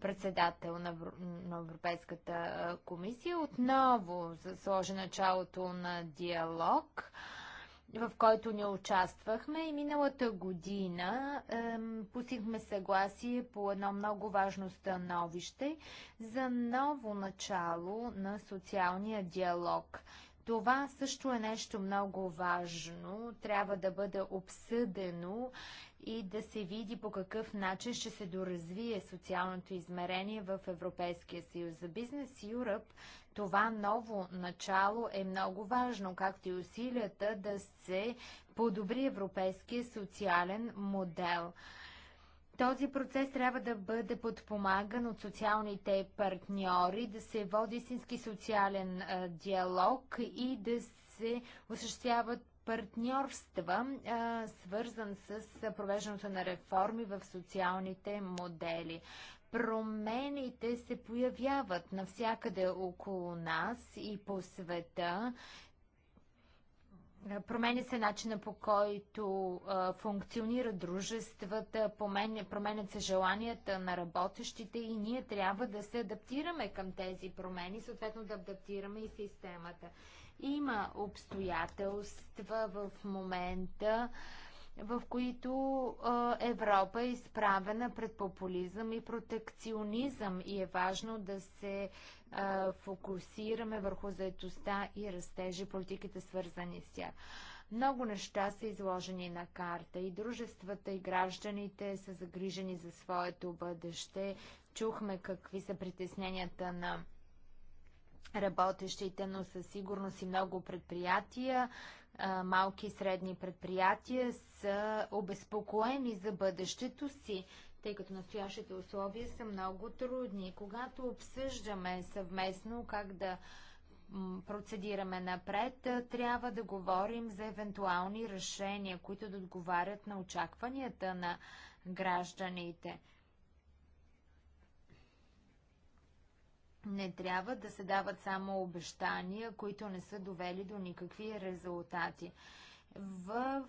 председател на, Европейската комисия, отново сложи началото на диалог в който не участвахме и миналата година е, пустихме съгласие по едно много важно становище за ново начало на социалния диалог. Това също е нещо много важно, трябва да бъде обсъдено и да се види по какъв начин ще се доразвие социалното измерение в Европейския съюз. За Бизнес Юръп това ново начало е много важно, както и усилията да се подобри европейския социален модел. Този процес трябва да бъде подпомаган от социалните партньори, да се води истински социален диалог и да се осъществяват партньорства, свързан с провеждането на реформи в социалните модели. Промените се появяват навсякъде около нас и по света. Променя се начина по който функционира дружествата, променят се желанията на работещите и ние трябва да се адаптираме към тези промени, съответно да адаптираме и системата. Има обстоятелства в момента, в които Европа е изправена пред популизъм и протекционизъм и е важно да се фокусираме върху заедостта и растежи, политиките свързани с тях. Много неща са изложени на карта и дружествата и гражданите са загрижени за своето бъдеще. Чухме какви са притесненията на работещите, но със сигурност и много предприятия, малки и средни предприятия са обезпокоени за бъдещето си, тъй като настоящите условия са много трудни. Когато обсъждаме съвместно как да процедираме напред, трябва да говорим за евентуални решения, които да отговарят на очакванията на гражданите. Не трябва да се дават само обещания, които не са довели до никакви резултати. В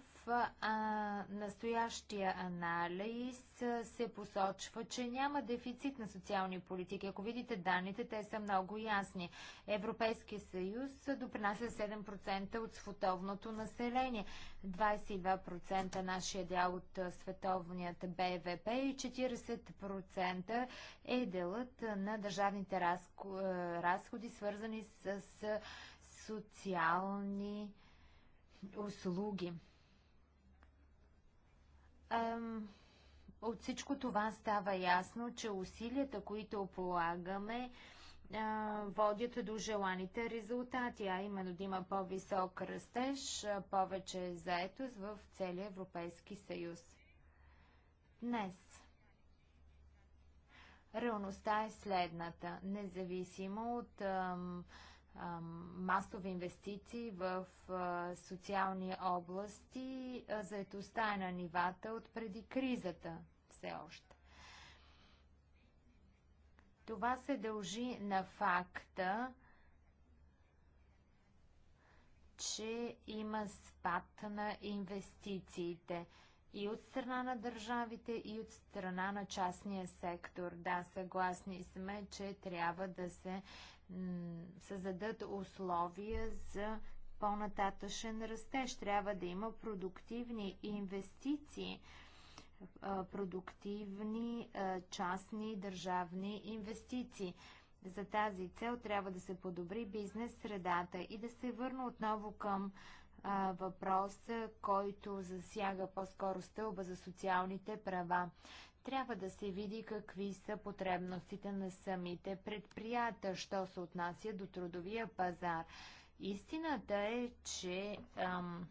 а, настоящия анализ се посочва, че няма дефицит на социални политики. Ако видите данните, те са много ясни. Европейския съюз допринася 7% от световното население, 22% нашия дял от световният БВП и 40% е делът на държавните разходи, свързани с социални услуги. Ам, от всичко това става ясно, че усилията, които полагаме, водят до желаните резултати, а именно да има по-висок растеж, повече заетост в целия Европейски съюз. Днес реалността е следната. Независимо от ам, масови инвестиции в социални области. заедостта е на нивата от преди кризата все още. Това се дължи на факта, че има спад на инвестициите и от страна на държавите, и от страна на частния сектор. Да, съгласни сме, че трябва да се създадат условия за по нататъшен растеж. Трябва да има продуктивни инвестиции, продуктивни частни държавни инвестиции. За тази цел трябва да се подобри бизнес средата и да се върна отново към въпроса, който засяга по-скоро стълба за социалните права. Трябва да се види какви са потребностите на самите предприятия, що се отнася до трудовия пазар. Истината е, че ам,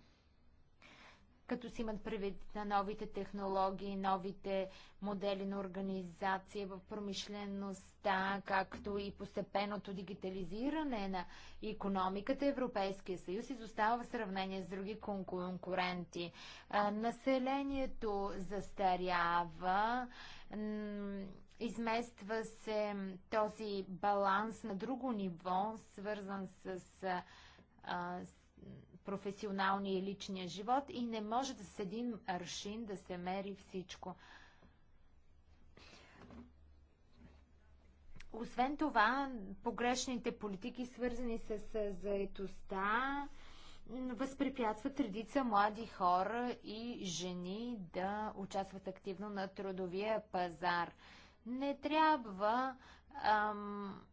като си имат предвид на новите технологии, новите модели на организация в промишлеността, както и постепенното дигитализиране на економиката, Европейския съюз изостава в сравнение с други конкуренти. населението застарява, измества се този баланс на друго ниво, свързан с професионалния и личния живот и не може да с един аршин да се мери всичко. Освен това, погрешните политики, свързани с заетостта, възпрепятстват редица млади хора и жени да участват активно на трудовия пазар. Не трябва ам,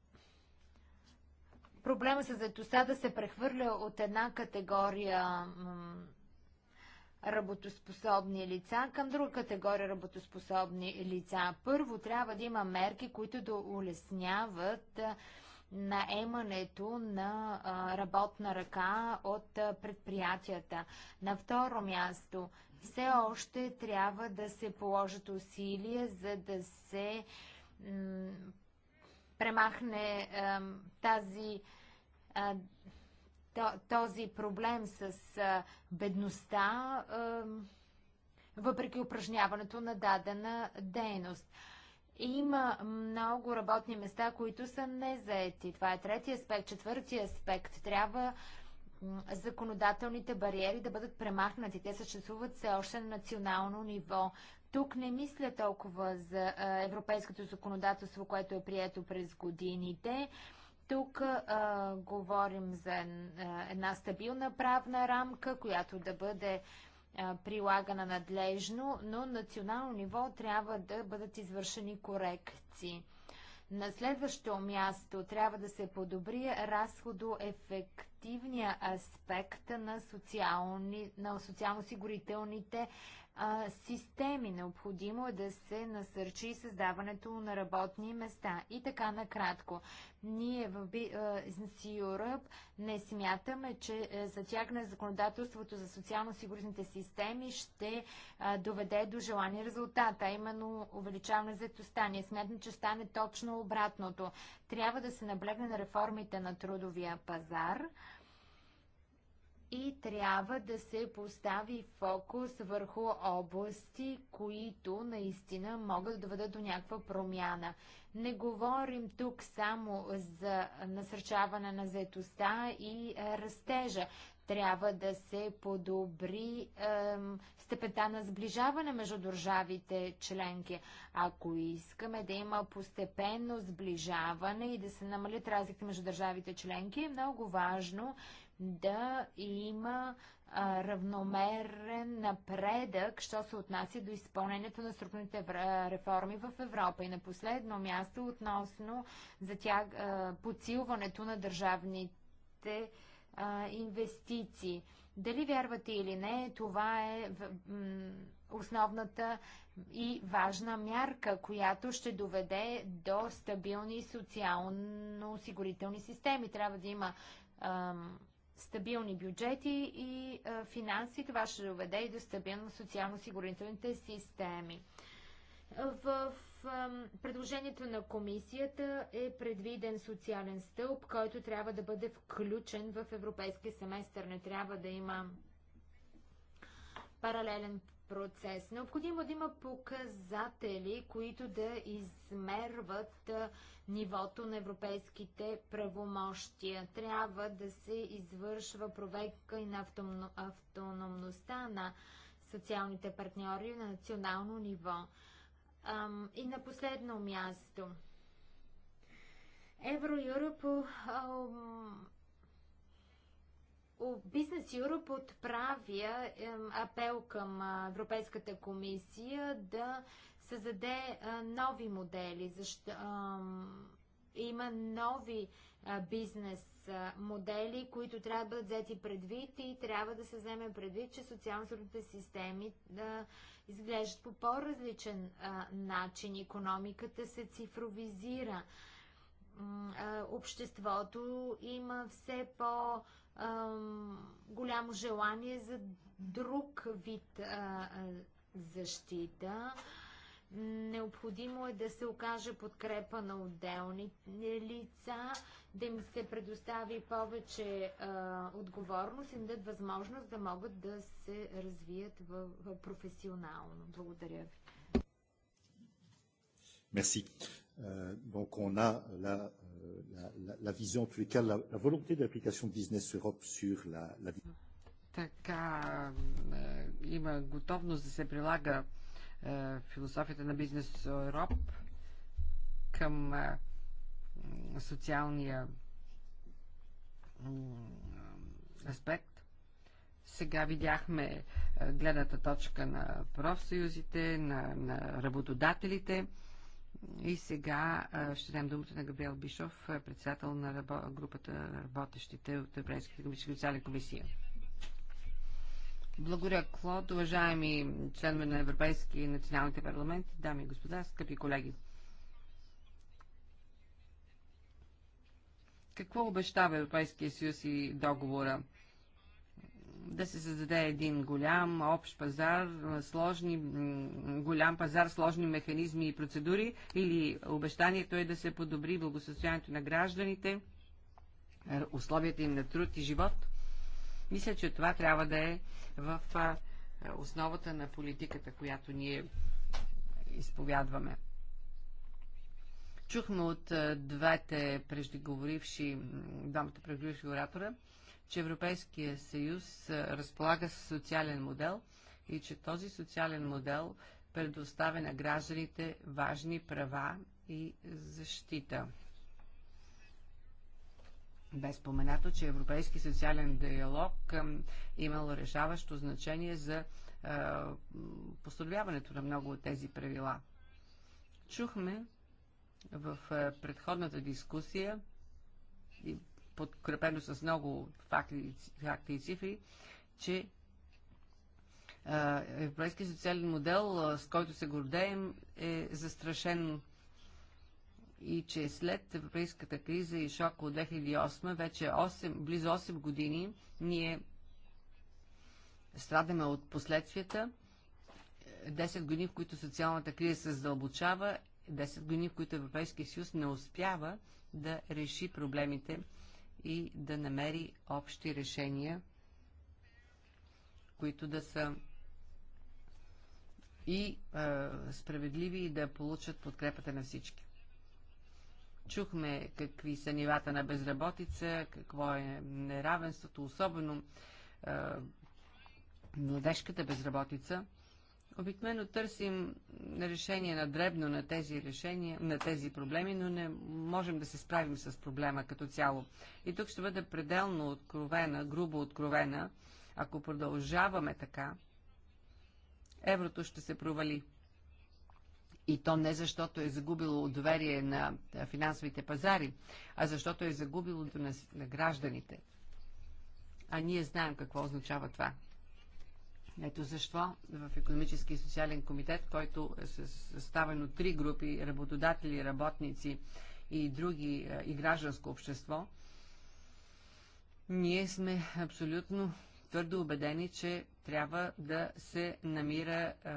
проблема с заедостта да се прехвърля от една категория работоспособни лица към друга категория работоспособни лица. Първо трябва да има мерки, които да улесняват наемането на работна ръка от предприятията. На второ място, все още трябва да се положат усилия, за да се премахне тази, този проблем с бедността, въпреки упражняването на дадена дейност. Има много работни места, които са незаети. Това е третия аспект. Четвъртия аспект. Трябва законодателните бариери да бъдат премахнати. Те съществуват все още на национално ниво. Тук не мисля толкова за европейското законодателство, което е прието през годините. Тук а, говорим за една стабилна правна рамка, която да бъде прилагана надлежно, но национално ниво трябва да бъдат извършени корекции. На следващо място трябва да се подобри разходоефективния аспект на, социални, на социално-осигурителните а, системи. Необходимо е да се насърчи създаването на работни места. И така накратко. Ние в Business Europe не смятаме, че е, затягане законодателството за социално-сигурните системи ще а, доведе до желания резултат, а именно увеличаване заетостта. Ние смятаме, че стане точно обратното. Трябва да се наблегне на реформите на трудовия пазар и трябва да се постави фокус върху области, които наистина могат да доведат до някаква промяна. Не говорим тук само за насърчаване на заетостта и е, растежа. Трябва да се подобри ем, степента на сближаване между държавите членки. Ако искаме да има постепенно сближаване и да се намалят разликите между държавите членки, е много важно да има равномерен напредък, що се отнася до изпълнението на структурните реформи в Европа. И на последно място относно за тя, подсилването на държавните инвестиции. Дали вярвате или не, това е основната и важна мярка, която ще доведе до стабилни социално-осигурителни системи. Трябва да има стабилни бюджети и финанси. Това ще доведе и до стабилно социално сигурителните системи. В, предложението на комисията е предвиден социален стълб, който трябва да бъде включен в европейския семестър. Не трябва да има паралелен процес. Необходимо да има показатели, които да измерват нивото на европейските правомощия. Трябва да се извършва проверка и на автономността на социалните партньори на национално ниво. и на последно място. Евро юропо Бизнес Юроп отправя апел към Европейската комисия да създаде нови модели. Защо, има нови бизнес модели, които трябва да бъдат взети предвид и трябва да се вземе предвид, че социалните системи да изглеждат по по-различен начин. Економиката се цифровизира обществото има все по- голямо желание за друг вид защита. Необходимо е да се окаже подкрепа на отделни лица, да им се предостави повече а, отговорност и дадат възможност да могат да се развият в, в професионално. Благодаря ви. Merci. Euh, donc on a la la, la vision, en tous les cas, la, la volonté d'application de Business Europe sur la, la... Така, е, има готовност да се прилага е, философията на Бизнес Europe към е, социалния аспект. Сега видяхме гледната точка на профсъюзите, на, на работодателите. И сега ще дам думата на Габриел Бишов, председател на групата на работещите от Европейската комисия, комисия. Благодаря, Клод, уважаеми членове на Европейски и националните парламенти, дами и господа, скъпи колеги. Какво обещава Европейския съюз и договора? да се създаде един голям общ пазар, сложни, голям пазар, сложни механизми и процедури или обещанието е да се подобри благосостоянието на гражданите, условията им на труд и живот. Мисля, че това трябва да е в основата на политиката, която ние изповядваме. Чухме от двете преждеговоривши, двамата преждеговоривши оратора, че Европейския съюз разполага с социален модел и че този социален модел предоставя на гражданите важни права и защита. Без споменато, че Европейски социален диалог имал решаващо значение за постановяването на много от тези правила. Чухме в предходната дискусия и подкрепено с много факти, факти и цифри, че европейския социален модел, с който се гордеем, е застрашен и че след европейската криза и шока от 2008, вече 8, близо 8 години, ние страдаме от последствията. 10 години, в които социалната криза се задълбочава, 10 години, в които Европейския съюз не успява да реши проблемите, и да намери общи решения, които да са и е, справедливи и да получат подкрепата на всички. Чухме какви са нивата на безработица, какво е неравенството, особено е, младежката безработица – Обикновено търсим решение на дребно на тези решения, на тези проблеми, но не можем да се справим с проблема като цяло. И тук ще бъде пределно откровена, грубо откровена, ако продължаваме така, еврото ще се провали. И то не защото е загубило доверие на финансовите пазари, а защото е загубило на гражданите. А ние знаем какво означава това. Ето защо в економически и социален комитет, който е съставен от три групи работодатели, работници и други е, и гражданско общество, ние сме абсолютно твърдо убедени, че трябва да се намира е,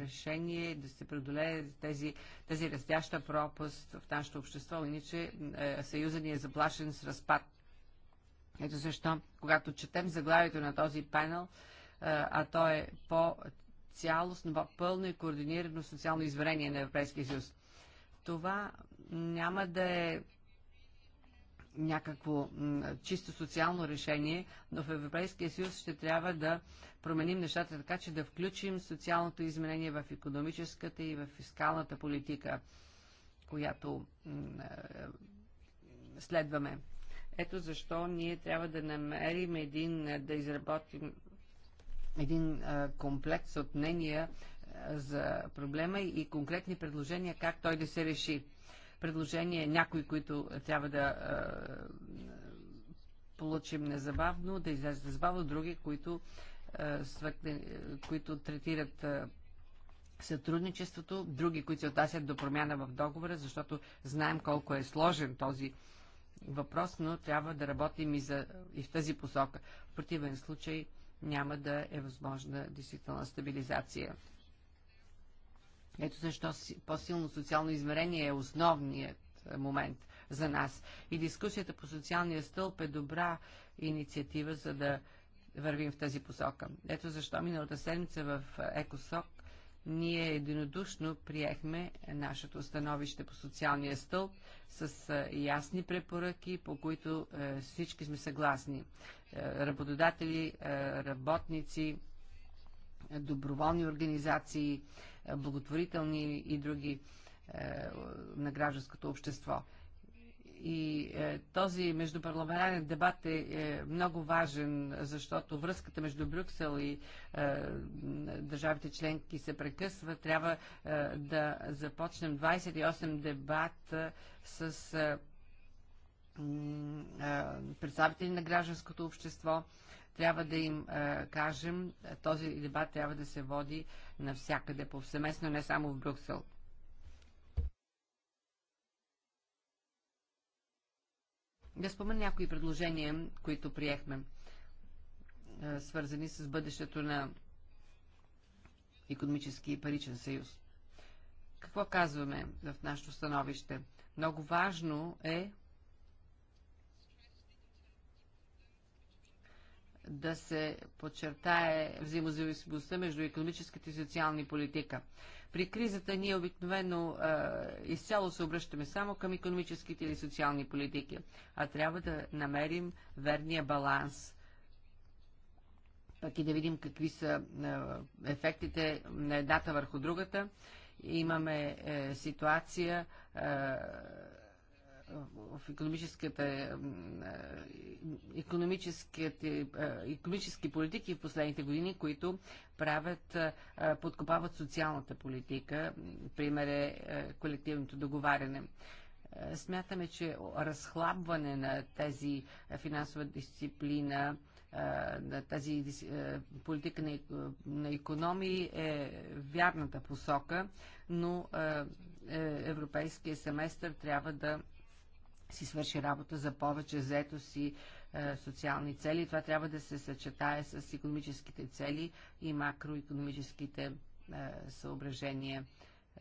решение, да се преодолее тези, тази растяща пропаст в нашето общество, иначе е, съюза ни е заплашен с разпад. Ето защо, когато четем заглавието на този панел, е, а то е по-цялостно, по-пълно и координирано социално измерение на Европейския съюз. Това няма да е някакво чисто социално решение, но в Европейския съюз ще трябва да променим нещата така, че да включим социалното изменение в економическата и в фискалната политика, която следваме. Ето защо ние трябва да намерим един, да изработим един комплекс от мнения за проблема и конкретни предложения как той да се реши. Предложения е някои, които трябва да получим незабавно, да излязат незабавно, други, които, които третират сътрудничеството, други, които се отнасят до промяна в договора, защото знаем колко е сложен този въпрос, но трябва да работим и, за, и в тази посока. В противен случай няма да е възможна действителна стабилизация. Ето защо по-силно социално измерение е основният е, момент за нас. И дискусията по социалния стълб е добра инициатива, за да вървим в тази посока. Ето защо миналата седмица в е, ЕКОСОК ние единодушно приехме нашето становище по социалния стълб с е, ясни препоръки, по които е, всички сме съгласни. Е, работодатели, работници, доброволни организации, благотворителни и други на гражданското общество и е, този междупарламентарен дебат е, е много важен, защото връзката между Брюксел и е, държавите членки се прекъсва. Трябва е, да започнем 28 дебата с е, е, представители на гражданското общество. Трябва да им е, кажем, този дебат трябва да се води навсякъде повсеместно, не само в Брюксел. Да спомен някои предложения, които приехме, свързани с бъдещето на економически и паричен съюз. Какво казваме в нашето становище? Много важно е да се подчертае взаимозависимостта между економическата и социални политика. При кризата ние обикновено изцяло се обръщаме само към економическите или социални политики, а трябва да намерим верния баланс пък и да видим какви са ефектите на едната върху другата. Имаме е, ситуация, в економическите, е, е, економически политики в последните години, които правят, е, подкопават социалната политика. Пример е колективното договаряне. Смятаме, че разхлабване на тази финансова дисциплина, на тази политика на економии е вярната посока, но Европейския семестър трябва да си свърши работа за повече заето си е, социални цели. Това трябва да се съчетае с економическите цели и макроекономическите е, съображения,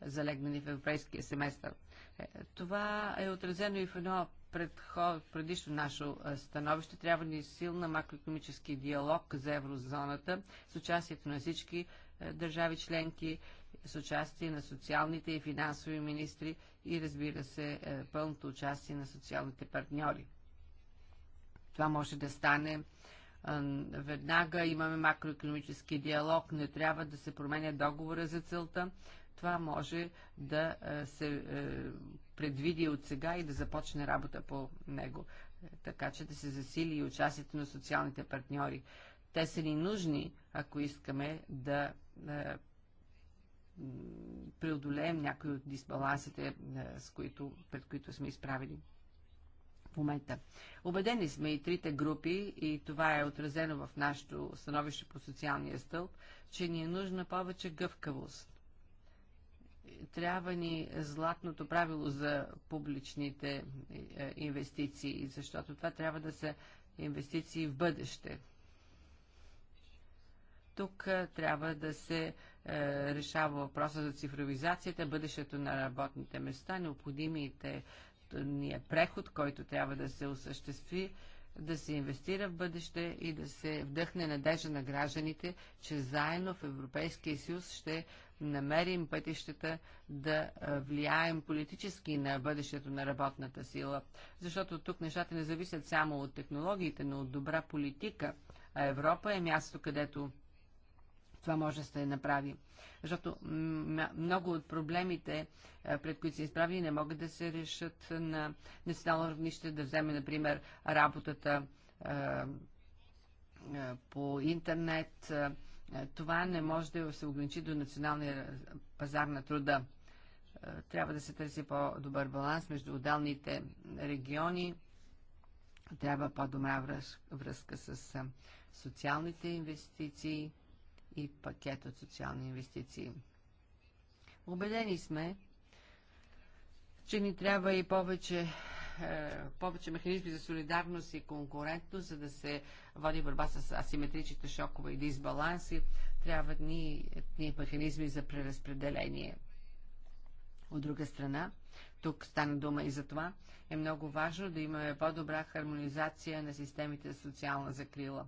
залегнали в европейския семестър. Е, това е отразено и в едно предход, предишно наше е, становище. Трябва ни силна макроекономически диалог за еврозоната с участието на всички е, държави членки, с участие на социалните и финансови министри и разбира се е, пълното участие на социалните партньори. Това може да стане е, веднага. Имаме макроекономически диалог, не трябва да се променя договора за целта. Това може да е, се предвиди от сега и да започне работа по него, така че да се засили и участието на социалните партньори. Те са ни нужни, ако искаме да преодолеем някои от дисбалансите, е, с които, пред които сме изправили в момента. Обедени сме и трите групи, и това е отразено в нашето становище по социалния стълб, че ни е нужна повече гъвкавост. Трябва ни златното правило за публичните е, инвестиции, защото това трябва да са инвестиции в бъдеще. Тук е, трябва да се е, решава въпроса за цифровизацията, бъдещето на работните места, необходимите е, ния е преход, който трябва да се осъществи, да се инвестира в бъдеще и да се вдъхне надежда на гражданите, че заедно в Европейския съюз ще намерим пътищата да влияем политически на бъдещето на работната сила. Защото тук нещата не зависят само от технологиите, но от добра политика. А Европа е място, където това може да се направи. Защото много от проблемите, пред които се изправи, не могат да се решат на национално равнище, да вземе, например, работата по интернет. Това не може да се ограничи до националния пазар на труда. Трябва да се търси по-добър баланс между отдалните региони. Трябва по-добра връзка с социалните инвестиции и пакет от социални инвестиции. Обедени сме, че ни трябва и повече е, повече механизми за солидарност и конкурентност, за да се води борба с асиметричните шокове и дисбаланси. Трябват ни, ни механизми за преразпределение. От друга страна, тук стана дума и за това, е много важно да имаме по-добра хармонизация на системите за социална закрила,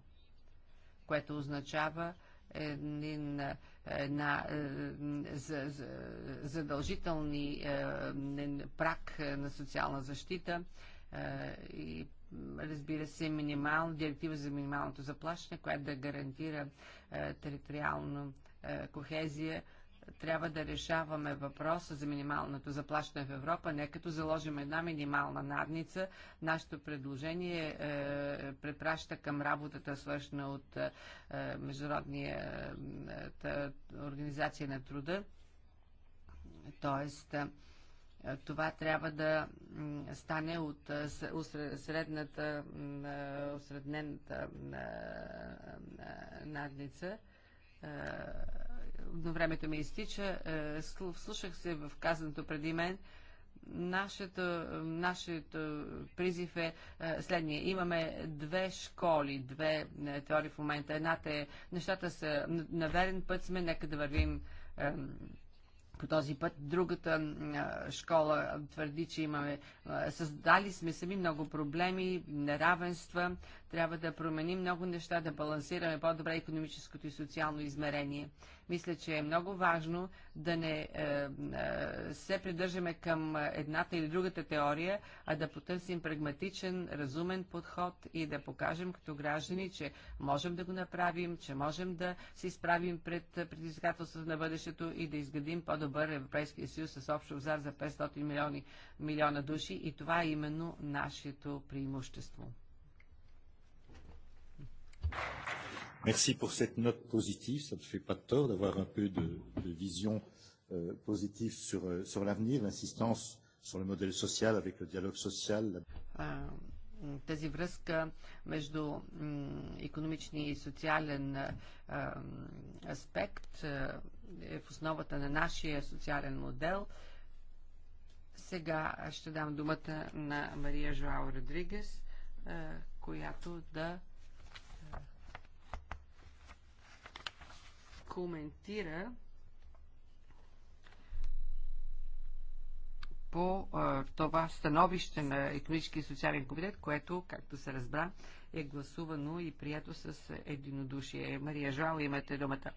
което означава един, една, е, за, за, задължителни е, прак на социална защита е, и разбира се, минимална директива за минималното заплащане, която да гарантира териториална кохезия трябва да решаваме въпроса за минималното заплащане в Европа, не като заложим една минимална надница. Нашето предложение е, препраща към работата, свършена от е, е Международния е, е, организация на труда. Тоест, е, това трябва да стане от средната, осреднената надница но времето ми изтича. Вслушах е, се в казаното преди мен. Нашето, нашето призив е, е следния. Имаме две школи, две е, теории в момента. Едната е, нещата са на верен път сме, нека да вървим по този път. Другата школа твърди, че имаме, създали сме сами много проблеми, неравенства, трябва да променим много неща, да балансираме по-добре економическото и социално измерение. Мисля, че е много важно да не е, е, се придържаме към едната или другата теория, а да потърсим прагматичен, разумен подход и да покажем като граждани, че можем да го направим, че можем да се изправим пред предизвикателството на бъдещето и да изградим по-добър Европейския съюз с общо взар за 500 милиони, милиона души и това е именно нашето преимущество. Merci pour cette note positive. Ça ne fait pas de tort d'avoir un peu de, de vision euh, positive sur, euh, sur l'avenir, l'insistance sur le modèle social avec le dialogue social. La тази връзка между економичния и социален аспект е в основата на нашия социален модел. Сега ще дам думата на Мария Жоао Родригес, която да коментира по а, това становище на Економически и социален комитет, което, както се разбра, е гласувано и прието с единодушие. Мария Жал, имате думата.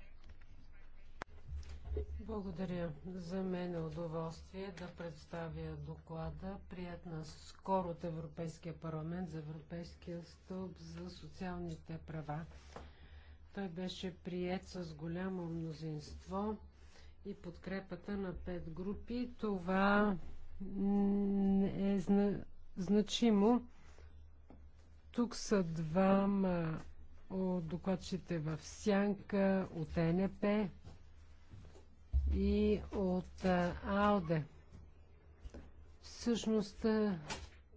Благодаря. За мен е удоволствие да представя доклада, прият на скоро от Европейския парламент за Европейския стълб за социалните права той беше прият с голямо мнозинство и подкрепата на пет групи. Това е значимо. Тук са двама от докладчите в Сянка, от НП и от АЛДЕ. Всъщност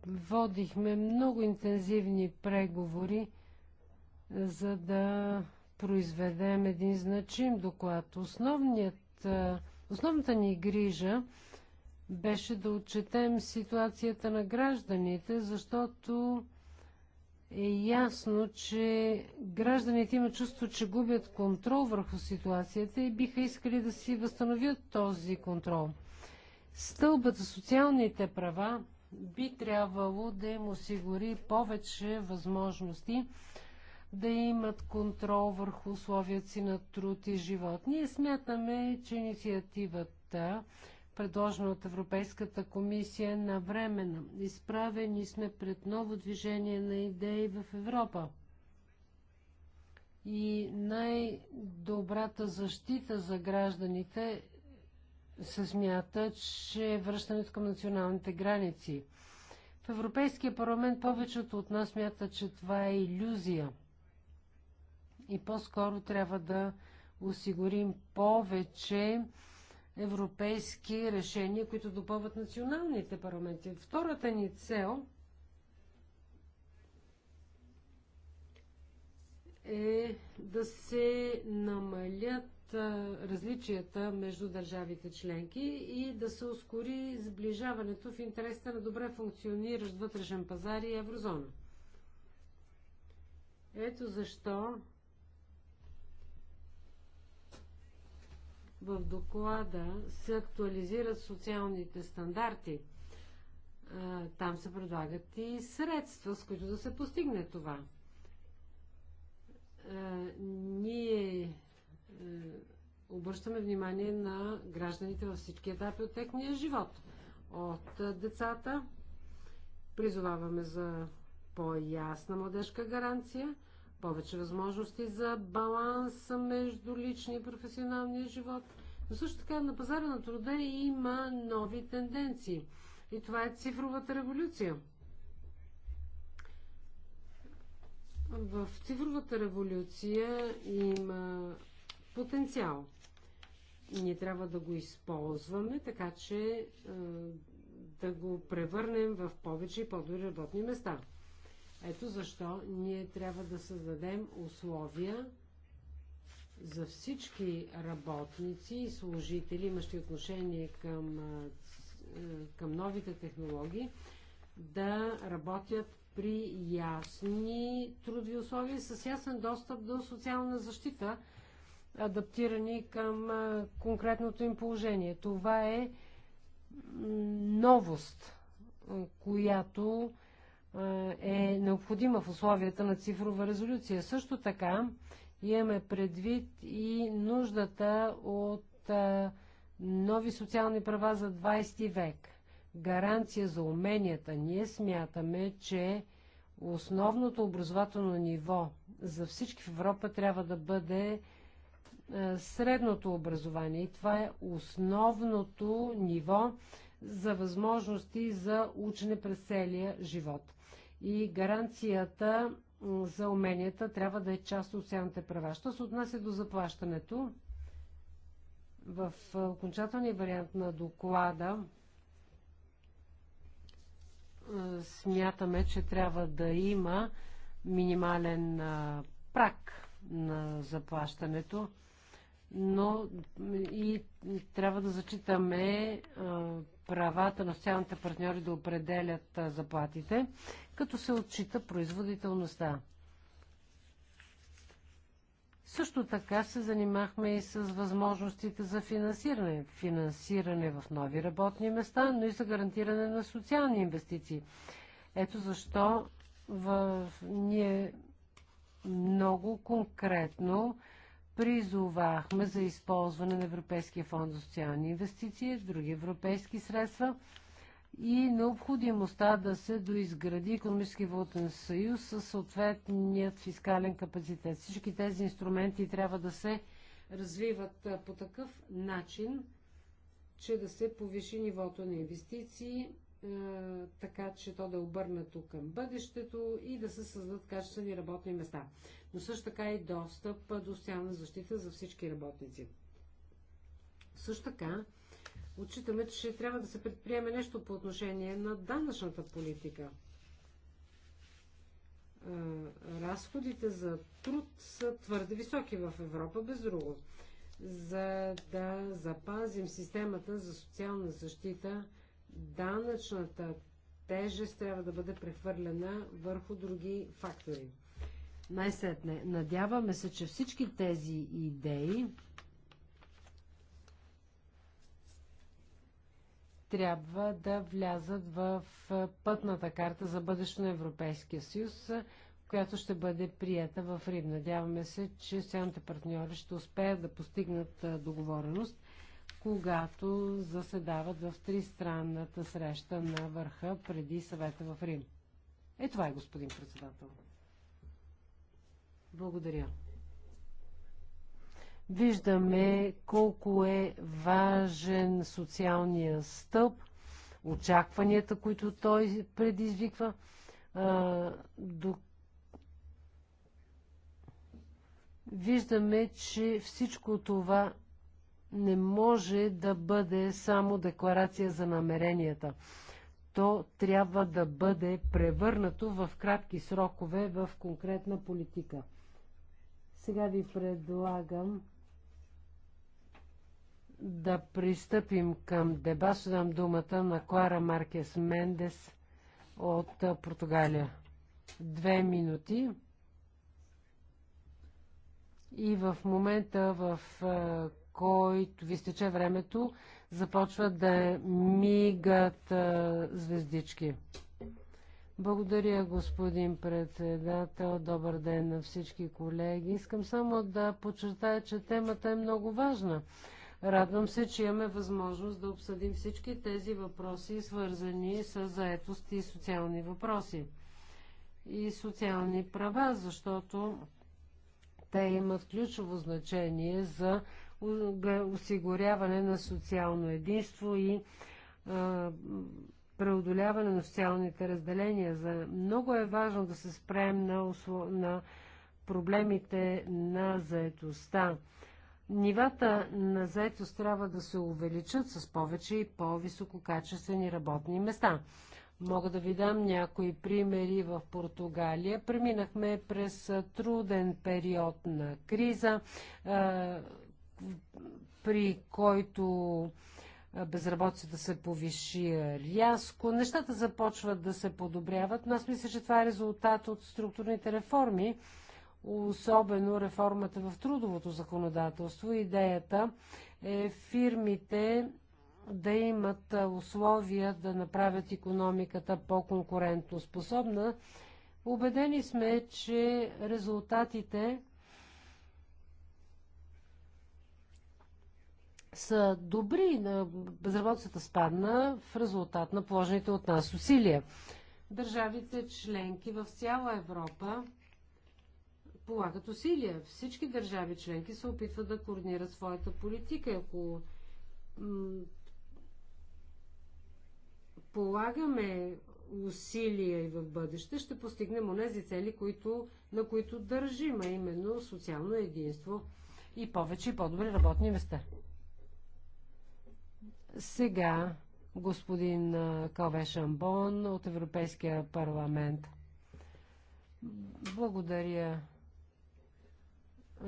водихме много интензивни преговори, за да произведем един значим доклад. Основният, основната ни грижа беше да отчетем ситуацията на гражданите, защото е ясно, че гражданите имат чувство, че губят контрол върху ситуацията и биха искали да си възстановят този контрол. Стълбът за социалните права би трябвало да им осигури повече възможности да имат контрол върху условията си на труд и живот. Ние смятаме, че инициативата, предложена от Европейската комисия, е навременна. Изправени сме пред ново движение на идеи в Европа. И най-добрата защита за гражданите се смята, че е връщането към националните граници. В Европейския парламент повечето от нас смята, че това е иллюзия – и по-скоро трябва да осигурим повече европейски решения, които допълват националните парламенти. Втората ни цел е да се намалят различията между държавите членки и да се ускори сближаването в интересите на добре функциониращ вътрешен пазар и еврозона. Ето защо в доклада се актуализират социалните стандарти. Там се предлагат и средства, с които да се постигне това. Ние е, обръщаме внимание на гражданите във всички етапи от техния живот. От децата призоваваме за по-ясна младежка гаранция – повече възможности за баланса между личния и професионалния живот. Но също така на пазара на труда има нови тенденции. И това е цифровата революция. В цифровата революция има потенциал. Ние трябва да го използваме, така че да го превърнем в повече и по-добри работни места. Ето защо ние трябва да създадем условия за всички работници и служители, имащи отношение към, към новите технологии, да работят при ясни трудови условия с ясен достъп до социална защита, адаптирани към конкретното им положение. Това е новост, която е, е необходима в условията на цифрова резолюция. Също така имаме предвид и нуждата от нови социални права за 20 век. Гаранция за уменията. Ние смятаме, че основното образователно ниво за всички в Европа трябва да бъде средното образование. И това е основното ниво за възможности за учене през целия живот и гаранцията за уменията трябва да е част от социалните права. Що се отнася до заплащането, в окончателния вариант на доклада смятаме, че трябва да има минимален прак на заплащането, но и трябва да зачитаме правата на социалните партньори да определят заплатите като се отчита производителността. Също така се занимахме и с възможностите за финансиране. Финансиране в нови работни места, но и за гарантиране на социални инвестиции. Ето защо в... ние много конкретно призовахме за използване на Европейския фонд за социални инвестиции, други европейски средства – и необходимостта да се доизгради економически валутен съюз със съответният фискален капацитет. Всички тези инструменти трябва да се развиват по такъв начин, че да се повиши нивото на инвестиции, така че то да е обърнато към бъдещето и да се създадат качествени работни места. Но също така и достъп до социална защита за всички работници. Също така, отчитаме, че трябва да се предприеме нещо по отношение на данъчната политика. Разходите за труд са твърде високи в Европа, без друго. За да запазим системата за социална защита, данъчната тежест трябва да бъде прехвърлена върху други фактори. Най-сетне, надяваме се, че всички тези идеи трябва да влязат в пътната карта за бъдещето на Европейския съюз, която ще бъде прията в Рим. Надяваме се, че социалните партньори ще успеят да постигнат договореност, когато заседават в тристранната среща на върха преди съвета в Рим. Е това е, господин председател. Благодаря. Виждаме колко е важен социалния стълб, очакванията, които той предизвиква. А, до... Виждаме, че всичко това не може да бъде само декларация за намеренията. То трябва да бъде превърнато в кратки срокове в конкретна политика. Сега ви предлагам да пристъпим към дебат. Ще дам думата на Клара Маркес Мендес от Португалия. Две минути. И в момента, в който ви стече времето, започват да мигат звездички. Благодаря, господин председател. Добър ден на всички колеги. Искам само да подчертая, че темата е много важна. Радвам се, че имаме възможност да обсъдим всички тези въпроси, свързани с заетост и социални въпроси и социални права, защото те имат ключово значение за осигуряване на социално единство и а, преодоляване на социалните разделения. За... Много е важно да се спрем на, на проблемите на заетостта. Нивата на заетост трябва да се увеличат с повече и по-висококачествени работни места. Мога да ви дам някои примери в Португалия. Преминахме през труден период на криза, при който безработицата се повиши рязко. Нещата започват да се подобряват, но аз мисля, че това е резултат от структурните реформи, особено реформата в трудовото законодателство. Идеята е фирмите да имат условия да направят економиката по-конкурентно способна. Убедени сме, че резултатите са добри. Безработицата спадна в резултат на положените от нас усилия. Държавите членки в цяла Европа полагат усилия. Всички държави членки се опитват да координират своята политика. Ако полагаме усилия и в бъдеще, ще постигнем онези цели, които, на които държим, а именно социално единство и повече и по-добри работни места. Сега господин Калве Шамбон от Европейския парламент. Благодаря,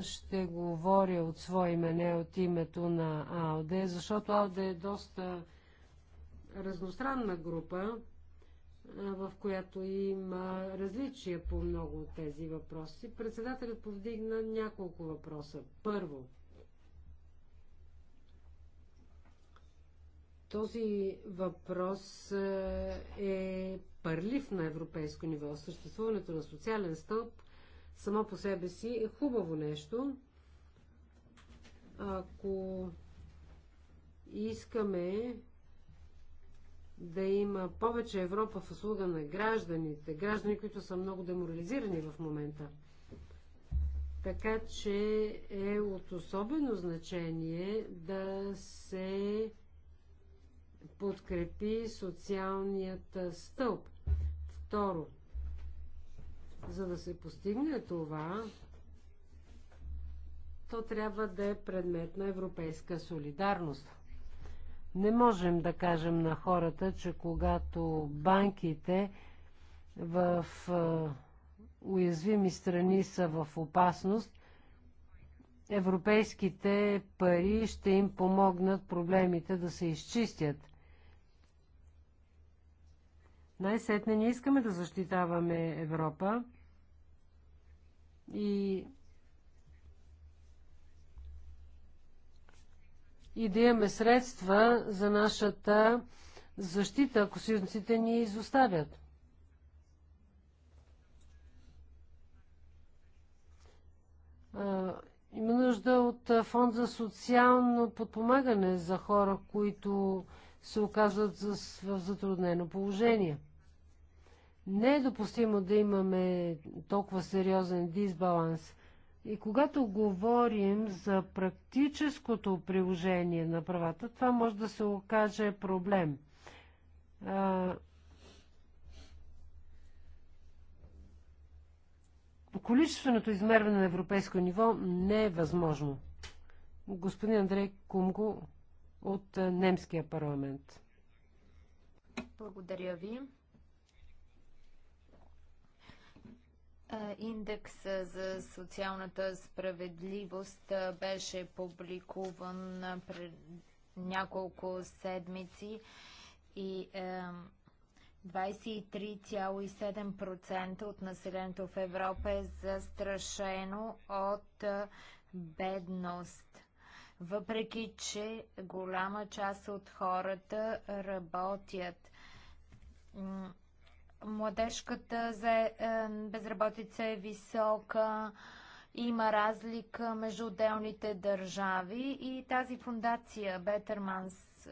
ще говоря от свое име, не от името на АОД, защото АОД е доста разностранна група, в която има различия по много от тези въпроси. Председателят повдигна няколко въпроса. Първо, този въпрос е пърлив на европейско ниво. Съществуването на социален стълб само по себе си е хубаво нещо. Ако искаме да има повече Европа в услуга на гражданите, граждани, които са много деморализирани в момента. Така че е от особено значение да се подкрепи социалният стълб. Второ, за да се постигне това, то трябва да е предмет на европейска солидарност. Не можем да кажем на хората, че когато банките в уязвими страни са в опасност, европейските пари ще им помогнат проблемите да се изчистят. Най-сетне ние искаме да защитаваме Европа и и да имаме средства за нашата защита, ако съюзниците ни изоставят. Има нужда от фонд за социално подпомагане за хора, които се оказват в затруднено положение. Не е допустимо да имаме толкова сериозен дисбаланс. И когато говорим за практическото приложение на правата, това може да се окаже проблем. А... Количественото измерване на европейско ниво не е възможно. Господин Андрей Кумко от е, немския парламент. Благодаря ви. Е, индекс е, за социалната справедливост беше публикуван пред няколко седмици и 23,7% от населението в Европа е застрашено от бедност въпреки че голяма част от хората работят. Младежката е, безработица е висока, има разлика между отделните държави и тази фундация Бетърманс, е,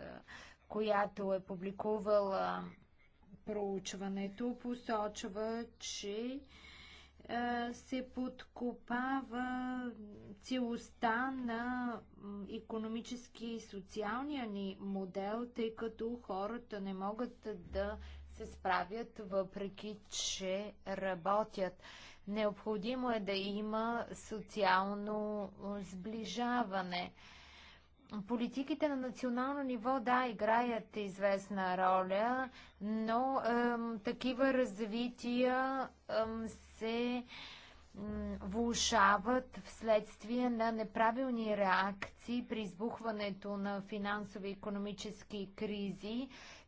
която е публикувала проучването, посочва, че е, се подкопава целостта на економически и социалния ни модел, тъй като хората не могат да се справят, въпреки че работят. Необходимо е да има социално сближаване. Политиките на национално ниво, да, играят известна роля, но ем, такива развития ем, се ем, влушават вследствие на неправилни реакции при избухването на финансови и економически кризи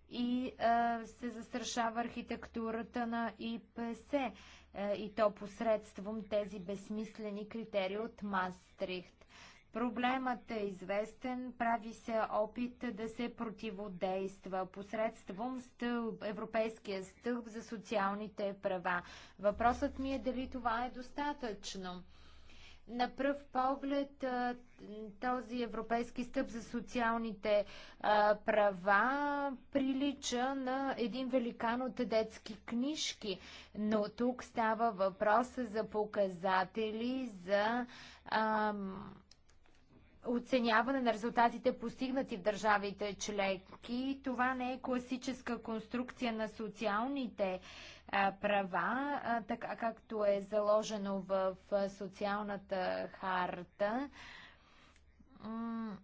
и е, се застрашава архитектурата на ИПС е, и то посредством тези безсмислени критерии от Мастрихт. Проблемът е известен, прави се опит да се противодейства посредством стълб, Европейския стълб за социалните права. Въпросът ми е дали това е достатъчно. На пръв поглед този европейски стъп за социалните права прилича на един великан от детски книжки, но тук става въпрос за показатели, за ам, оценяване на резултатите постигнати в държавите членки. Това не е класическа конструкция на социалните а, права, а, така както е заложено в, в социалната харта. М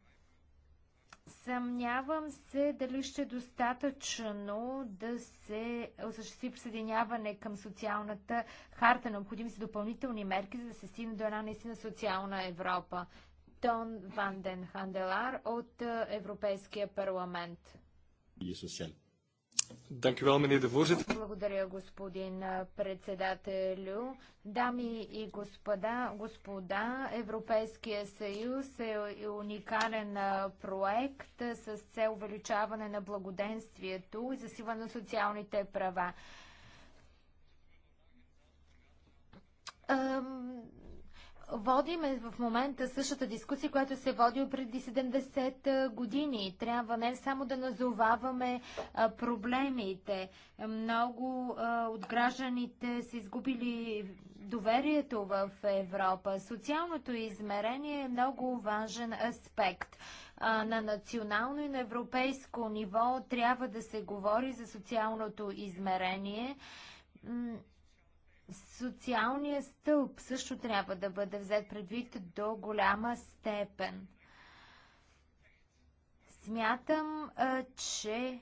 Съмнявам се дали ще е достатъчно да се осъществи присъединяване към социалната харта. Необходими са допълнителни мерки, за да се стигне до една наистина социална Европа. Тон Ванден Ханделар от е, Европейския парламент. Благодаря, господин е, председателю. Дами и господа, господа, Европейския съюз е, е уникален проект с цел увеличаване на благоденствието и засилване на социалните права водиме в момента същата дискусия, която се води преди 70 години. Трябва не само да назоваваме проблемите. Много от гражданите са изгубили доверието в Европа. Социалното измерение е много важен аспект. на национално и на европейско ниво трябва да се говори за социалното измерение Социалният стълб също трябва да бъде взет предвид до голяма степен. Смятам, че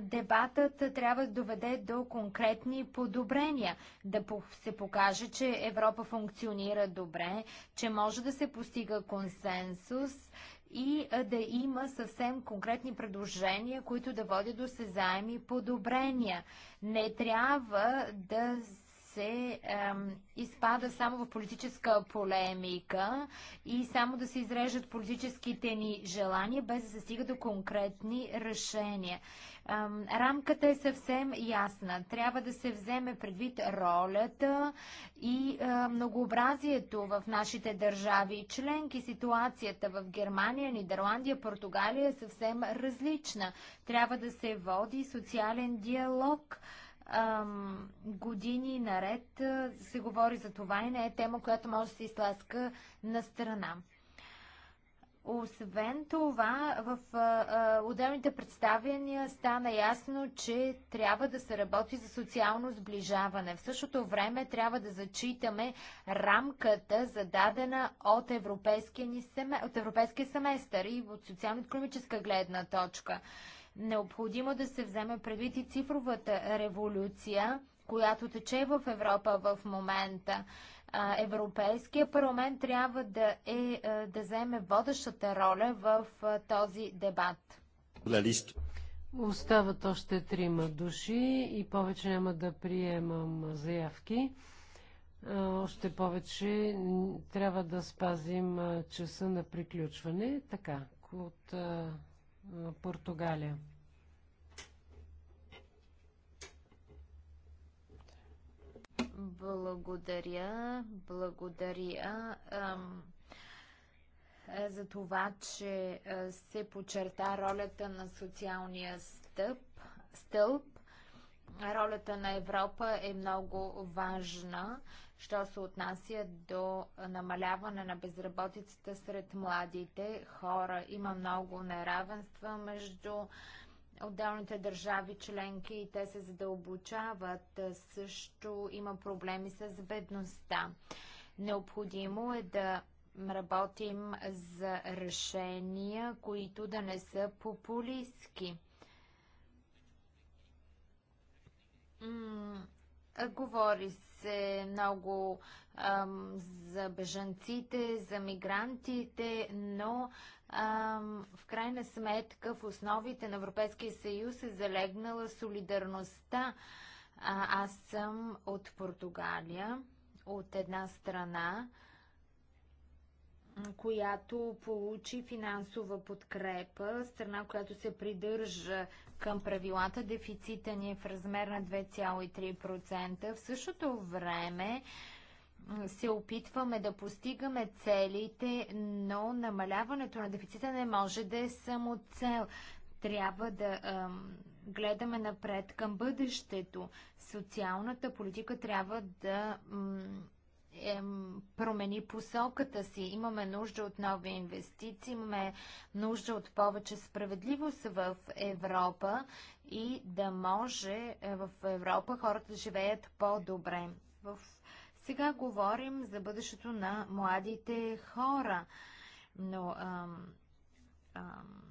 дебатът трябва да доведе до конкретни подобрения, да се покаже, че Европа функционира добре, че може да се постига консенсус и да има съвсем конкретни предложения, които да водят до сезаеми подобрения. Не трябва да се ем, изпада само в политическа полемика и само да се изрежат политическите ни желания, без да се стига до конкретни решения. Ем, рамката е съвсем ясна. Трябва да се вземе предвид ролята и е, многообразието в нашите държави членки. Ситуацията в Германия, Нидерландия, Португалия е съвсем различна. Трябва да се води социален диалог. Ам, години наред се говори за това и не е тема, която може да се изтласка на страна. Освен това, в а, отделните представяния стана ясно, че трябва да се работи за социално сближаване. В същото време трябва да зачитаме рамката, зададена от европейския, ни семе... от европейския семестър и от социално-економическа гледна точка. Необходимо да се вземе предвид и цифровата революция, която тече в Европа в момента. Европейския парламент трябва да, е, да вземе водещата роля в този дебат. Остават още трима души и повече няма да приемам заявки. Още повече трябва да спазим часа на приключване. Така, от Португалия. Благодаря, благодаря ам, е, за това, че е, се почерта ролята на социалния стъп, стълб. Ролята на Европа е много важна. Що се отнася до намаляване на безработицата сред младите хора, има много неравенства между отделните държави членки и те се задълбочават. Също има проблеми с бедността. Необходимо е да работим за решения, които да не са популистски. Говори се много ам, за бежанците, за мигрантите, но ам, в крайна сметка в основите на Европейския съюз е залегнала солидарността. А, аз съм от Португалия, от една страна, която получи финансова подкрепа, страна, която се придържа към правилата. Дефицита ни е в размер на 2,3%. В същото време се опитваме да постигаме целите, но намаляването на дефицита не може да е само цел. Трябва да ам, гледаме напред към бъдещето. Социалната политика трябва да ам, промени посоката си. Имаме нужда от нови инвестиции, имаме нужда от повече справедливост в Европа и да може е, в Европа хората да живеят по-добре. В... Сега говорим за бъдещето на младите хора, но ам, ам,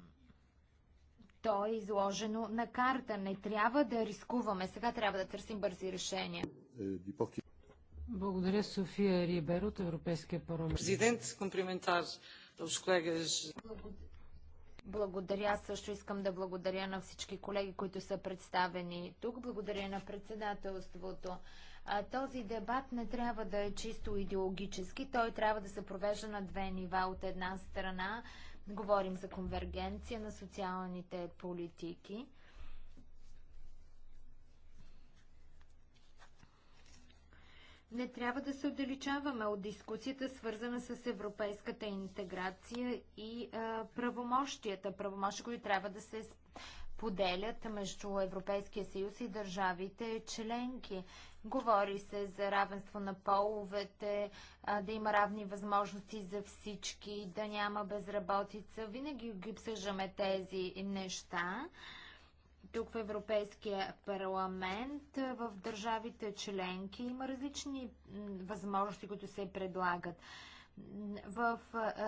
то е изложено на карта. Не трябва да рискуваме. Сега трябва да търсим бързи решения. Е, благодаря, София Рибер от Европейския парламент. Президент, комплиментар Благодаря. Също искам да благодаря на всички колеги, които са представени тук. Благодаря на председателството. А, този дебат не трябва да е чисто идеологически. Той трябва да се провежда на две нива. От една страна говорим за конвергенция на социалните политики. Не трябва да се отдалечаваме от дискусията, свързана с европейската интеграция и а, правомощията. Правомощите, които трябва да се поделят между Европейския съюз и държавите членки. Говори се за равенство на половете, да има равни възможности за всички, да няма безработица. Винаги ги обсъждаме тези неща тук в Европейския парламент, в държавите членки има различни възможности, които се предлагат. В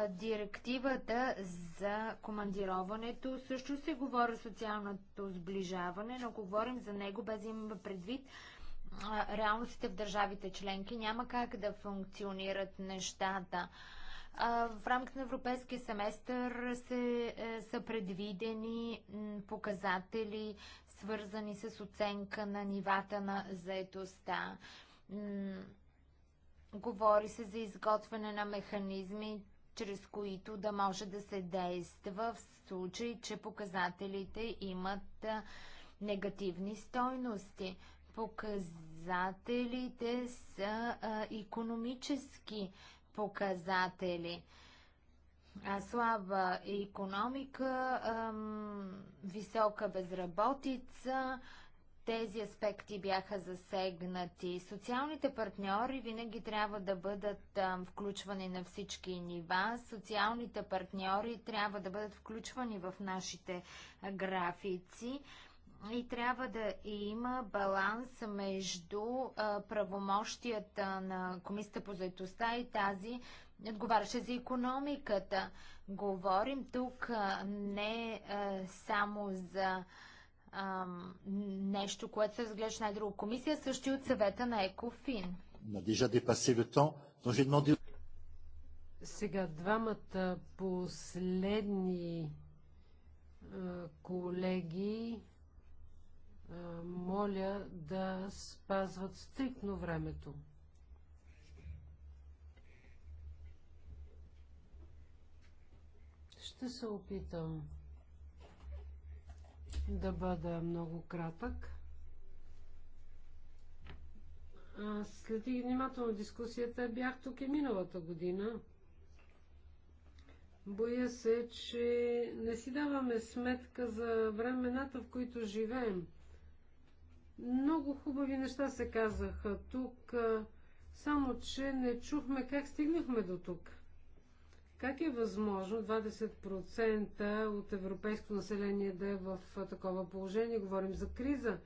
директивата за командироването също се говори за социалното сближаване, но говорим за него без да имаме предвид реалностите в държавите членки. Няма как да функционират нещата. В рамките на европейския семестър се, е, са предвидени показатели, свързани с оценка на нивата на заетостта. Говори се за изготвяне на механизми, чрез които да може да се действа в случай, че показателите имат негативни стойности. Показателите са а, економически показатели. А слаба економика, ам, висока безработица, тези аспекти бяха засегнати. Социалните партньори винаги трябва да бъдат а, включвани на всички нива. Социалните партньори трябва да бъдат включвани в нашите графици. И трябва да има баланс между правомощията на Комисията по заедостта и тази, отговаряща за економиката. Говорим тук не само за нещо, което се разглежда на друга комисия, също и от съвета на ЕКОФИН. Сега двамата последни колеги моля да спазват стриктно времето. Ще се опитам да бъда много кратък. следих внимателно дискусията. Бях тук и миналата година. Боя се, че не си даваме сметка за времената, в които живеем. Много хубави неща се казаха тук, само че не чухме как стигнахме до тук. Как е възможно 20% от европейското население да е в такова положение? Говорим за криза,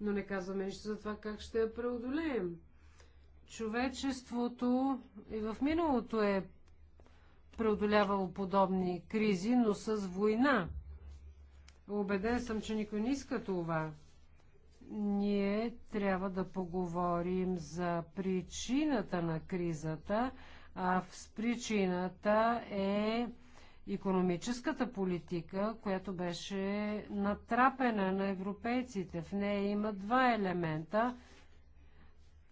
но не казваме нищо за това как ще я преодолеем. Човечеството и в миналото е преодолявало подобни кризи, но с война. Обеден съм, че никой не иска това ние трябва да поговорим за причината на кризата, а в причината е економическата политика, която беше натрапена на европейците. В нея има два елемента.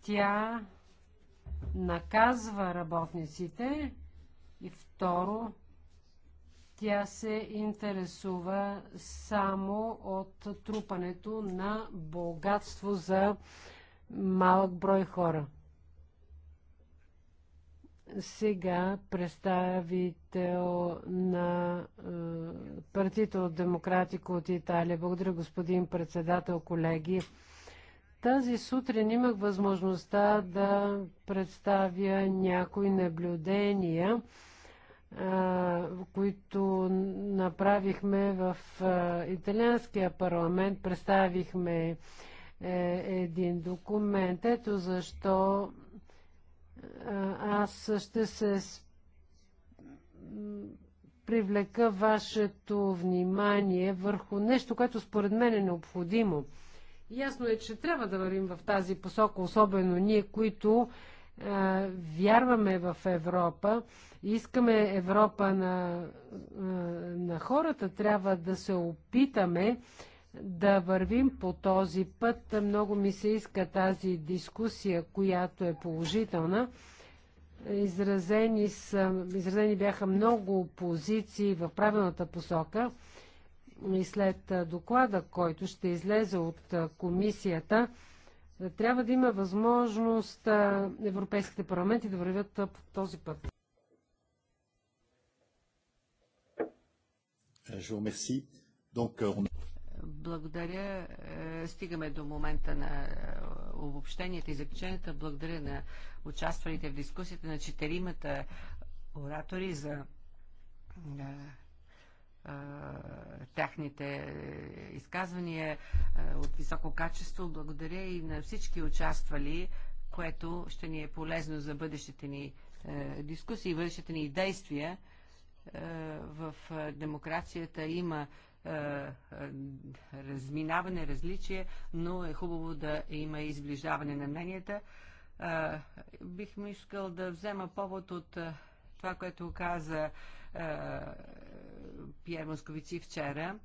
Тя наказва работниците и второ тя се интересува само от трупането на богатство за малък брой хора. Сега представител на е, партито от Демократика от Италия. Благодаря, господин председател, колеги. Тази сутрин имах възможността да представя някои наблюдения които направихме в италианския парламент. Представихме е, един документ. Ето защо аз ще се привлека вашето внимание върху нещо, което според мен е необходимо. Ясно е, че трябва да вървим в тази посока, особено ние, които вярваме в Европа, искаме Европа на, на хората, трябва да се опитаме да вървим по този път. Много ми се иска тази дискусия, която е положителна. Изразени, са, изразени бяха много позиции в правилната посока и след доклада, който ще излезе от комисията, трябва да има възможност европейските парламенти да вървят по този път. Е, euh, Благодаря. Е, стигаме до момента на е, обобщенията и заключенията. Благодаря на участвалите в дискусията на четиримата оратори за техните изказвания от високо качество. Благодаря и на всички участвали, което ще ни е полезно за бъдещите ни дискусии, бъдещите ни действия. В демокрацията има разминаване, различие, но е хубаво да има и изближаване на мненията. Бих искал да взема повод от това, което каза Пьер Московици вчера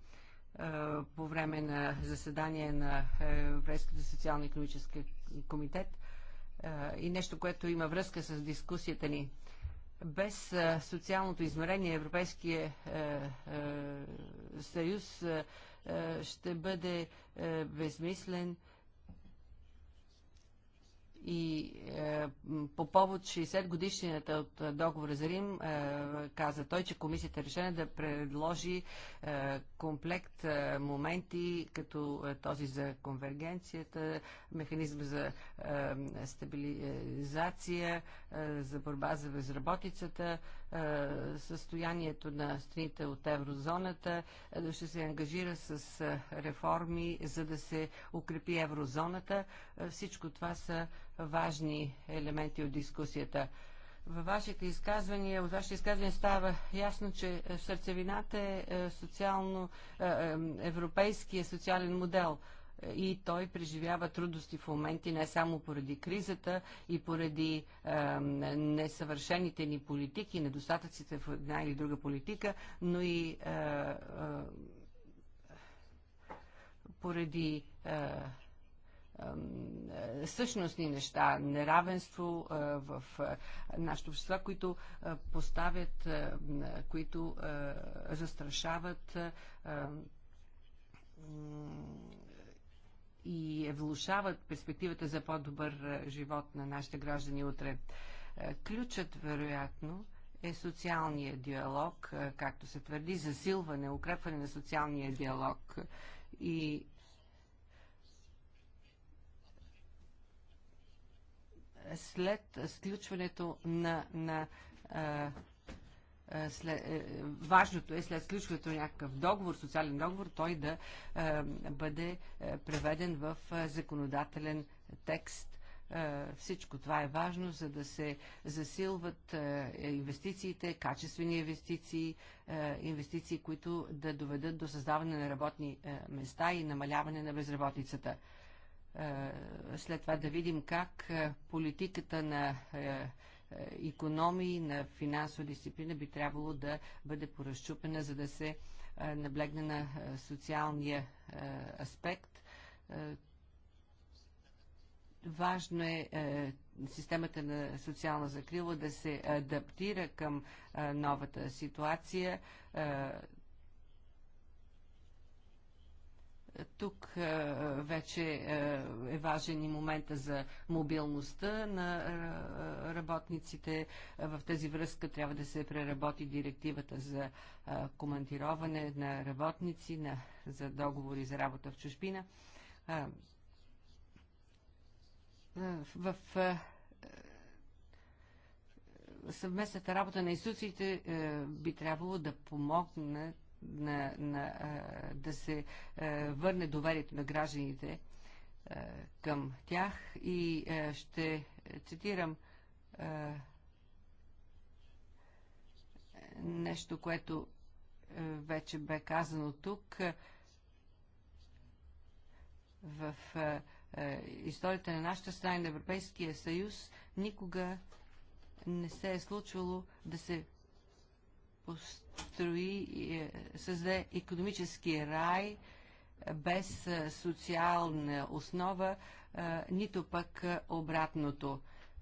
по време на заседание на Европейската социално-економическа комитет и нещо, което има връзка с дискусията ни. Без социалното измерение Европейския съюз ще бъде безмислен и е, по повод 60 годишнината от е, договора за Рим е, каза той, че комисията е решена да предложи е, комплект е, моменти, като е, този за конвергенцията, механизъм за е, стабилизация, е, е, за борба за безработицата, е, състоянието на страните от еврозоната, е, ще се ангажира с реформи, за да се укрепи еврозоната. Всичко това са важни елементи от дискусията. Във вашите изказвания, от вашите изказвания става ясно, че сърцевината е социално, европейския социален модел – и той преживява трудности в моменти не само поради кризата и поради е, несъвършените ни политики, недостатъците в една или друга политика, но и е, е, поради е, същностни неща, неравенство в нашето общество, които поставят, които застрашават и влушават перспективата за по-добър живот на нашите граждани утре. Ключът, вероятно, е социалния диалог, както се твърди, засилване, укрепване на социалния диалог и след сключването на, на след, е, важното е след сключването на някакъв договор, социален договор, той да бъде е, преведен в законодателен текст всичко това е важно, за да се засилват инвестициите, качествени инвестиции, инвестиции, които да доведат до създаване на работни места и намаляване на безработицата. След това да видим как политиката на економии, на финансова дисциплина би трябвало да бъде поразчупена, за да се е, наблегне на е, социалния е, аспект. Важно е системата на социална закрила да се адаптира към новата ситуация, Тук е, вече е, е важен и момента за мобилността на е, работниците. В тази връзка трябва да се преработи директивата за командироване на работници, на, за договори за работа в чужбина. В съвместната работа на институциите би трябвало да помогнат на, на, да се върне доверието на гражданите към тях и ще цитирам нещо, което вече бе казано тук в историята на нашата страна и на Европейския съюз никога не се е случвало да се построи, е, създаде економически рай е, без е, социална основа, нито пък обратното.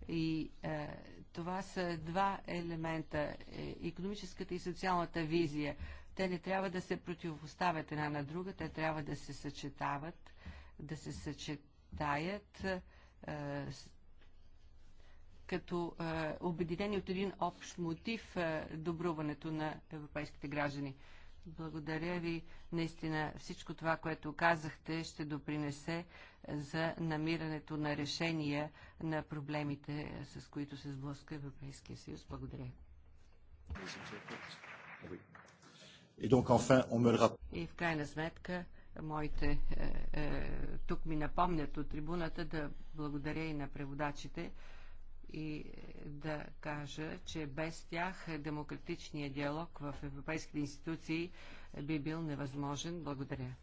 И е, това са два елемента економическата и социалната визия. Те не трябва да се противопоставят една на друга, те трябва да се съчетават, да се съчетаят. Е, като е, обединени от един общ мотив е, добруването на европейските граждани. Благодаря ви. Наистина всичко това, което казахте, ще допринесе за намирането на решения на проблемите, с които се сблъска Европейския съюз. Благодаря. И в крайна сметка, моите е, е, тук ми напомнят от трибуната да благодаря и на преводачите и е, да кажа, че без тях демократичният диалог в европейските институции би бил невъзможен. Благодаря.